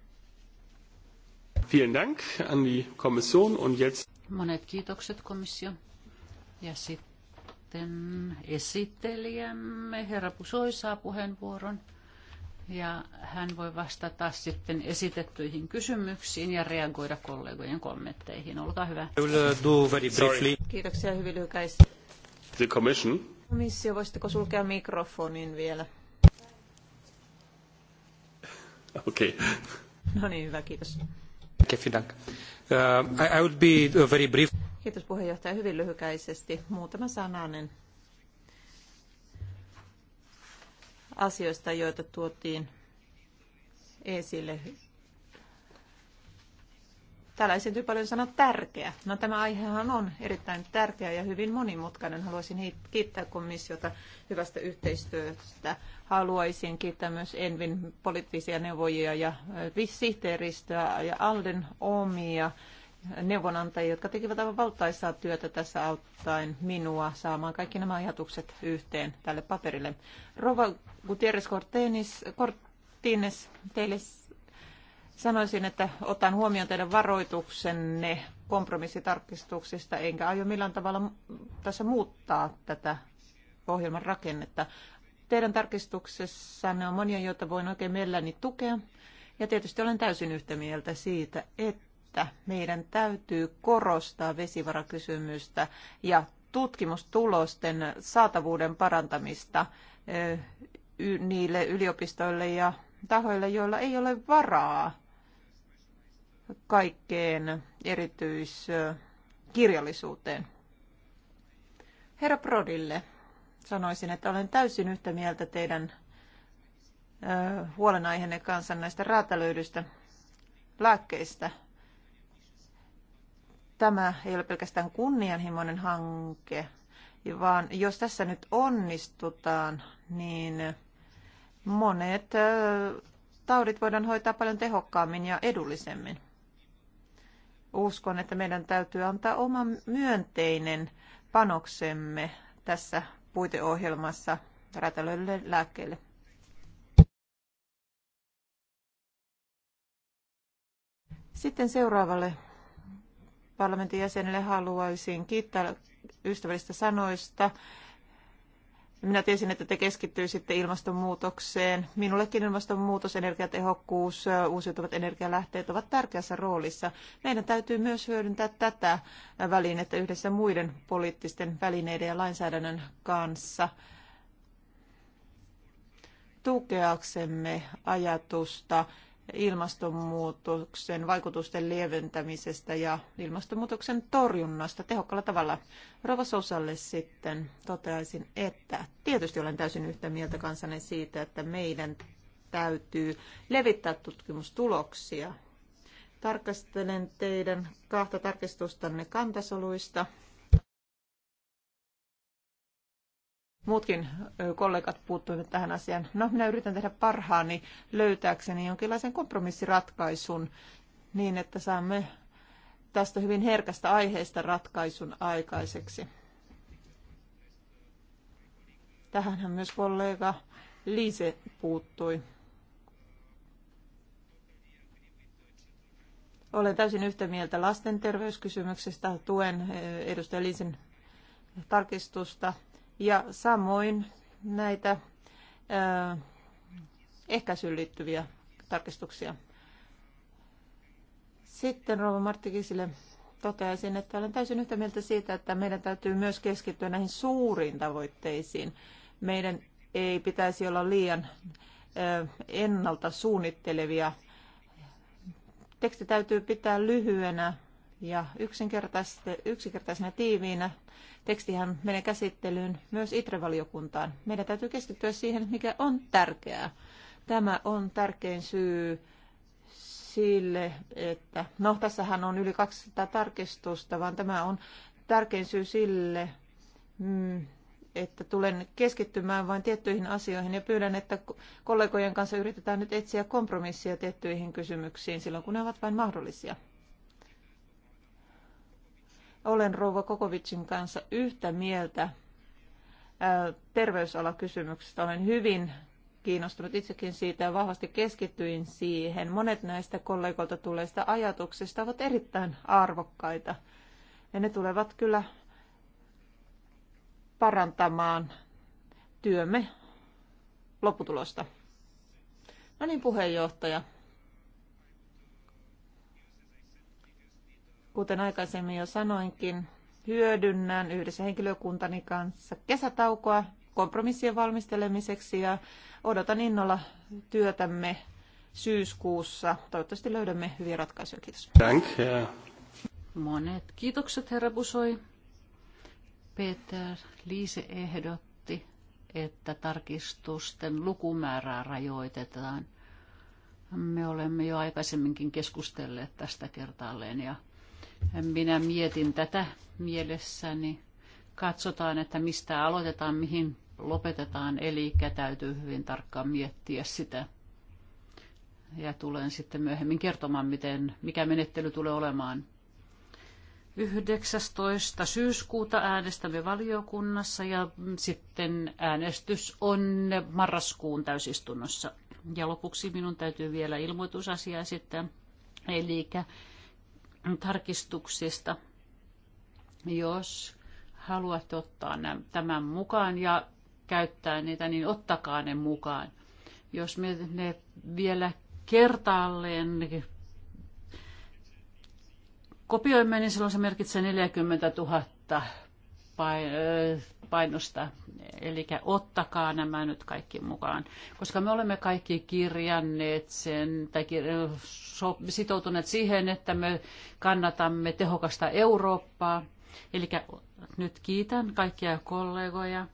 Vielen Dank an die Kommission und jetzt... Monet kiitokset komissio. Ja sitten esittelijämme, herra Pusoi, saa puheenvuoron. Ja hän voi vastata sitten esitettyihin kysymyksiin ja reagoida kollegojen kommentteihin. Olkaa hyvä. Uh, Kiitoksia hyvin lyhykäisesti. The commission. Komissio, voisitteko sulkea mikrofonin vielä? Okei. Okay. No niin, hyvä, kiitos. Kiitos. Uh, I, I would be uh, very brief. Kiitos puheenjohtaja. Hyvin lyhykäisesti muutama sananen asioista, joita tuotiin esille Täällä esiintyy paljon sana tärkeä. No tämä aihehan on erittäin tärkeä ja hyvin monimutkainen. Haluaisin kiittää komissiota hyvästä yhteistyöstä. Haluaisin kiittää myös Envin poliittisia neuvojia ja sihteeristöä ja Alden omia neuvonantajia, jotka tekivät aivan valtaisaa työtä tässä auttaen minua saamaan kaikki nämä ajatukset yhteen tälle paperille. Rova Gutierrez Cortines, Cortines, teille Sanoisin, että otan huomioon teidän varoituksenne kompromissitarkistuksista, enkä aio millään tavalla tässä muuttaa tätä ohjelman rakennetta. Teidän tarkistuksessanne on monia, joita voin oikein mielelläni tukea. Ja tietysti olen täysin yhtä mieltä siitä, että meidän täytyy korostaa vesivarakysymystä ja tutkimustulosten saatavuuden parantamista eh, niille yliopistoille ja tahoille, joilla ei ole varaa kaikkeen erityiskirjallisuuteen. Herra Prodille sanoisin, että olen täysin yhtä mieltä teidän huolenaiheenne kanssa näistä räätälöidyistä lääkkeistä. Tämä ei ole pelkästään kunnianhimoinen hanke, vaan jos tässä nyt onnistutaan, niin monet taudit voidaan hoitaa paljon tehokkaammin ja edullisemmin uskon, että meidän täytyy antaa oma myönteinen panoksemme tässä puiteohjelmassa räätälöidylle lääkkeelle. Sitten seuraavalle parlamentin jäsenelle haluaisin kiittää ystävällisistä sanoista minä tiesin, että te keskittyisitte ilmastonmuutokseen. Minullekin ilmastonmuutos, energiatehokkuus, uusiutuvat energialähteet ovat tärkeässä roolissa. Meidän täytyy myös hyödyntää tätä välinettä yhdessä muiden poliittisten välineiden ja lainsäädännön kanssa tukeaksemme ajatusta ilmastonmuutoksen vaikutusten lieventämisestä ja ilmastonmuutoksen torjunnasta tehokkaalla tavalla. Rova Sousalle sitten toteaisin, että tietysti olen täysin yhtä mieltä kansanne siitä, että meidän täytyy levittää tutkimustuloksia. Tarkastelen teidän kahta tarkistustanne kantasoluista muutkin kollegat puuttuivat tähän asiaan. No, minä yritän tehdä parhaani löytääkseni jonkinlaisen kompromissiratkaisun niin, että saamme tästä hyvin herkästä aiheesta ratkaisun aikaiseksi. Tähänhän myös kollega Liise puuttui. Olen täysin yhtä mieltä lasten terveyskysymyksestä. Tuen edustaja Liisen tarkistusta ja samoin näitä ehkäisyyn liittyviä tarkistuksia. Sitten Rouva Martti Kisille toteaisin, että olen täysin yhtä mieltä siitä, että meidän täytyy myös keskittyä näihin suuriin tavoitteisiin. Meidän ei pitäisi olla liian ennalta suunnittelevia. Teksti täytyy pitää lyhyenä ja yksinkertaisena tiiviinä Tekstihän menee käsittelyyn myös ITRE-valiokuntaan. Meidän täytyy keskittyä siihen, mikä on tärkeää. Tämä on tärkein syy sille, että no tässähän on yli 200 tarkistusta, vaan tämä on tärkein syy sille, mm, että tulen keskittymään vain tiettyihin asioihin ja pyydän, että kollegojen kanssa yritetään nyt etsiä kompromissia tiettyihin kysymyksiin silloin, kun ne ovat vain mahdollisia. Olen rouva Kokovitsin kanssa yhtä mieltä terveysalakysymyksestä. Olen hyvin kiinnostunut itsekin siitä ja vahvasti keskittyin siihen. Monet näistä kollegoilta tulleista ajatuksista ovat erittäin arvokkaita ja ne tulevat kyllä parantamaan työmme lopputulosta. No niin, puheenjohtaja. kuten aikaisemmin jo sanoinkin, hyödynnän yhdessä henkilökuntani kanssa kesätaukoa kompromissien valmistelemiseksi ja odotan innolla työtämme syyskuussa. Toivottavasti löydämme hyviä ratkaisuja. Kiitos. you. Monet kiitokset, herra Busoi. Peter Liise ehdotti, että tarkistusten lukumäärää rajoitetaan. Me olemme jo aikaisemminkin keskustelleet tästä kertaalleen ja minä mietin tätä mielessäni. Katsotaan, että mistä aloitetaan, mihin lopetetaan, eli täytyy hyvin tarkkaan miettiä sitä. Ja tulen sitten myöhemmin kertomaan, miten, mikä menettely tulee olemaan. 19. syyskuuta äänestämme valiokunnassa ja sitten äänestys on marraskuun täysistunnossa. Ja lopuksi minun täytyy vielä ilmoitusasia sitten, eli tarkistuksista, jos haluatte ottaa tämän mukaan ja käyttää niitä, niin ottakaa ne mukaan. Jos me ne vielä kertaalleen kopioimme, niin silloin se merkitsee 40 000 painosta. Eli ottakaa nämä nyt kaikki mukaan, koska me olemme kaikki kirjanneet sen tai sitoutuneet siihen, että me kannatamme tehokasta Eurooppaa. Eli nyt kiitän kaikkia kollegoja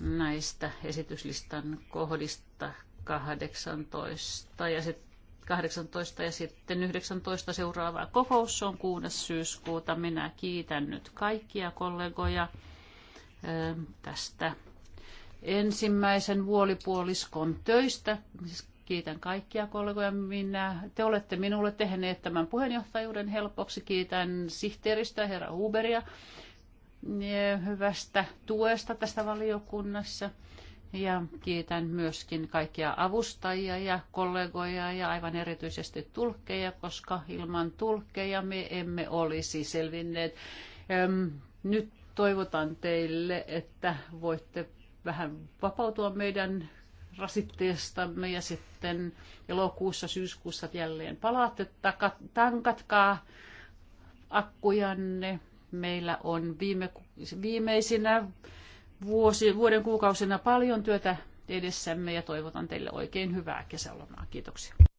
näistä esityslistan kohdista 18 ja sitten 18 ja sitten 19 seuraava kokous on 6. syyskuuta. Minä kiitän nyt kaikkia kollegoja ähm, tästä ensimmäisen vuolipuoliskon töistä. Siis kiitän kaikkia kollegoja. Minä, te olette minulle tehneet tämän puheenjohtajuuden helpoksi. Kiitän sihteeristä herra Huberia eh, hyvästä tuesta tästä valiokunnassa. Ja kiitän myöskin kaikkia avustajia ja kollegoja ja aivan erityisesti tulkkeja, koska ilman tulkkeja me emme olisi selvinneet. Nyt toivotan teille, että voitte vähän vapautua meidän rasitteestamme ja sitten elokuussa, syyskuussa jälleen palaatte, tankatkaa akkujanne. Meillä on viime, viimeisinä vuosi, vuoden kuukausina paljon työtä edessämme ja toivotan teille oikein hyvää kesälomaa. Kiitoksia.